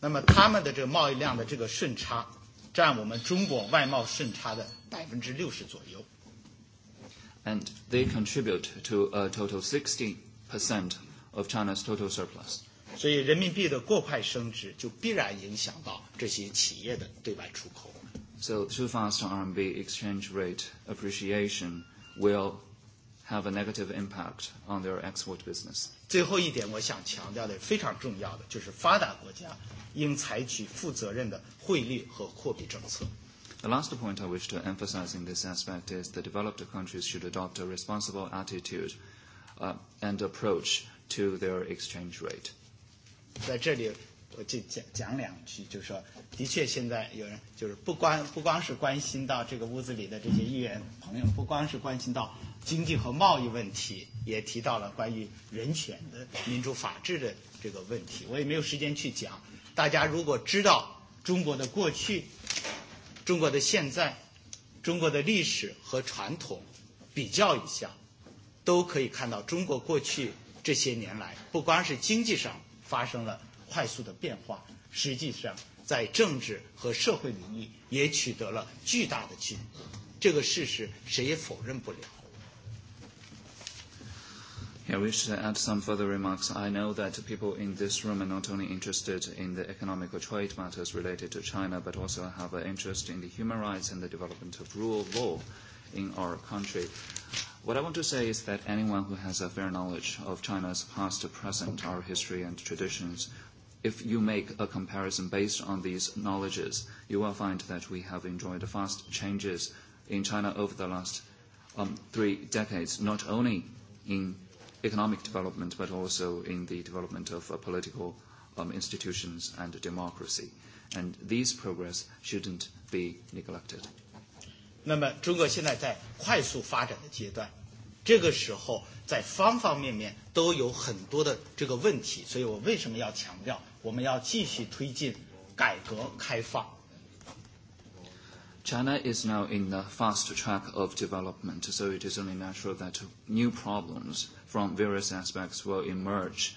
那么他们的这个贸易量的这个顺差占我们中国外贸顺差的60%左右。And they contribute to a total 60% of China's total surplus. 所以人民币的过快升值就必然影响到这些企业的对外出口。So too fast RMB exchange rate appreciation will have a negative impact on their export business. 最后一点，我想强调的非常重要的就是发达国家应采取负责任的汇率和货币政策。The last point I wish to emphasize in this aspect is that developed countries should adopt a responsible attitude and approach to their exchange rate. 在这里，我就讲讲两句，就是说，的确现在有人就是不光不光是关心到这个屋子里的这些艺人朋友，不光是关心到经济和贸易问题，也提到了关于人权的、民主法治的这个问题。我也没有时间去讲。大家如果知道中国的过去、中国的现在、中国的历史和传统，比较一下，都可以看到中国过去这些年来，不光是经济上发生了快速的变化，实际上在政治和社会领域也取得了巨大的进步。这个事实谁也否认不了。Yeah, we should add some further remarks. I know that people in this room are not only interested in the economic or trade matters related to China, but also have an interest in the human rights and the development of rule of law in our country. What I want to say is that anyone who has a fair knowledge of China's past, present, our history and traditions If you make a comparison based on these knowledges, you will find that we have enjoyed fast changes in China over the last um, three decades, not only in economic development, but also in the development of uh, political um, institutions and democracy. And these progress shouldn't be neglected. 那么，中国现在在快速发展的阶段，这个时候在方方面面都有很多的这个问题，所以我为什么要强调我们要继续推进改革开放。China is now in the fast track of development, so it is only natural that new problems from various aspects will emerge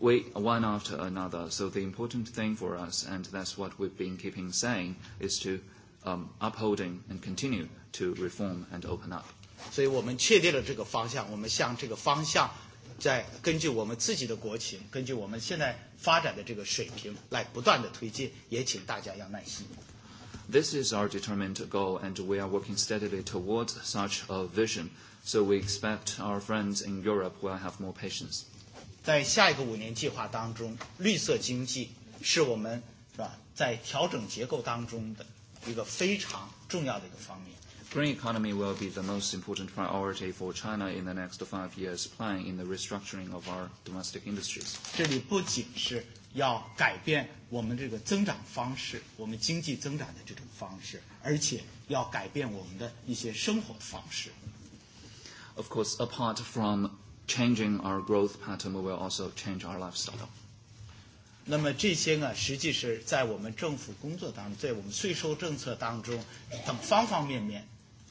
one after another. So the important thing for us, and that's what we've been keeping saying, is to um, upholding and continue to reform and open up. 所以我们确定了这个方向，我们向这个方向在根据我们自己的国情，根据我们现在发展的这个水平来不断的推进，也请大家要耐心。This is our determined goal, and we are working steadily towards such a vision. So we expect our friends in Europe will have more patience. 在下一个五年计划当中，绿色经济是我们是吧在调整结构当中的一个非常重要的一个方面。green economy will be the most important priority for China in the next five years playing in the restructuring of our domestic industries. 这里不仅是要改变我们这个增长方式，我们经济增长的这种方式，而且要改变我们的一些生活方式。Of course, apart from changing our growth pattern, we will also change our lifestyle. 那么这些呢，实际是在我们政府工作当中，在我们税收政策当中等方方面面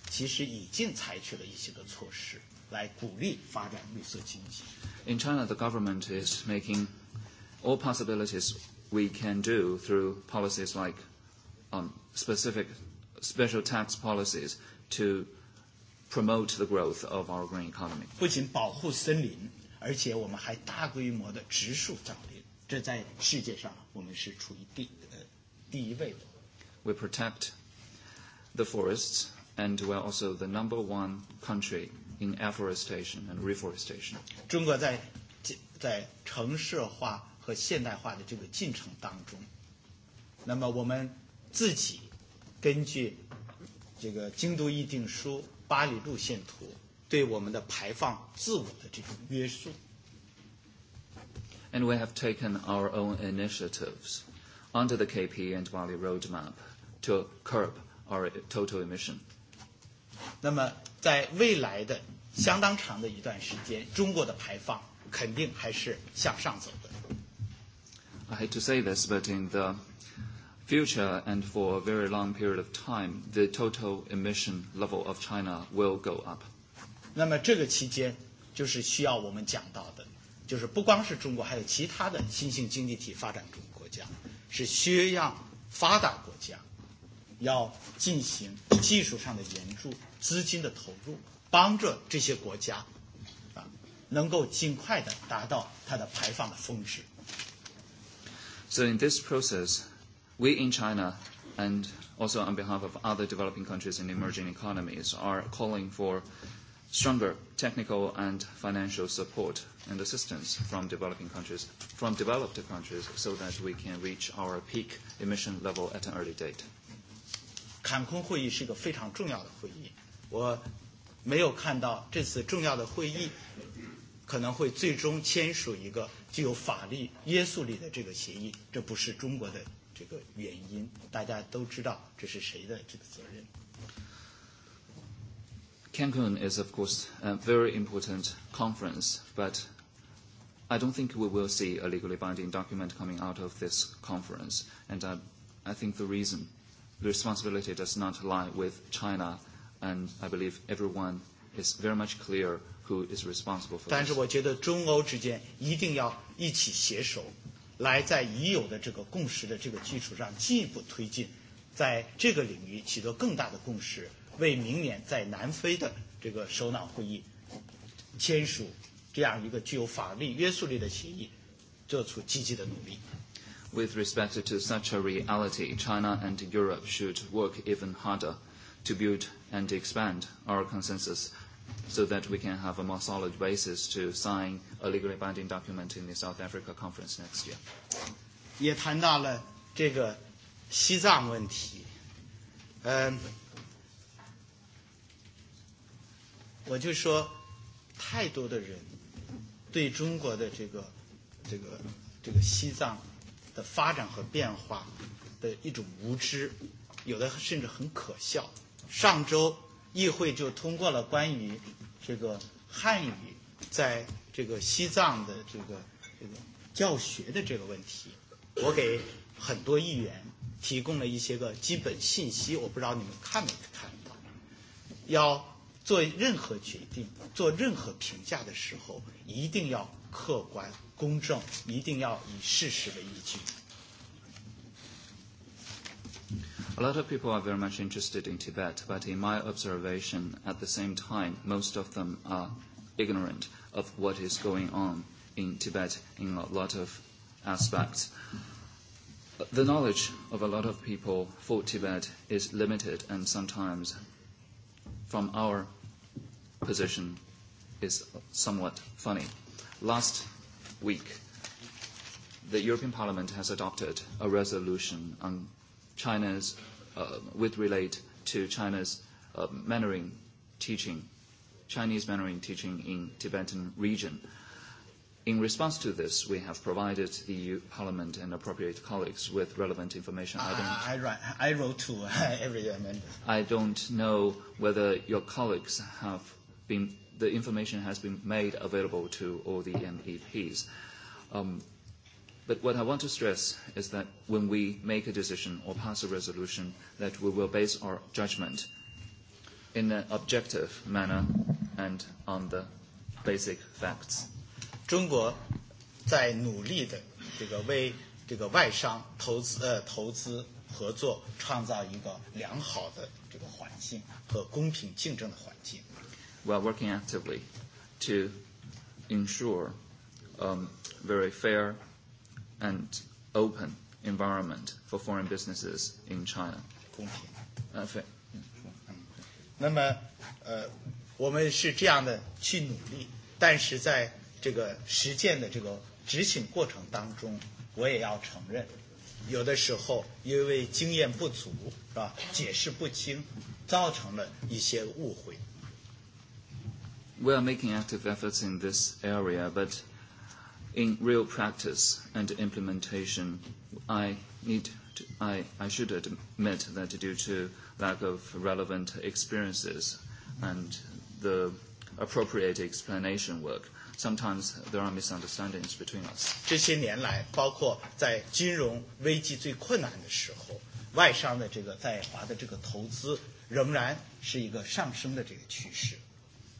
其实已经采取了一些的措施来鼓励发展绿色经济。In China, the government is making all possibilities we can do through policies like um, specific special tax policies to promote the growth of our green economy. 不仅保护森林，而且我们还大规模的植树造林，这在世界上我们是处于第呃第一位的。We protect the forests and we're also the number one country in afforestation and reforestation. 中国在在城市化和现代化的这个进程当中，那么我们自己根据这个京都议定书、巴黎路线图对我们的排放自我的这种约束。And we have taken our own initiatives under the KP and Bali roadmap to curb our total emission. 那么在未来的相当长的一段时间，中国的排放肯定还是向上走的。I hate to say this, but in the future and for a very long period of time, the total emission level of China will go up. 那么这个期间，就是需要我们讲到的，就是不光是中国，还有其他的新兴经济体发展中国家，是需要发达国家要进行技术上的援助、资金的投入，帮助这些国家啊，能够尽快的达到它的排放的峰值。So in this process, we in China and also on behalf of other developing countries and emerging economies are calling for stronger technical and financial support and assistance from developing countries, from developed countries, so that we can reach our peak emission level at an early date. 坎昆会议是一个非常重要的会议，我没有看到这次重要的会议可能会最终签署一个具有法律约束力的这个协议，这不是中国的这个原因，大家都知道这是谁的这个责任。Cancun is, of course, a very important conference, but I don't think we will see a legally binding document coming out of this conference. And I, I think the reason the responsibility does not lie with China, and I believe everyone is very much clear who is responsible for. this. 但是我觉得中欧之间一定要一起携手，来在已有的这个共识的这个基础上进一步推进，在这个领域取得更大的共识，为明年在南非的这个首脑会议签署这样一个具有法律约束力的协议，做出积极的努力。With respect to such a reality, China and Europe should work even harder to build and expand our consensus so that we can have a more solid basis to sign a legally binding document in the South Africa conference next year. 也谈到了这个西藏问题，嗯，我就说，太多的人对中国的这个这个这个西藏的发展和变化的一种无知，有的甚至很可笑。上周议会就通过了关于这个汉语在这个西藏的这个这个教学的这个问题，我给很多议员提供了一些个基本信息，我不知道你们看没看到。要做任何决定、做任何评价的时候，一定要客观公正一定要以事实为依据。A lot of people are very much interested in Tibet, but in my observation, at the same time, most of them are ignorant of what is going on in Tibet in a lot of aspects. The knowledge of a lot of people for Tibet is limited and sometimes from our position is somewhat funny. Last week, the European Parliament has adopted a resolution on China's, uh, with relate to China's uh, Mandarin teaching, Chinese Mandarin teaching in Tibetan region. In response to this, we have provided the EU Parliament and appropriate colleagues with relevant information. I, don't, I, I wrote to every member. I don't know whether your colleagues have been the information has been made available to all the MEPs. Um, but what I want to stress is that when we make a decision or pass a resolution, that we will base our judgment in an objective manner and on the basic facts. 中国在努力的这个为这个外商投资呃投资合作创造一个良好的这个环境和公平竞争的环境。we are working actively to ensure um, very fair and open environment for foreign businesses in China. 那么，呃，我们是这样的去努力，但是在这个实践的这个执行过程当中，我也要承认，有的时候因为经验不足，是吧？解释不清，造成了一些误会。we are making active efforts in this area, but in real practice and implementation, I need to, I, I should admit that due to lack of relevant experiences and the appropriate explanation work, sometimes there are misunderstandings between us. 这些年来，包括在金融危机最困难的时候，外商的这个在华的这个投资仍然是一个上升的这个趋势。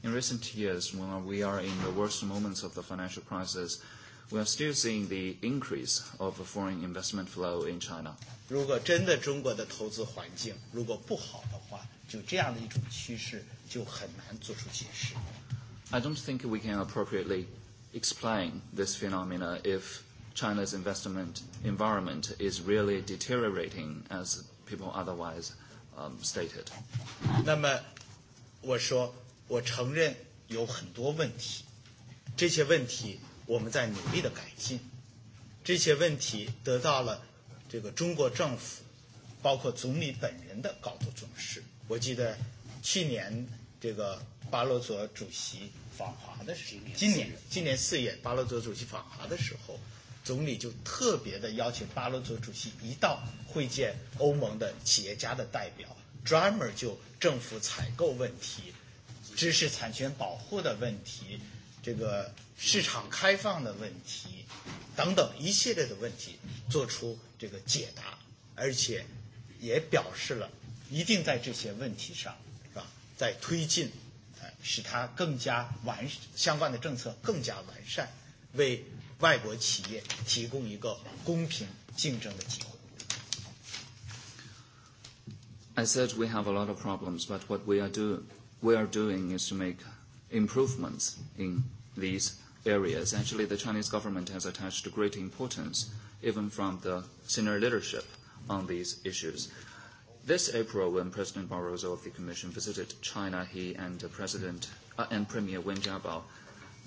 In recent years, when we are in the worst moments of the financial crisis, we are still seeing the increase of foreign investment flow in China. 如果真的中国的投资环境如果不好的话，就这样的一种趋势就很难做出解释。I don't think we can appropriately explain this phenomena if China's investment environment is really deteriorating as people otherwise um, stated. 那么我说我承认有很多问题，这些问题我们在努力的改进，这些问题得到了这个中国政府，包括总理本人的高度重视。我记得去年这个巴洛佐主席访华的时候，今年今年四月巴洛佐主席访华的时候，总理就特别的邀请巴洛佐主席一道会见欧盟的企业家的代表，专门就政府采购问题。知识产权保护的问题，这个市场开放的问题等等一系列的问题做出这个解答，而且也表示了一定在这些问题上是吧，在推进，呃，使它更加完相关的政策更加完善，为外国企业提供一个公平竞争的机会。I said we have a lot of problems, but what we are doing we are doing is to make improvements in these areas. Actually, the Chinese government has attached great importance, even from the senior leadership, on these issues. This April, when President Barroso of the Commission visited China, he and President uh, and Premier Wen Jiabao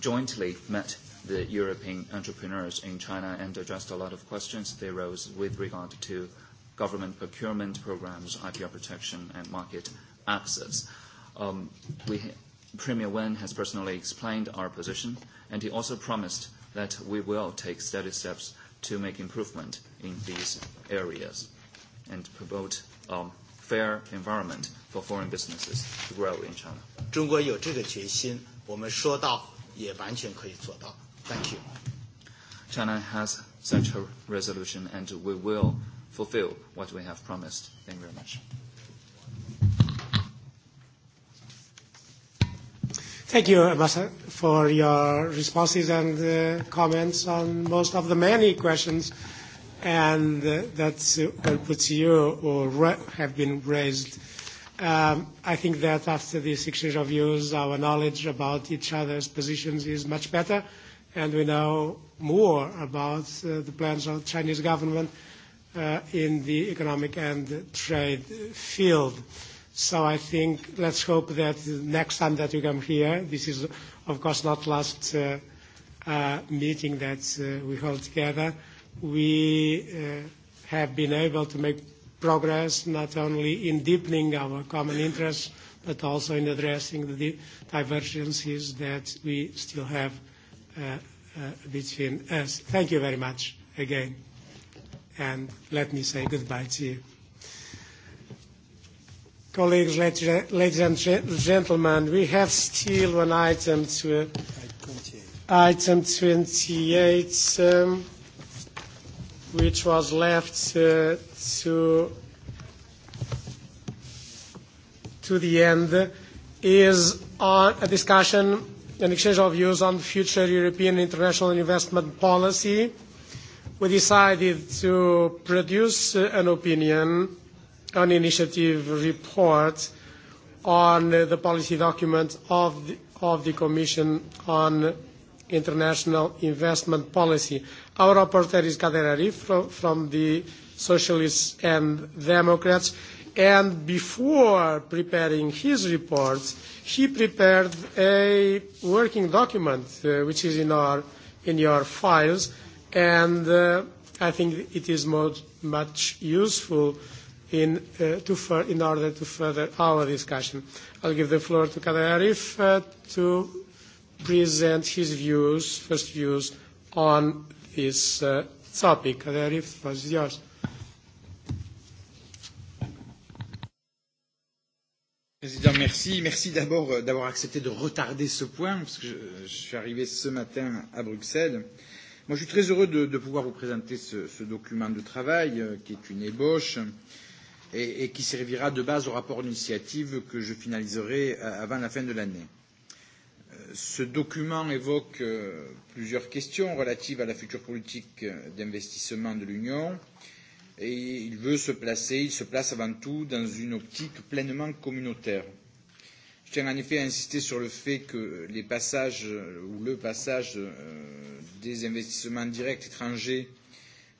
jointly met the European entrepreneurs in China and addressed a lot of questions they rose with regard to government procurement programs, IPR protection, and market access. Um, we, Premier Wen has personally explained our position, and he also promised that we will take steady steps to make improvement in these areas and promote um, fair environment for foreign businesses to grow in China. 中国有这个决心，我们说到也完全可以做到。Thank you. China has such a resolution, and we will fulfill what we have promised. Thank you very much. Thank you, Ambassador, for your responses and uh, comments on most of the many questions, and uh, that uh, that puts you or re- have been raised. Um, I think that after this exchange of views, our knowledge about each other's positions is much better, and we know more about uh, the plans of the Chinese government uh, in the economic and trade field. Uh, So I think let's hope that the next time that you come here, this is of course not last meeting that uh, we hold together, we uh, have been able to make progress not only in deepening our common interests, but also in addressing the divergences that we still have between us. Thank you very much again, and let me say goodbye to you. Colleagues, ladies and gentlemen, we have still one item to item 28, um, which was left uh, to to the end, is on a discussion, an exchange of views on future European international investment policy. We decided to produce an opinion an initiative report on the policy document of the, of the Commission on international investment policy. Our rapporteur is Kader Arif from, from the Socialists and Democrats. And before preparing his report, he prepared a working document, uh, which is in, our, in your files. And uh, I think it is most, much useful in, order to further our discussion. I'll give the floor to Kader Arif to present his views, first views on this topic. Kader Arif, the floor is yours. Président, merci. Merci d'abord d'avoir accepté de retarder ce point, parce que je, je suis arrivé ce matin à Bruxelles. Moi, je suis très heureux de, de pouvoir vous présenter ce, ce document de travail, qui est une ébauche. Euh, et, et qui servira de base au rapport d'initiative que je finaliserai avant la fin de l'année. Ce document évoque plusieurs questions relatives à la future politique d'investissement de l'Union et il veut se placer, il se place avant tout dans une optique pleinement communautaire. Je tiens en effet à insister sur le fait que les passages ou le passage des investissements directs étrangers euh,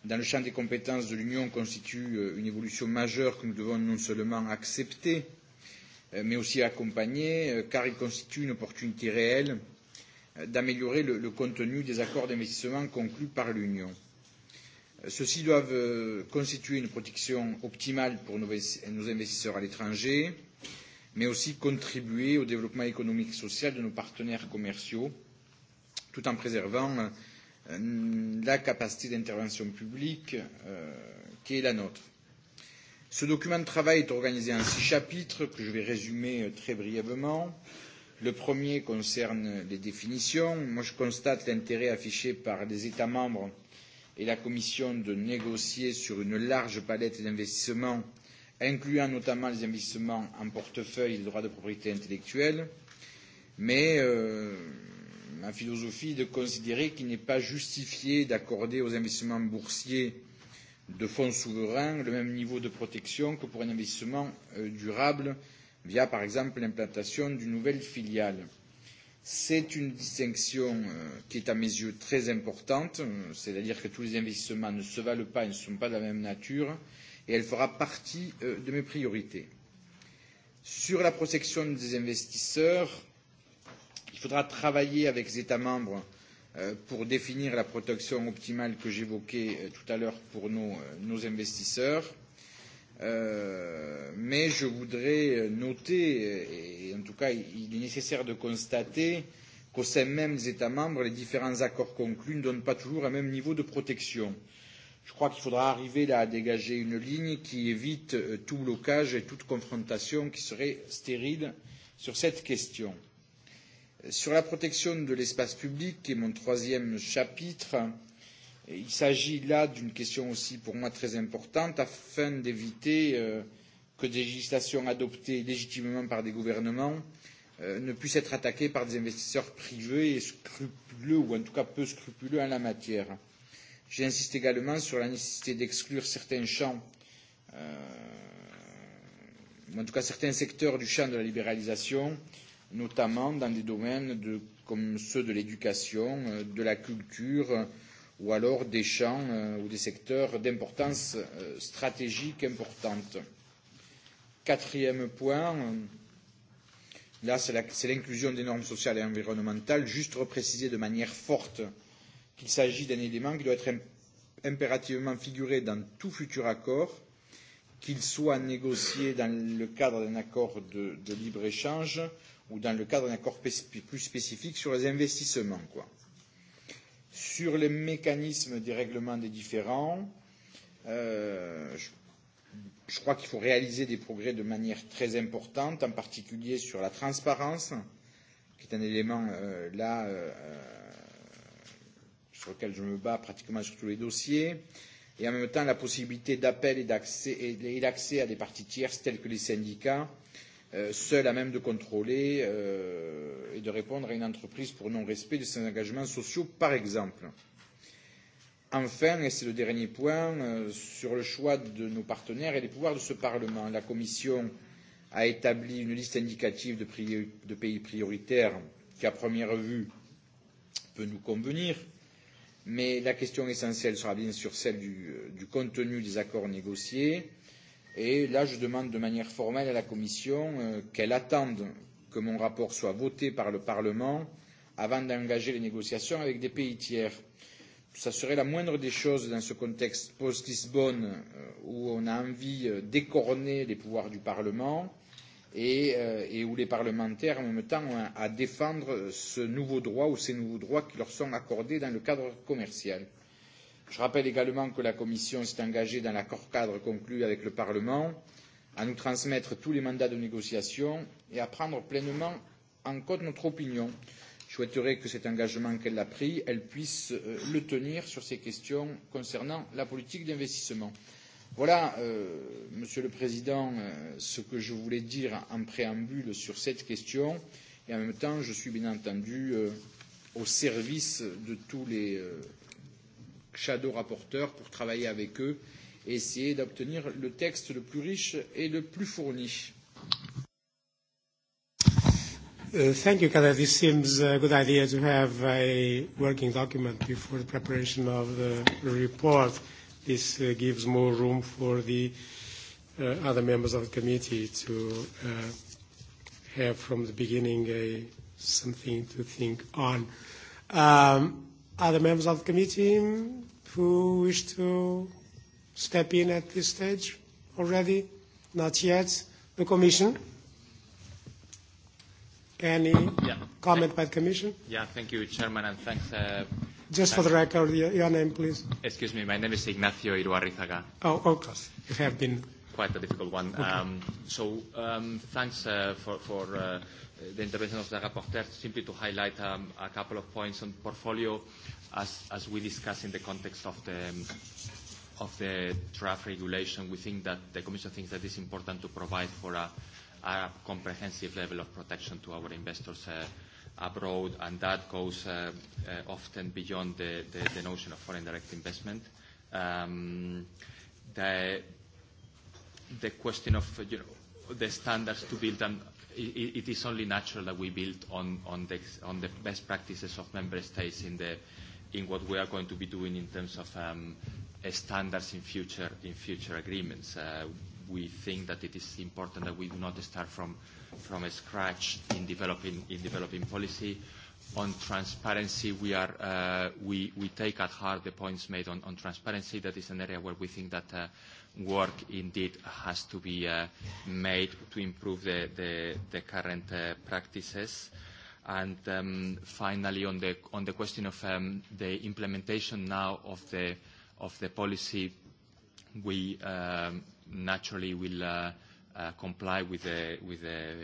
dans le champ des compétences de l'Union constitue une évolution majeure que nous devons non seulement accepter, mais aussi accompagner, car il constitue une opportunité réelle d'améliorer le, contenu des accords d'investissement conclus par l'Union. Ceux-ci doivent constituer une protection optimale pour nos investisseurs à l'étranger, mais aussi contribuer au développement économique et social de nos partenaires commerciaux, tout en préservant la capacité d'intervention publique qui est la nôtre. Ce document de travail est organisé en six chapitres que je vais résumer très brièvement. Le premier concerne les définitions. Moi, je constate l'intérêt affiché par les États membres et la Commission de négocier sur une large palette d'investissements, incluant notamment les investissements en portefeuille et les droits de propriété intellectuelle. Mais ma philosophie est de considérer qu'il n'est pas justifié d'accorder aux investissements boursiers de fonds souverains le même niveau de protection que pour un investissement durable via par exemple l'implantation d'une nouvelle filiale. C'est une distinction qui est à mes yeux très importante, c'est-à-dire que tous les investissements ne se valent pas et ne sont pas de la même nature, et elle fera partie de mes priorités. Sur la protection des investisseurs, Il faudra travailler avec les États membres pour définir la protection optimale que j'évoquais tout à l'heure pour nos, investisseurs. mais je voudrais noter, et en tout cas il est nécessaire de constater, qu'au sein même des États membres, les différents accords conclus ne donnent pas toujours un même niveau de protection. Je crois qu'il faudra arriver là à dégager une ligne qui évite tout blocage et toute confrontation qui serait stérile sur cette question. Sur la protection de l'espace public, qui est mon troisième chapitre, il s'agit là d'une question aussi pour moi très importante afin d'éviter que des législations adoptées légitimement par des gouvernements ne puissent être attaquées par des investisseurs privés et scrupuleux, ou en tout cas peu scrupuleux en la matière. J'insiste également sur la nécessité d'exclure certains champs, ou en tout cas certains secteurs du champ de la libéralisation, euh, notamment dans des domaines de, comme ceux de l'éducation, de la culture ou alors des champs ou des secteurs d'importance stratégique importante. Quatrième point, là c'est l'inclusion des normes sociales et environnementales, juste repréciser de manière forte qu'il s'agit d'un élément qui doit être impérativement figuré dans tout futur accord, qu'il soit négocié dans le cadre d'un accord de, libre-échange ou dans le cadre d'un accord plus spécifique sur les investissements. Quoi. Sur les mécanismes des règlements des différends, euh, je, je crois qu'il faut réaliser des progrès de manière très importante, en particulier sur la transparence, qui est un élément euh, là euh, sur lequel je me bats pratiquement sur tous les dossiers, et en même temps la possibilité d'appel et d'accès à des parties tierces telles que les syndicats, euh, seul à même de contrôler et de répondre à une entreprise pour non-respect de ses engagements sociaux, par exemple. Enfin, et c'est le dernier point, sur le choix de nos partenaires et les pouvoirs de ce Parlement, la Commission a établi une liste indicative de, pays prioritaires qui, à première vue, peut nous convenir, mais la question essentielle sera bien sûr celle du, contenu des accords négociés Et là, je demande de manière formelle à la Commission qu'elle attende que mon rapport soit voté par le Parlement avant d'engager les négociations avec des pays tiers. Ça serait la moindre des choses dans ce contexte post-Lisbonne où on a envie d'écorner les pouvoirs du Parlement et, et où les parlementaires, en même temps, ont à défendre ce nouveau droit ou ces nouveaux droits qui leur sont accordés dans le cadre commercial. Je rappelle également que la Commission s'est engagée dans l'accord cadre conclu avec le Parlement à nous transmettre tous les mandats de négociation et à prendre pleinement en compte notre opinion. Je souhaiterais que cet engagement qu'elle a pris, elle puisse le tenir sur ces questions concernant la politique d'investissement. Voilà, Monsieur le Président, ce que je voulais dire en préambule sur cette question. Et en même temps, je suis bien entendu au service de tous les shadow rapporteurs pour travailler avec eux et essayer d'obtenir le texte le plus riche et le plus fourni. Uh, thank you, Kada. This seems a good idea to have a working document before the preparation of the report. This uh, gives more room for the uh, other members of the committee to uh, have from the beginning a, something to think on. Um, other members of the committee who wish to step in at this stage already? Not yet. The Commission? Any yeah. comment by the Commission? Yeah, thank you, Chairman, and thanks. Uh, Just for the record, your, your name, please. Excuse me, my name is Ignacio Iruarrizaga. Oh, of course. You have been quite a difficult one. Um, so um, thanks uh, for, for uh, the intervention of the rapporteur. Simply to highlight um, a couple of points on portfolio, as, as we discuss in the context of the of the draft regulation, we think that the Commission thinks that it's important to provide for a, a comprehensive level of protection to our investors uh, abroad, and that goes uh, uh, often beyond the, the, the notion of foreign direct investment. Um, the, the question of you know, the standards to build them, It, it is only natural that we build on, on, the, on the best practices of member states in, the, in what we are going to be doing in terms of um, standards in future, in future agreements. Uh, we think that it is important that we do not start from, from scratch in developing, in developing policy. On transparency, we, are, uh, we, we take at heart the points made on, on transparency. That is an area where we think that uh, work indeed has to be made to improve the, the, the current uh, practices. And um, finally, on the, on the question of um, the implementation now of the, of the policy, we um, naturally will uh, uh, comply with the, with the,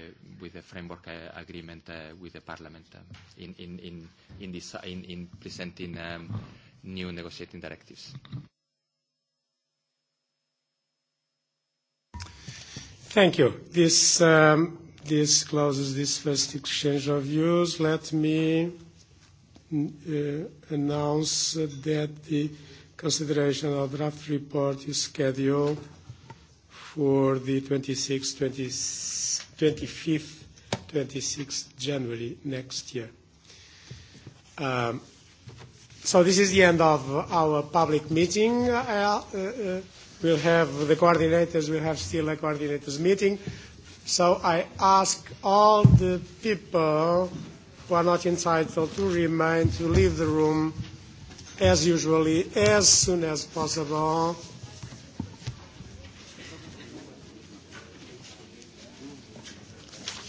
with the framework uh, agreement uh, with the Parliament um, in, in, in, in, this, in, in presenting um, new negotiating directives. Thank you. This um, this closes this first exchange of views. Let me uh, announce that the consideration of draft report is scheduled for the 26th, 20, 25th, 26th January next year. Um, so this is the end of our public meeting. Uh, uh, uh, we'll have the coordinators, we'll have still a coordinators meeting. So I ask all the people who are not entitled to remain to leave the room as usually, as soon as possible